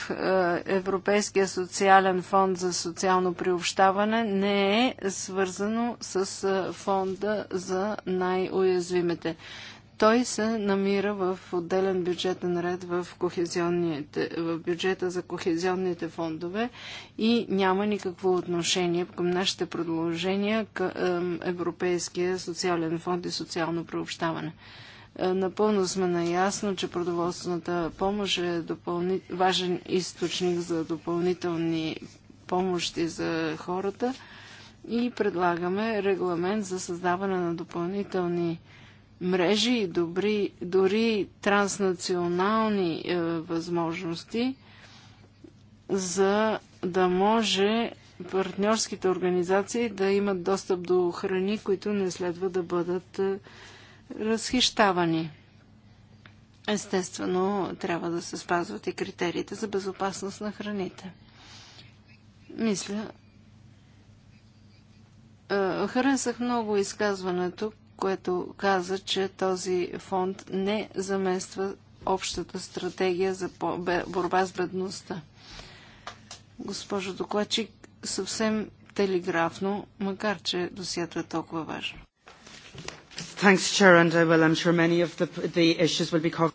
Европейския социален фонд за социално приобщаване не е свързано с фонда за най-уязвимите той се намира в отделен бюджетен ред в, в бюджета за кохезионните фондове и няма никакво отношение към нашите предложения към Европейския социален фонд и социално преобщаване. Е, напълно сме наясно, че продоволствената помощ е допълни... важен източник за допълнителни помощи за хората и предлагаме регламент за създаване на допълнителни мрежи и добри, дори транснационални е, възможности, за да може партньорските организации да имат достъп до храни, които не следва да бъдат е, разхищавани. Естествено, трябва да се спазват и критериите за безопасност на храните. Мисля, е, харесах много изказването, което каза, че този фонд не замества общата стратегия за борба с бедността. Госпожо докладчик, съвсем телеграфно, макар че досието е толкова важно.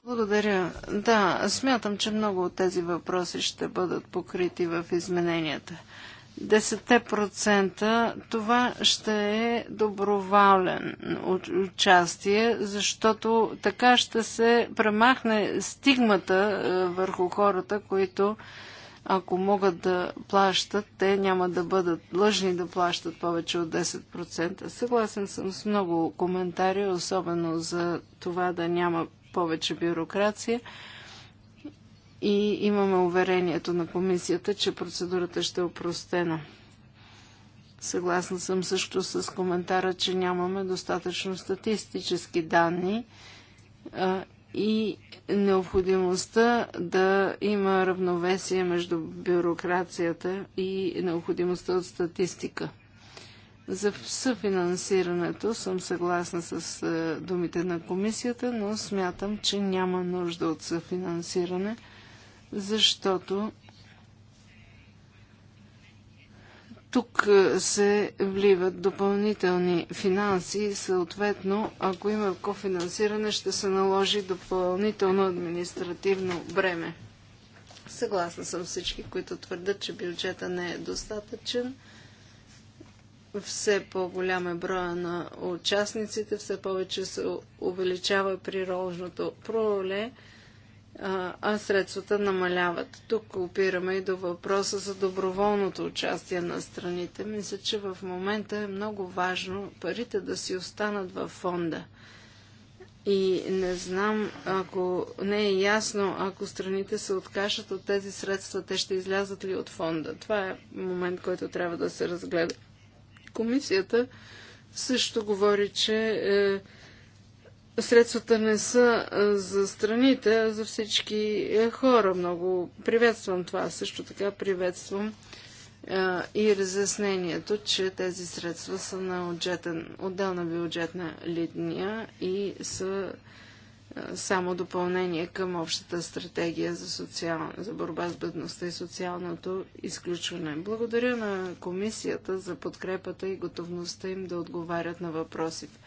Благодаря. Да, смятам, че много от тези въпроси ще бъдат покрити в измененията. 10% това ще е доброволен участие, защото така ще се премахне стигмата е, върху хората, които ако могат да плащат, те няма да бъдат длъжни да плащат повече от 10%. Съгласен съм с много коментари, особено за това да няма повече бюрокрация и имаме уверението на комисията, че процедурата ще е опростена. Съгласна съм също с коментара, че нямаме достатъчно статистически данни а, и необходимостта да има равновесие между бюрокрацията и необходимостта от статистика. За съфинансирането съм съгласна с думите на комисията, но смятам, че няма нужда от съфинансиране – защото тук е, се вливат допълнителни финанси и съответно, ако има кофинансиране, ще се наложи допълнително административно бреме. Съгласна съм всички, които твърдят, че бюджета не е достатъчен. Все по-голям е броя на участниците, все повече се увеличава природното проле а средствата намаляват. Тук опираме и до въпроса за доброволното участие на страните. Мисля, че в момента е много важно парите да си останат във фонда. И не знам, ако не е ясно, ако страните се откажат от тези средства, те ще излязат ли от фонда. Това е момент, който трябва да се разгледа. Комисията също говори, че е, средствата не са за страните, а за всички е, хора. Много приветствам това. Също така приветствам и разяснението, че тези средства са на отжетен, отделна бюджетна линия и са само допълнение към общата стратегия за, социал... за борба с бедността и социалното изключване. Благодаря на комисията за подкрепата и готовността им да отговарят на въпросите.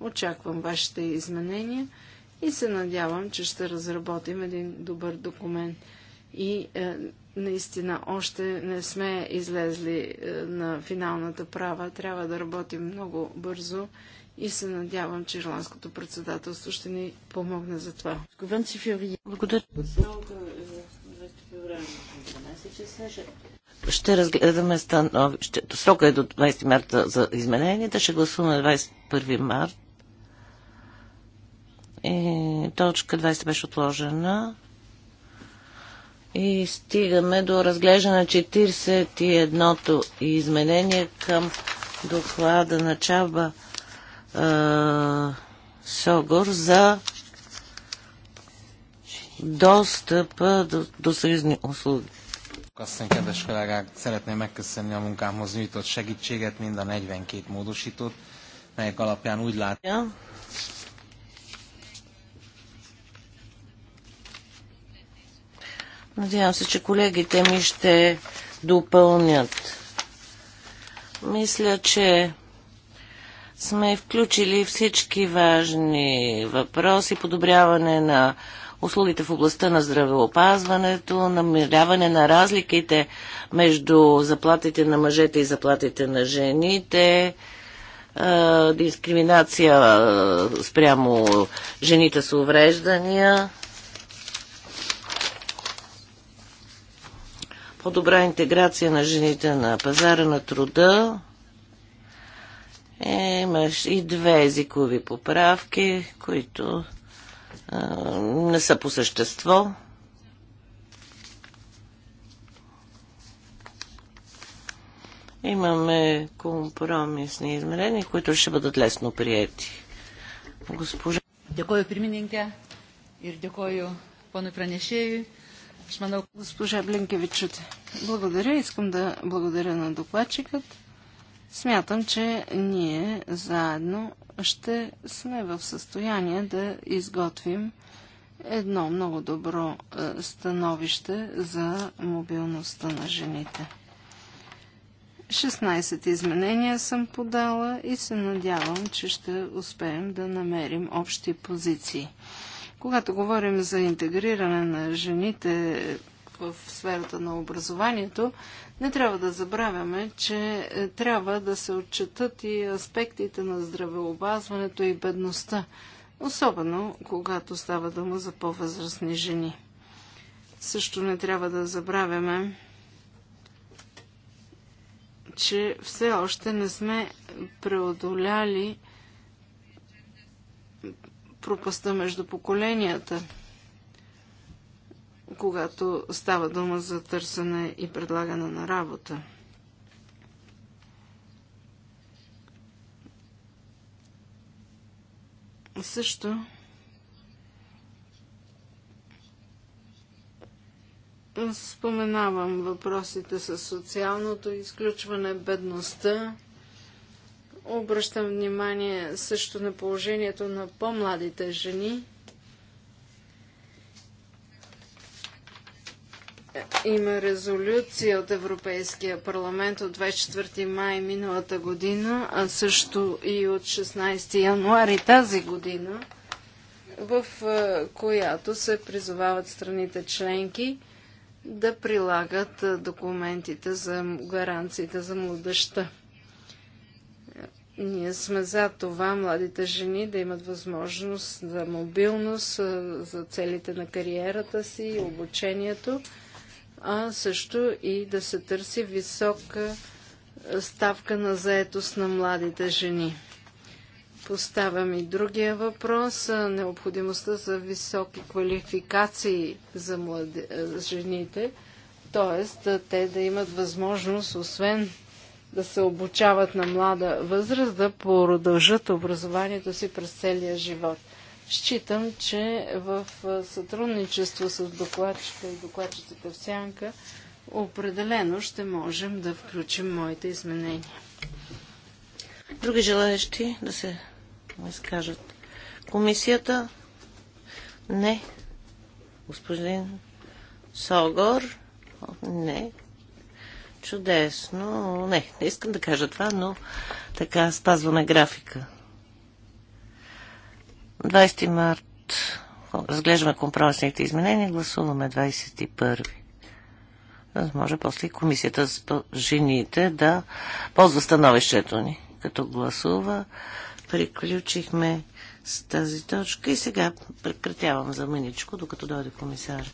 Очаквам вашите изменения и се надявам, че ще разработим един добър документ. И е, наистина още не сме излезли е, на финалната права. Трябва да работим много бързо и се надявам, че Ирландското председателство ще ни помогне за това. Благодаря. Ще разгледаме становището. Срока е до 20 марта за измененията. Ще гласуваме 21 марта и точка 20 беше отложена. И стигаме до разглеждане на 41-то изменение към доклада на Чаба е, Согор за достъпа до, до съюзни услуги. Köszönöm, kedves kollégák, szeretném megköszönni a munkámhoz nyújtott segítséget, mind a 42 módosítót, melyek alapján úgy látja. Надявам се, че колегите ми ще допълнят. Мисля, че сме включили всички важни въпроси. Подобряване на услугите в областта на здравеопазването, намиряване на разликите между заплатите на мъжете и заплатите на жените, дискриминация спрямо жените с увреждания по-добра интеграция на жените на пазара на труда. Е, имаш и две езикови поправки, които а, не са по същество. Имаме компромисни измерения, които ще бъдат лесно приети. Госпожа. Дякую, пирмининке, и дякую, пану пранешею. Госпожа Блинкевичуте, благодаря. Искам да благодаря на докладчикът. Смятам, че ние заедно ще сме в състояние да изготвим едно много добро е, становище за мобилността на жените. 16 изменения съм подала и се надявам, че ще успеем да намерим общи позиции. Когато говорим за интегриране на жените в сферата на образованието, не трябва да забравяме, че е, трябва да се отчетат и аспектите на здравеобазването и бедността, особено когато става дума за по-възрастни жени. Също не трябва да забравяме, че все още не сме преодоляли пропаста между поколенията, когато става дума за търсене и предлагане на работа. Също споменавам въпросите с социалното изключване, бедността, Обръщам внимание също на положението на по-младите жени. Има резолюция от Европейския парламент от 24 май миналата година, а също и от 16 януари тази година, в която се призовават страните членки да прилагат документите за гаранциите за младеща. Ние сме за това младите жени да имат възможност за мобилност, за целите на кариерата си и обучението, а също и да се търси висока ставка на заетост на младите жени. Поставям и другия въпрос – необходимостта за високи квалификации за млади... жените, т.е. те да имат възможност, освен да се обучават на млада възраст, да продължат образованието си през целия живот. Считам, че в сътрудничество с докладчика и докладчицата в Сянка определено ще можем да включим моите изменения. Други желаящи да се изкажат? Комисията? Не. Господин Согор? Не. Чудесно. Не, не искам да кажа това, но така спазваме графика. 20 март разглеждаме компромисните изменения, гласуваме 21 да може после и комисията с жените да ползва становището ни. Като гласува, приключихме с тази точка и сега прекратявам за мъничко, докато дойде комисар.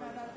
no, no.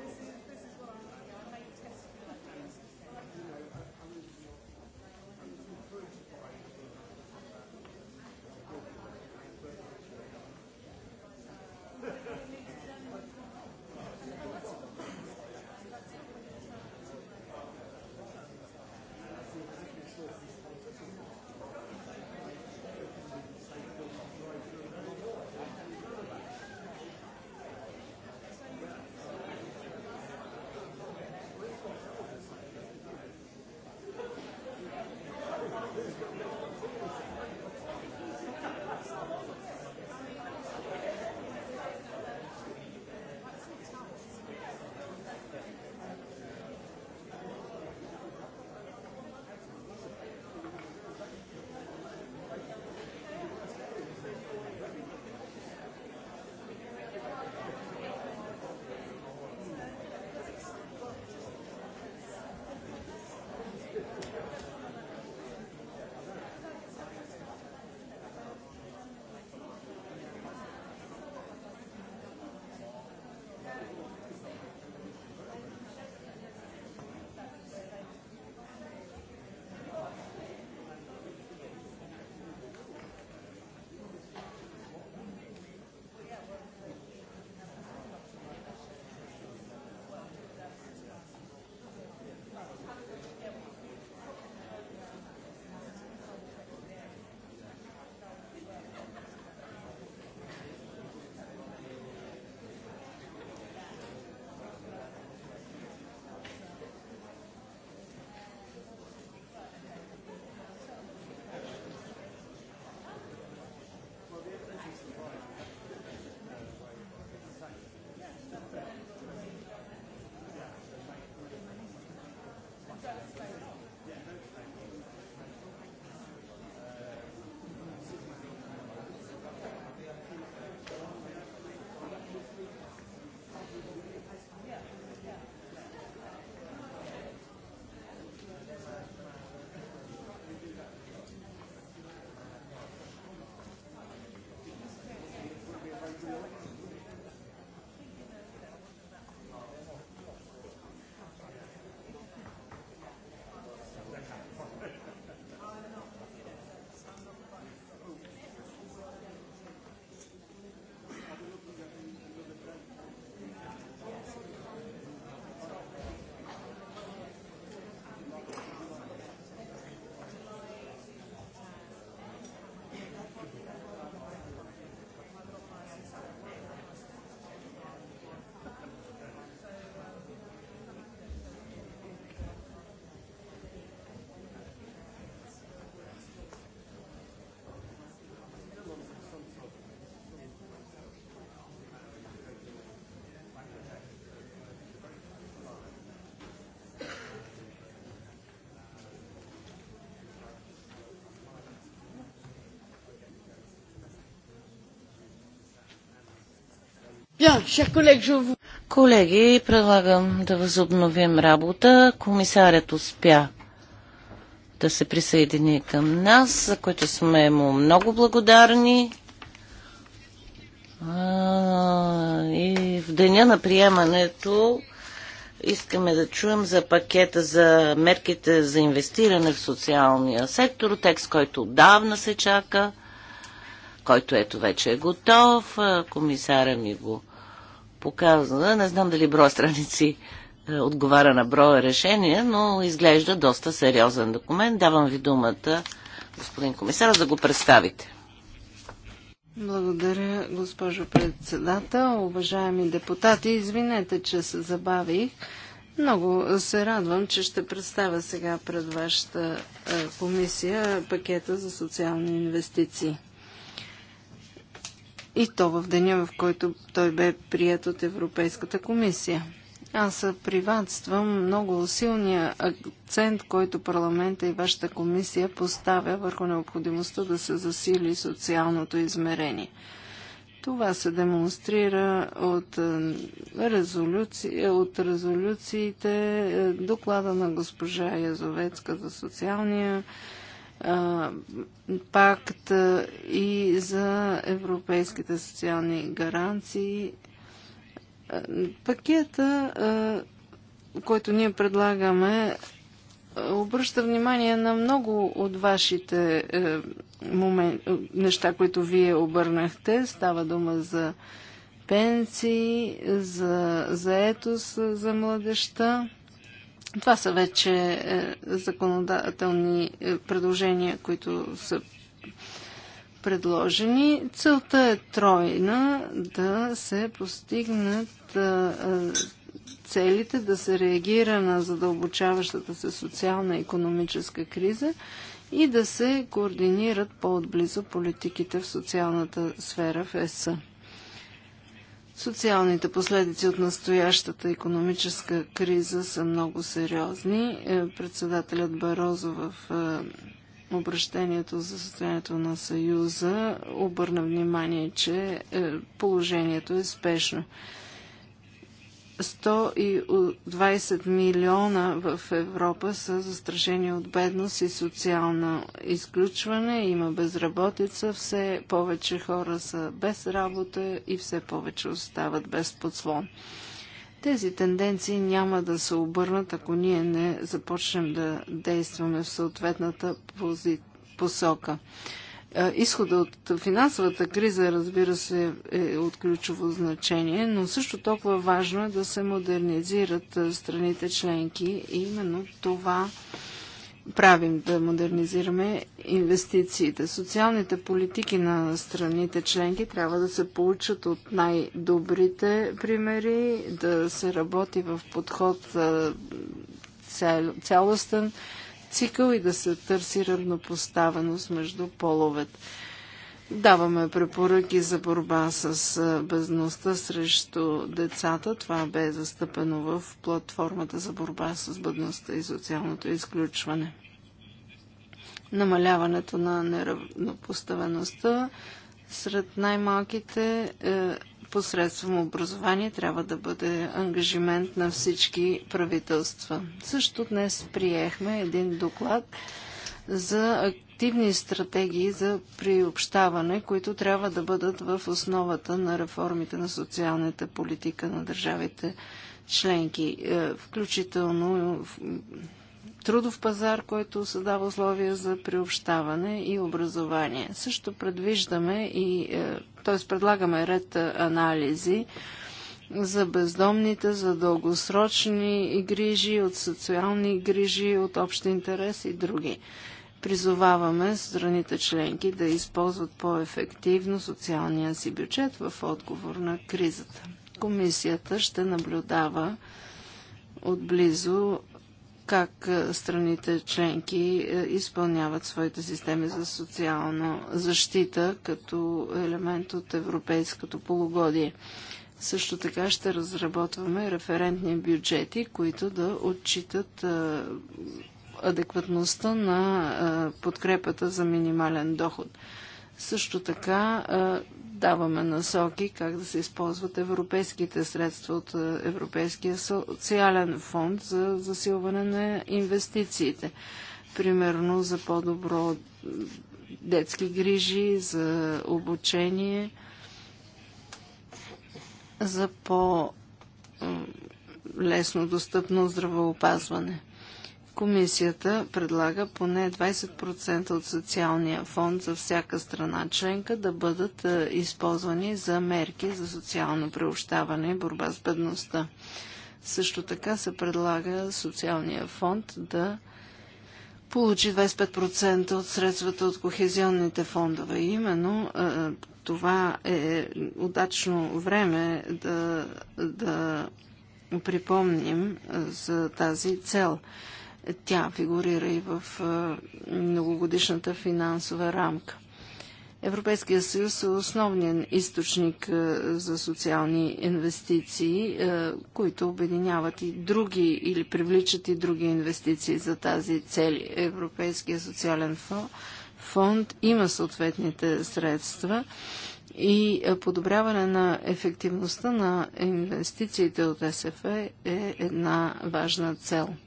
Колеги, предлагам да възобновим работа. Комисарят успя да се присъедини към нас, за което сме му много благодарни. И в деня на приемането искаме да чуем за пакета за мерките за инвестиране в социалния сектор, текст, който отдавна се чака, който ето вече е готов. Комисаря ми го показва. Не знам дали броя страници е, отговаря на броя решения, но изглежда доста сериозен документ. Давам ви думата, господин комисар, да го представите. Благодаря, госпожо председател. Уважаеми депутати, извинете, че се забавих. Много се радвам, че ще представя сега пред вашата е, комисия пакета за социални инвестиции и то в деня, в който той бе прият от Европейската комисия. Аз приватствам много силния акцент, който парламента и вашата комисия поставя върху необходимостта да се засили социалното измерение. Това се демонстрира от, е, резолюци... от резолюциите, е, доклада на госпожа Язовецка за социалния пакт и за европейските социални гаранции. Пакета, който ние предлагаме, обръща внимание на много от вашите е, момент, е, неща, които вие обърнахте. Става дума за пенсии, за заетост за младеща. Това са вече е, законодателни е, предложения, които са предложени. Целта е тройна да се постигнат е, целите, да се реагира на задълбочаващата се социална и економическа криза и да се координират по-отблизо политиките в социалната сфера в ЕСА. Социалните последици от настоящата економическа криза са много сериозни. Е, председателят Барозо в е, обращението за състоянието на Съюза обърна внимание, че е, положението е спешно. 120 милиона в Европа са застрашени от бедност и социално изключване. Има безработица, все повече хора са без работа и все повече остават без подслон. Тези тенденции няма да се обърнат, ако ние не започнем да действаме в съответната пози... посока. Изхода от финансовата криза, разбира се, е от ключово значение, но също толкова важно е да се модернизират страните членки и именно това правим да модернизираме инвестициите. Социалните политики на страните членки трябва да се получат от най-добрите примери, да се работи в подход цялостен, цикъл и да се търси равнопоставеност между половете. Даваме препоръки за борба с бедността срещу децата. Това бе застъпено в платформата за борба с бедността и социалното изключване. Намаляването на неравнопоставеността сред най-малките е, посредством образование трябва да бъде ангажимент на всички правителства. Също днес приехме един доклад за активни стратегии за приобщаване, които трябва да бъдат в основата на реформите на социалната политика на държавите членки, е, включително трудов пазар, който създава условия за приобщаване и образование. Също предвиждаме и, е, т.е. предлагаме ред е, анализи за бездомните, за дългосрочни грижи, от социални грижи, от общ интерес и други. Призоваваме страните членки да използват по-ефективно социалния си бюджет в отговор на кризата. Комисията ще наблюдава отблизо как страните членки е, изпълняват своите системи за социална защита като елемент от европейското полугодие. Също така ще разработваме референтни бюджети, които да отчитат адекватността на подкрепата за минимален доход. Също така даваме насоки как да се използват европейските средства от е, Европейския социален фонд за засилване на инвестициите. Примерно за по-добро детски грижи, за обучение, за по-лесно достъпно здравеопазване. Комисията предлага поне 20% от социалния фонд за всяка страна членка да бъдат е, използвани за мерки за социално приобщаване и борба с бедността. Също така се предлага социалния фонд да получи 25% от средствата от кохезионните фондове. именно е, е, това е удачно време да, да припомним за тази цел. Тя фигурира и в многогодишната финансова рамка. Европейския съюз е основният източник за социални инвестиции, които обединяват и други или привличат и други инвестиции за тази цели. Европейския социален фонд има съответните средства и подобряване на ефективността на инвестициите от СФ е една важна цел –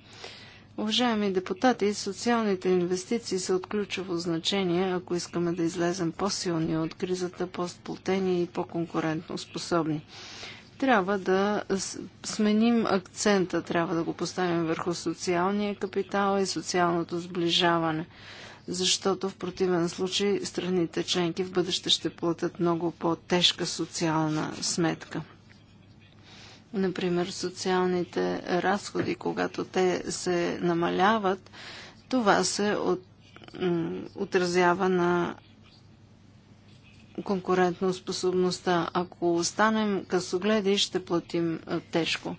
Уважаеми депутати, социалните инвестиции са от ключово значение, ако искаме да излезем по-силни от кризата, по сплутени и по-конкурентно способни. Трябва да сменим акцента, трябва да го поставим върху социалния капитал и социалното сближаване, защото в противен случай страните членки в бъдеще ще платят много по-тежка социална сметка например, социалните разходи, когато те се намаляват, това се от, отразява на конкурентно способността. Ако останем късогледи, ще платим тежко.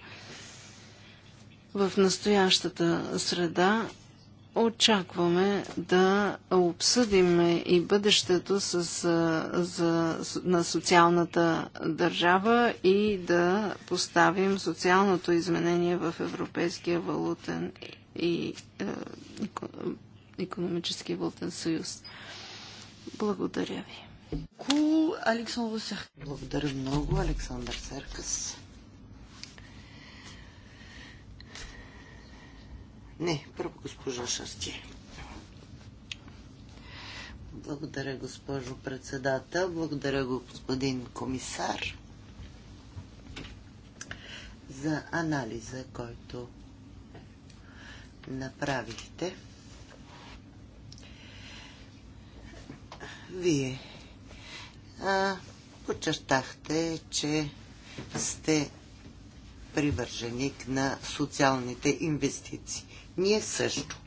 В настоящата среда Очакваме да обсъдим и бъдещето с, за, на социалната държава и да поставим социалното изменение в Европейския валутен и е, економически валутен съюз. Благодаря ви. Благодаря много, Александър Серкас. Не, първо госпожа Шарти. Благодаря, госпожо председател. Благодаря, господин комисар, за анализа, който направихте. Вие а, подчертахте, че сте привърженик на социалните инвестиции. Ние също.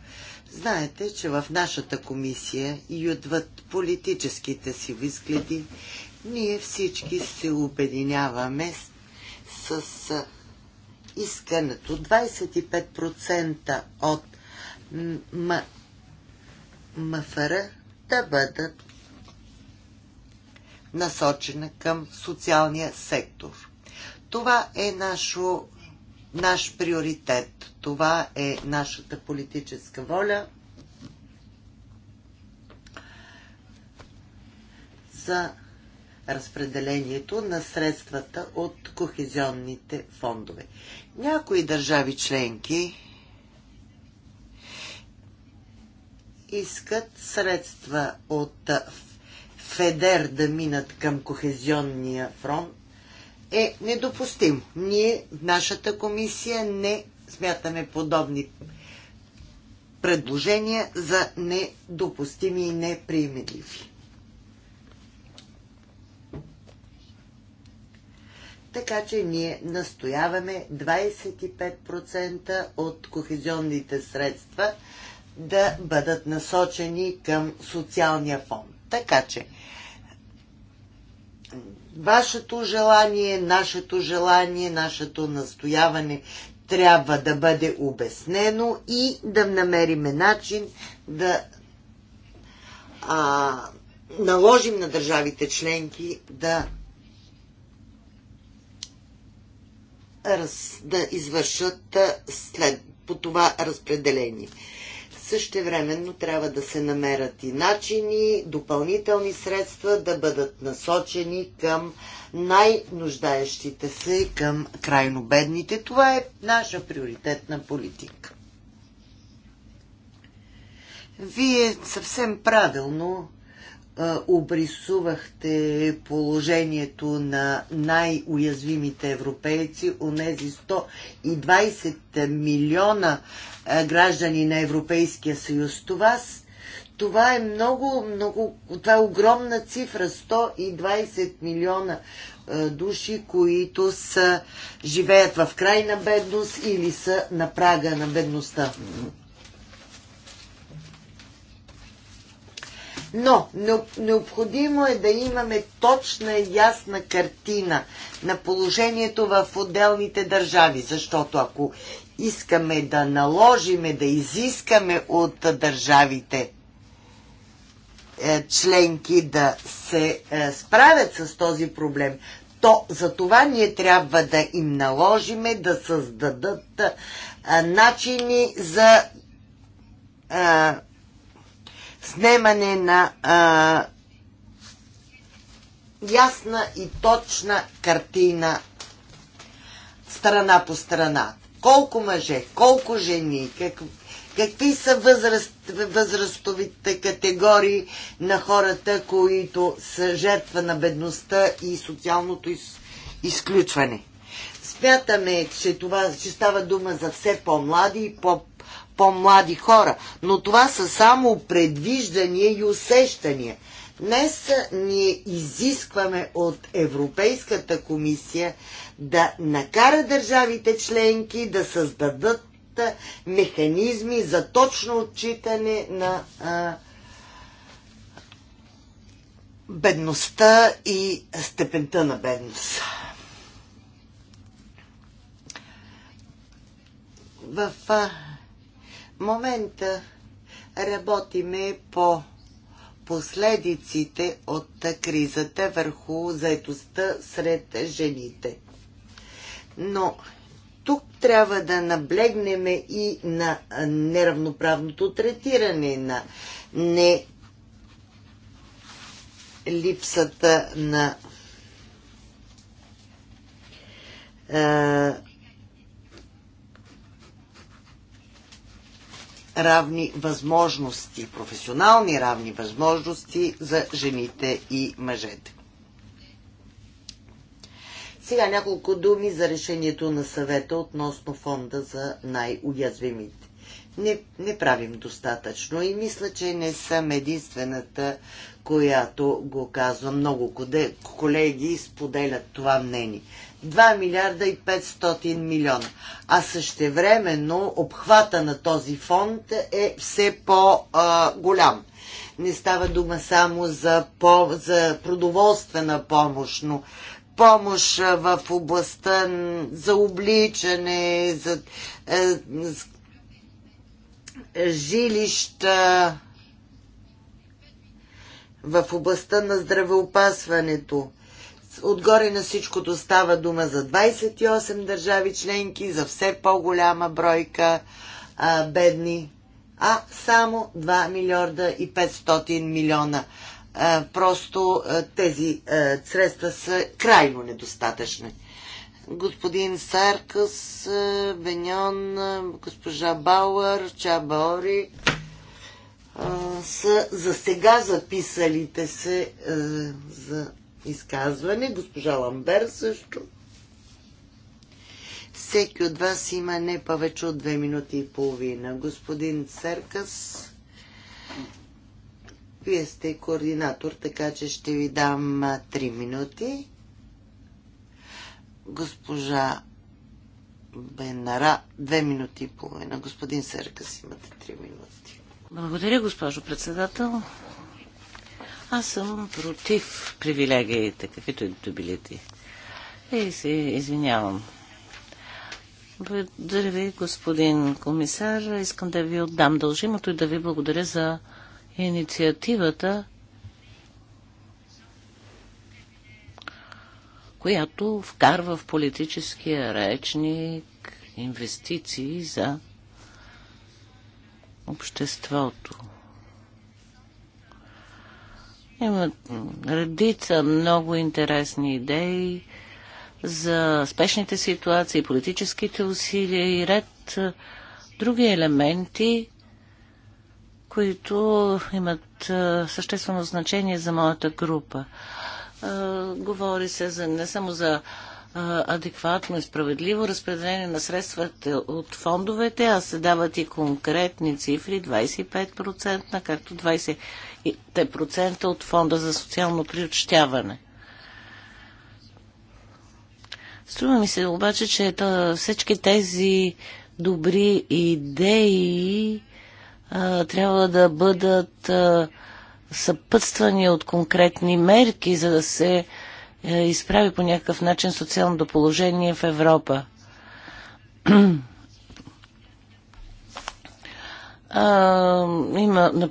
Знаете, че в нашата комисия и отвъд политическите си възгледи, ние всички се обединяваме с, искането 25% от м- МФР да бъдат насочена към социалния сектор. Това е нашо наш приоритет. Това е нашата политическа воля за разпределението на средствата от кохезионните фондове. Някои държави членки искат средства от ФЕДЕР да минат към кохезионния фронт, е недопустим. Ние, нашата комисия, не смятаме подобни предложения за недопустими и неприемливи. Така че ние настояваме 25% от кохезионните средства да бъдат насочени към социалния фонд. Така че вашето желание, нашето желание, нашето настояване трябва да бъде обяснено и да намериме начин да а, наложим на държавите членки да, раз, да извършат след по това разпределение. Същевременно трябва да се намерят и начини, допълнителни средства да бъдат насочени към най-нуждаещите се и към крайно бедните. Това е наша приоритетна политика. Вие съвсем правилно обрисувахте положението на най-уязвимите европейци, онези 120 милиона граждани на Европейския съюз. Това, това е много, много, това е огромна цифра, 120 милиона души, които са, живеят в крайна бедност или са на прага на бедността. Но необходимо е да имаме точна и ясна картина на положението в отделните държави, защото ако искаме да наложиме, да изискаме от държавите е, членки да се е, справят с този проблем, то за това ние трябва да им наложиме да създадат е, начини за снемане на а, ясна и точна картина страна по страна. Колко мъже, колко жени, как, какви са възраст, възрастовите категории на хората, които са жертва на бедността и социалното из, изключване. Смятаме, че, това, че става дума за все по-млади и по по-млади хора, но това са само предвиждания и усещания. Днес ние изискваме от Европейската комисия да накара държавите членки да създадат механизми за точно отчитане на а, бедността и степента на бедност. В момента работиме по последиците от кризата върху заетостта сред жените. Но тук трябва да наблегнем и на неравноправното третиране, на не липсата на равни възможности, професионални равни възможности за жените и мъжете. Сега няколко думи за решението на съвета относно фонда за най-уязвимите. Не, не правим достатъчно и мисля, че не съм единствената, която го казва. Много колеги споделят това мнение. 2 милиарда и 500 милиона. А същевременно обхвата на този фонд е все по-голям. Не става дума само за, по, за продоволствена помощ, но помощ в областта за обличане, за е, е, жилища, в областта на здравеопасването отгоре на всичкото става дума за 28 държави членки, за все по-голяма бройка а, бедни, а само 2 милиарда и 500 милиона. А, просто а, тези а, средства са крайно недостатъчни. Господин Саркас, Беньон, госпожа Бауър, Чабаори са за сега записалите се за изказване. Госпожа Ламбер също. Всеки от вас има не повече от две минути и половина. Господин Церкас, вие сте координатор, така че ще ви дам три минути. Госпожа Бенара, две минути и половина. Господин Серкас, имате три минути. Благодаря, госпожо председател. Аз съм против привилегиите, каквито и добили ти. И се извинявам. Благодаря ви, господин комисар. Искам да ви отдам дължимото и да ви благодаря за инициативата, която вкарва в политическия речник инвестиции за обществото. Има редица много интересни идеи за спешните ситуации, политическите усилия и ред други елементи, които имат съществено значение за моята група. Говори се за, не само за адекватно и справедливо разпределение на средствата от фондовете, а се дават и конкретни цифри 25%, както 20% от фонда за социално приобщяване. Струва ми се обаче, че всички тези добри идеи а, трябва да бъдат а, съпътствани от конкретни мерки, за да се е, изправи по някакъв начин социалното положение в Европа. А, има на,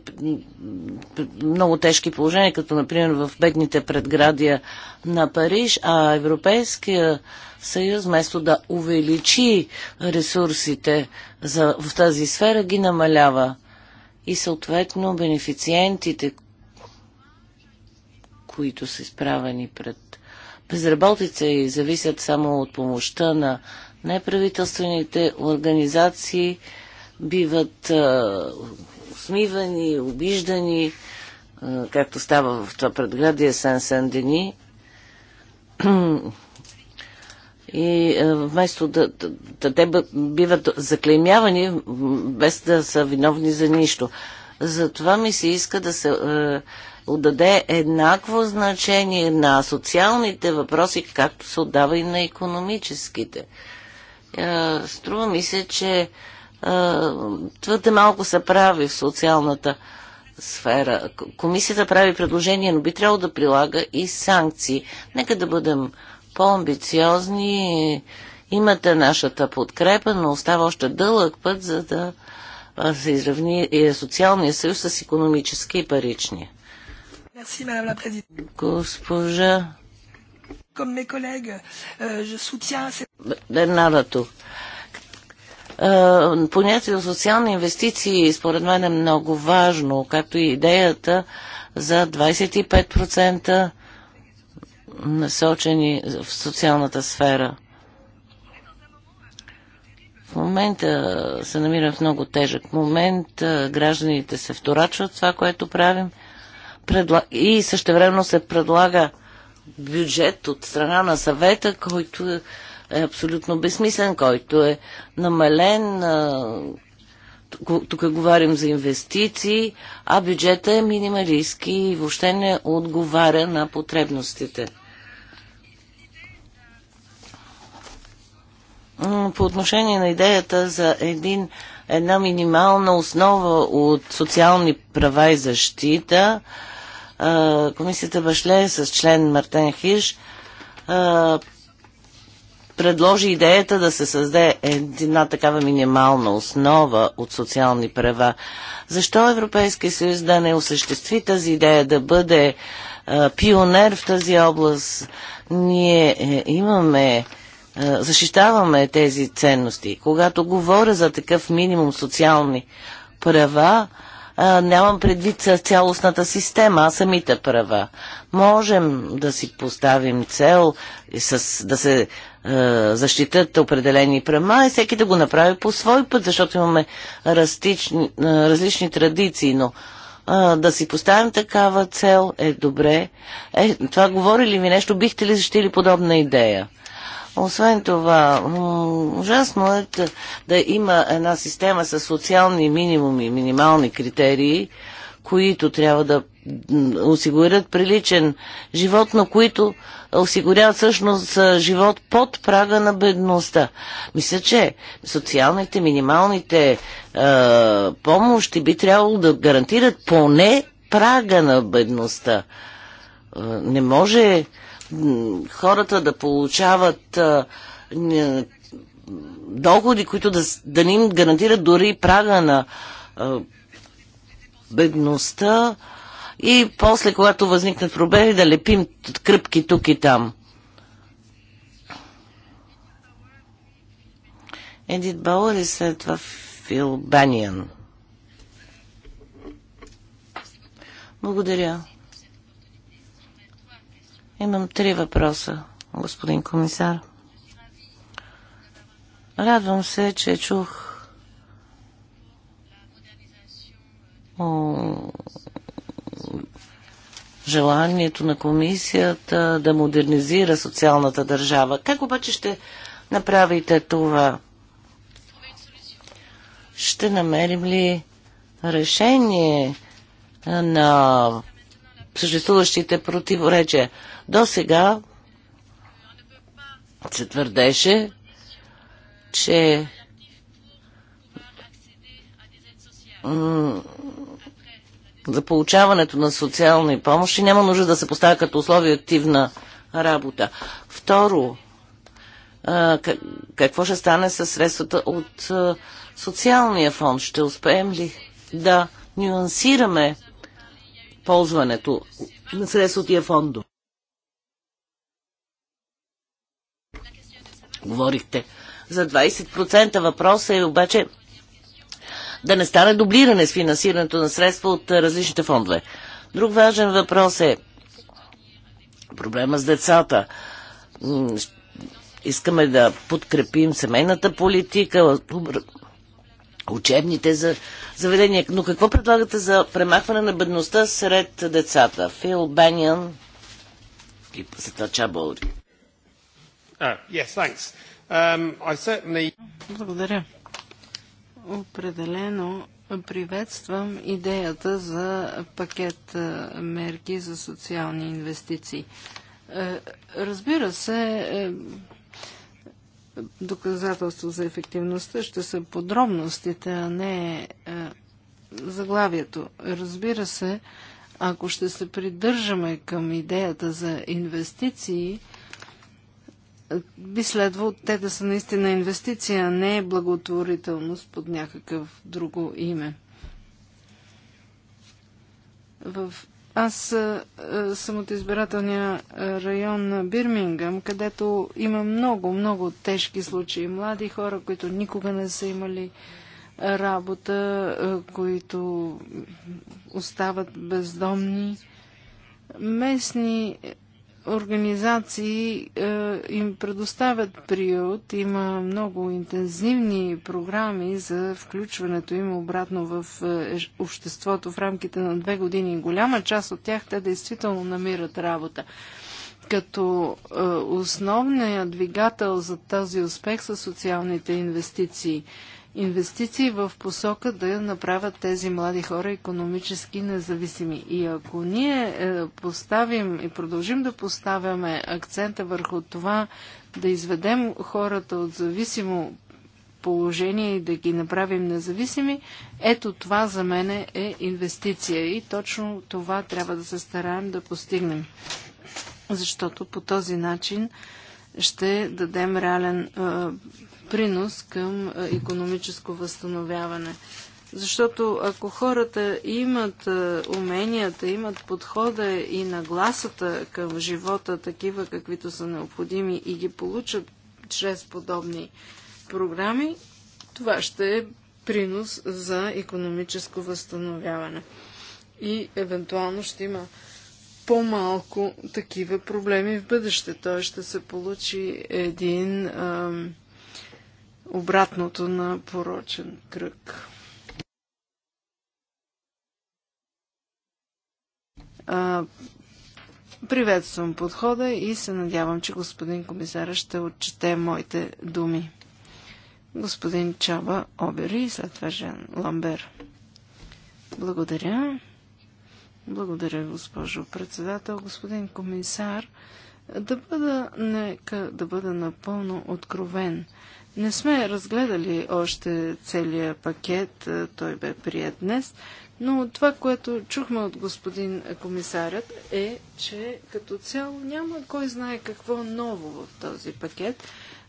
много тежки положения, като например в бедните предградия на Париж, а Европейския съюз, вместо да увеличи ресурсите за, в тази сфера, ги намалява. И съответно бенефициентите, които са изправени пред безработица и зависят само от помощта на неправителствените организации, биват а, смивани, обиждани, а, както става в това предградие Сен-Сен-Дени. И вместо да, да, да те биват заклеймявани, без да са виновни за нищо. Затова ми се иска да се е, отдаде еднакво значение на социалните въпроси, както се отдава и на економическите. Е, струва ми се, че е, твърде малко се прави в социалната сфера. Комисията прави предложение, но би трябвало да прилага и санкции. Нека да бъдем по-амбициозни. Имате нашата подкрепа, но остава още дълъг път, за да се изравни е, социалния съюз с економически и паричния. Merci, Madame la Présidente. Госпожа. Comme mes collègues, euh, je soutiens... тук. Понятие за социални инвестиции е, според мен е много важно, както и идеята за 25% насочени в социалната сфера. В момента се намира в много тежък момент. Гражданите се вторачват това, което правим – предла... и същевременно се предлага бюджет от страна на съвета, който е абсолютно безсмислен, който е намален. Тук, говорим за инвестиции, а бюджета е минималистски и въобще не отговаря на потребностите. По отношение на идеята за един, една минимална основа от социални права и защита, Комисията Башле с член Мартен Хиш предложи идеята да се създаде една такава минимална основа от социални права. Защо Европейския съюз да не осъществи тази идея, да бъде пионер в тази област? Ние е, имаме, защитаваме тези ценности. Когато говоря за такъв минимум социални права, а, а, нямам предвид цялостната система, а самите права. Можем да си поставим цел с, да се а, защитат определени права и всеки да го направи по свой път, защото имаме различни, а, различни традиции, но а, да си поставим такава цел е добре. Е, това говори ли ви нещо? Бихте ли защитили подобна идея? Освен това, ужасно е да има една система с социални минимуми, минимални критерии, които трябва да осигурят приличен живот, но които осигуряват всъщност живот под прага на бедността. Мисля, че социалните, минималните е, помощи би трябвало да гарантират поне прага на бедността. Е, не може хората да получават доходи, които да, да не им гарантират дори прага на бедността и после, когато възникнат проблеми, да лепим кръпки тук и там. Едит Бауър и след това Фил Баниан. Благодаря. Имам три въпроса, господин комисар. Радвам се, че чух желанието на комисията да модернизира социалната държава. Как обаче ще направите това? Ще намерим ли решение на съществуващите противоречия? До сега се твърдеше, че за получаването на социални помощи няма нужда да се поставя като условие активна работа. Второ, какво ще стане с средствата от социалния фонд? Ще успеем ли да нюансираме ползването на средствата от тия фондове? Говорихте за 20%. Въпросът е обаче да не стане дублиране с финансирането на средства от различните фондове. Друг важен въпрос е проблема с децата. Искаме да подкрепим семейната политика, учебните за заведения. Но какво предлагате за премахване на бедността сред децата? Фил Бенян и за това Чаболри. Ah, yes, thanks. Um, I certainly... Благодаря. Определено приветствам идеята за пакет мерки за социални инвестиции. Е, разбира се, е, доказателство за ефективността ще са подробностите, а не е, заглавието. Разбира се, ако ще се придържаме към идеята за инвестиции, би следвало те да са наистина инвестиция, а не благотворителност под някакъв друго име. В... Аз а, съм от избирателния район на Бирмингам, където има много, много тежки случаи. Млади хора, които никога не са имали работа, които остават бездомни. Местни организации е, им предоставят приют. Има много интензивни програми за включването им обратно в е, е, обществото в рамките на две години. Голяма част от тях те действително намират работа. Като е, основният двигател за този успех са социалните инвестиции. Е, инвестиции в посока да направят тези млади хора економически независими. И ако ние е, поставим и продължим да поставяме акцента върху това да изведем хората от зависимо положение и да ги направим независими, ето това за мен е инвестиция и точно това трябва да се стараем да постигнем. Защото по този начин ще дадем реален е, принос към економическо възстановяване. Защото ако хората имат е, уменията, имат подхода и нагласата към живота, такива каквито са необходими и ги получат чрез подобни програми, това ще е принос за економическо възстановяване. И евентуално ще има по-малко такива проблеми в бъдеще. Той ще се получи един ам, обратното на порочен кръг. А, приветствам подхода и се надявам, че господин комисара ще отчете моите думи. Господин Чаба Обери и след това Жен Ламбер. Благодаря. Благодаря, госпожо председател. Господин комисар, да бъда, нека да бъда напълно откровен. Не сме разгледали още целия пакет, той бе прият днес, но това, което чухме от господин комисарят е, че като цяло няма кой знае какво ново в този пакет,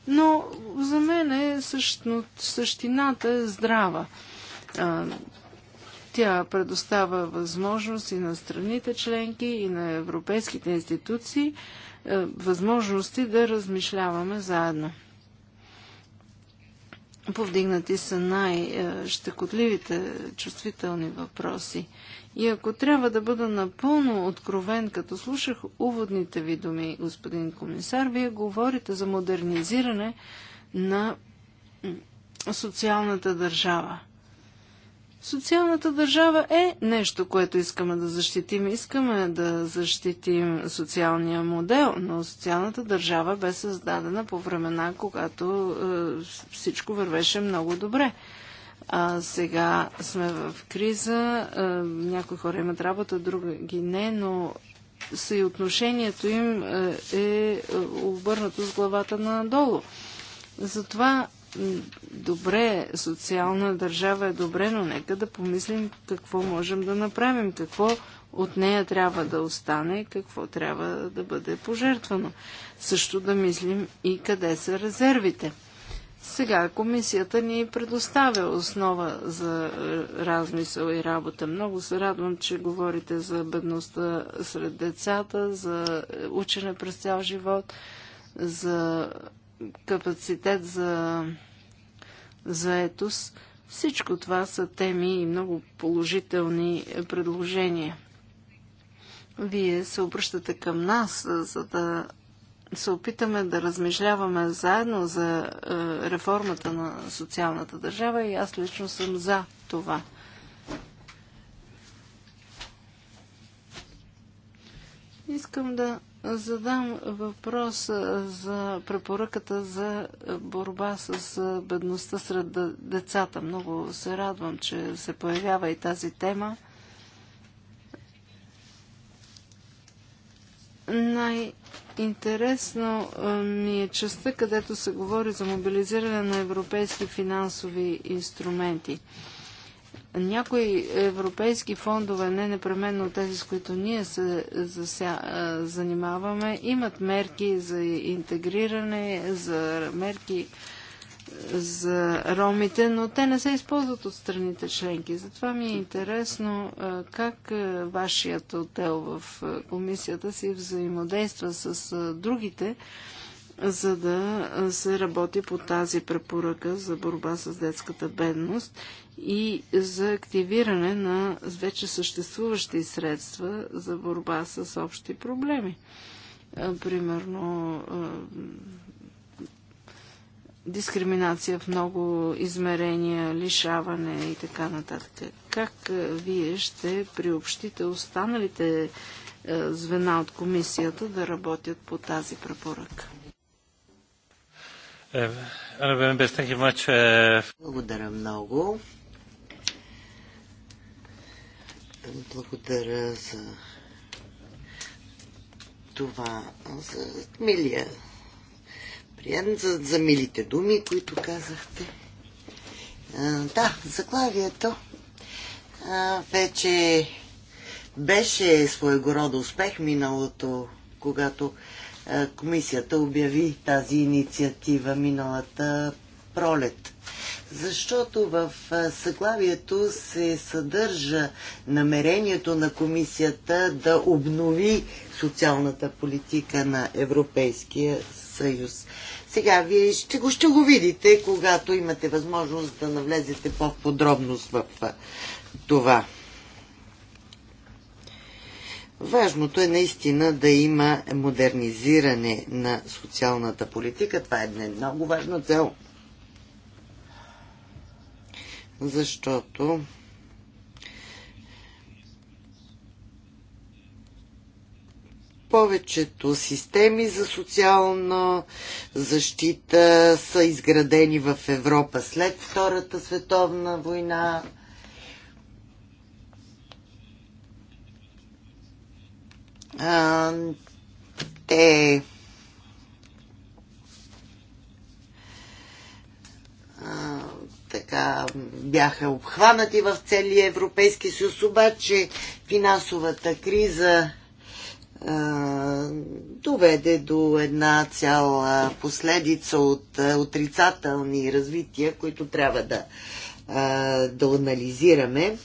но за мен е същ, същината е здрава. Тя предоставя възможност и на страните членки, и на европейските институции е, възможности да размишляваме заедно. Повдигнати са най-щекотливите чувствителни въпроси. И ако трябва да бъда напълно откровен, като слушах уводните ви думи, господин комисар, вие говорите за модернизиране на социалната държава. Социалната държава е нещо, което искаме да защитим. Искаме да защитим социалния модел, но социалната държава бе създадена по времена, когато е, всичко вървеше много добре. А сега сме в криза, е, някои хора имат работа, други не, но отношението им е, е обърнато с главата надолу. Затова добре, социална държава е добре, но нека да помислим какво можем да направим, какво от нея трябва да остане, какво трябва да бъде пожертвано. Също да мислим и къде са резервите. Сега комисията ни предоставя основа за е, размисъл и работа. Много се радвам, че говорите за бедността сред децата, за е, учене през цял живот, за капацитет за заетост. Всичко това са теми и много положителни предложения. Вие се обръщате към нас, за да се опитаме да размишляваме заедно за реформата на социалната държава и аз лично съм за това. Искам да задам въпрос за препоръката за борба с бедността сред децата. Много се радвам, че се появява и тази тема. Най-интересно ми е частта, където се говори за мобилизиране на европейски финансови инструменти някои европейски фондове, не непременно тези, с които ние се зася, занимаваме, имат мерки за интегриране, за мерки за ромите, но те не се използват от страните членки. Затова ми е интересно как вашият отдел в комисията си взаимодейства с другите, за да се работи по тази препоръка за борба с детската бедност и за активиране на вече съществуващи средства за борба с общи проблеми. Примерно дискриминация в много измерения, лишаване и така нататък. Как вие ще приобщите останалите звена от комисията да работят по тази препоръка? Благодаря много. Благодаря за това, за милия прием, за, за милите думи, които казахте. А, да, заглавието а, вече беше своего рода успех миналото, когато комисията обяви тази инициатива миналата пролет. Защото в съглавието се съдържа намерението на комисията да обнови социалната политика на Европейския съюз. Сега вие ще го, ще го видите, когато имате възможност да навлезете по-подробност в това. Важното е наистина да има модернизиране на социалната политика. Това е една много важна цел. Защото повечето системи за социална защита са изградени в Европа след Втората световна война те така бяха обхванати в целия Европейски съюз, обаче финансовата криза а, доведе до една цяла последица от а, отрицателни развития, които трябва да, а, да анализираме.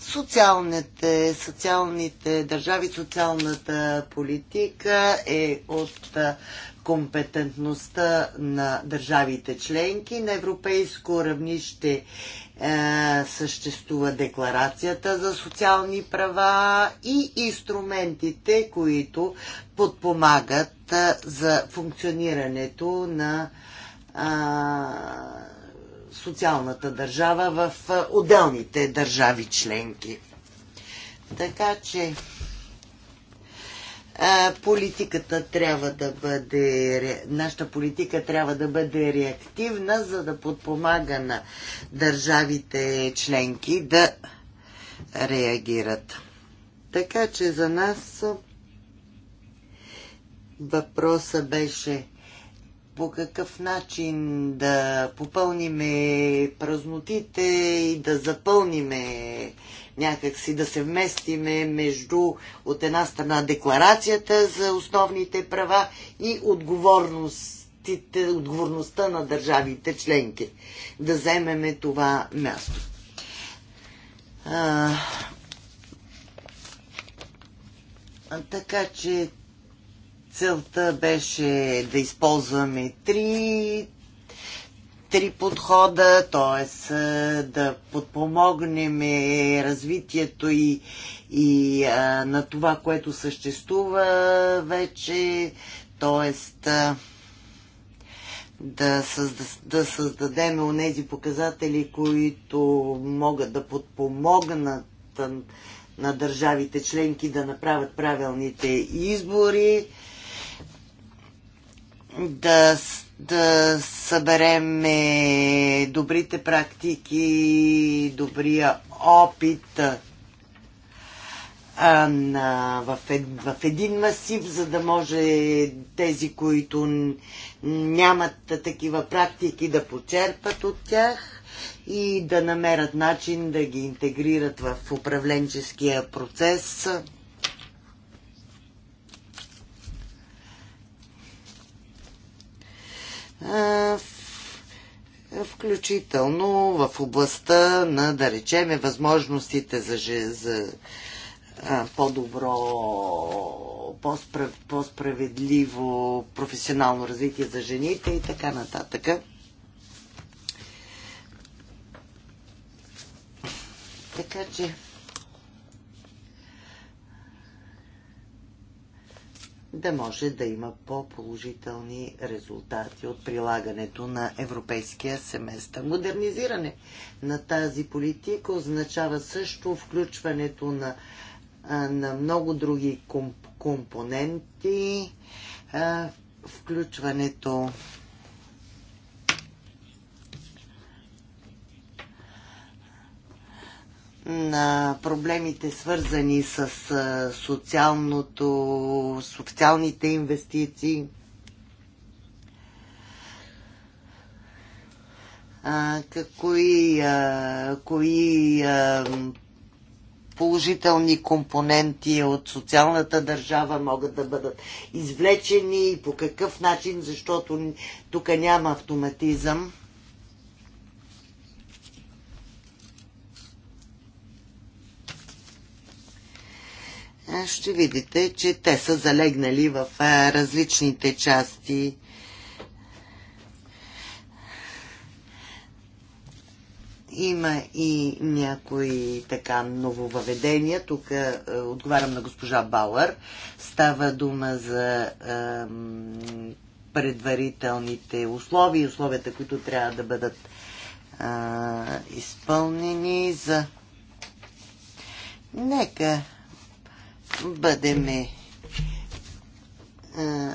социалните, социалните държави, социалната политика е от компетентността на държавите членки. На европейско равнище е, съществува декларацията за социални права и инструментите, които подпомагат за функционирането на социалната държава в отделните държави членки. Така че политиката трябва да бъде, нашата политика трябва да бъде реактивна, за да подпомага на държавите членки да реагират. Така че за нас въпроса беше по какъв начин да попълниме празнотите и да запълниме някакси, да се вместиме между от една страна декларацията за основните права и отговорностите, отговорността на държавите членки. Да вземеме това място. А, така че целта беше да използваме три, три подхода, т.е. да подпомогнем развитието и, и а, на това, което съществува вече, т.е. Да, да създадем онези показатели, които могат да подпомогнат на държавите членки да направят правилните избори да, да съберем добрите практики, добрия опит а, на, в, в един масив, за да може тези, които нямат такива практики, да почерпат от тях и да намерят начин да ги интегрират в управленческия процес. включително в областта на, да речеме, възможностите за, за по-добро, по-справедливо професионално развитие за жените и така нататък. Така че да може да има по-положителни резултати от прилагането на европейския семестър. Модернизиране на тази политика означава също включването на, на много други комп, компоненти, включването на проблемите свързани с социалното, социалните инвестиции. А, кои а, кои а, положителни компоненти от социалната държава могат да бъдат извлечени и по какъв начин, защото тук няма автоматизъм. Е, ще видите, че те са залегнали в е, различните части Има и някои така нововъведения. Тук е, отговарям на госпожа Бауър. Става дума за е, предварителните условия, условията, които трябва да бъдат е, изпълнени за... Нека а, е,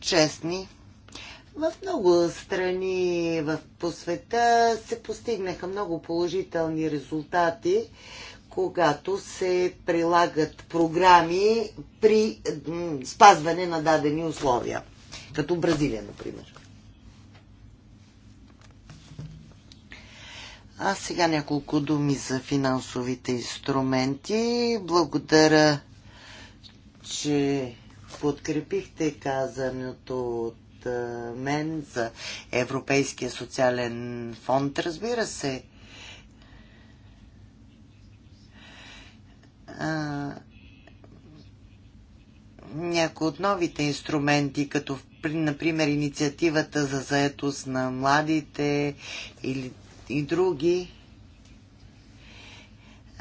честни. В много страни в, по света се постигнаха много положителни резултати, когато се прилагат програми при спазване на дадени условия, като Бразилия, например. А сега няколко думи за финансовите инструменти. Благодаря, че подкрепихте казаното от мен за Европейския социален фонд. Разбира се, а, някои от новите инструменти, като например инициативата за заетост на младите или и други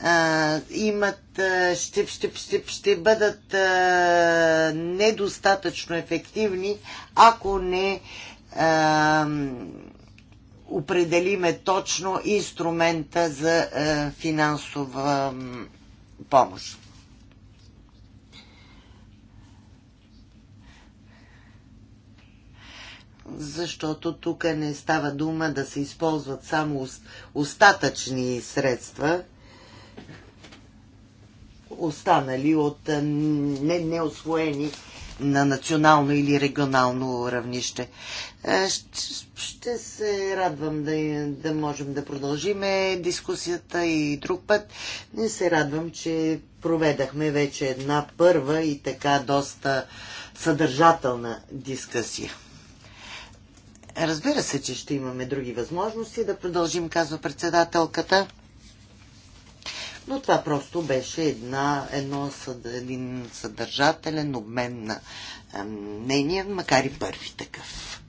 а, имат, ще, ще, ще, ще бъдат а, недостатъчно ефективни, ако не а, определиме точно инструмента за а, финансова помощ. защото тук не става дума да се използват само остатъчни средства, останали от не, неосвоени на национално или регионално равнище. Ще се радвам да, да можем да продължиме дискусията и друг път. Не се радвам, че проведахме вече една първа и така доста съдържателна дискусия. Разбира се, че ще имаме други възможности да продължим, казва председателката. Но това просто беше една, едно, един съдържателен обмен на мнения, макар и първи такъв.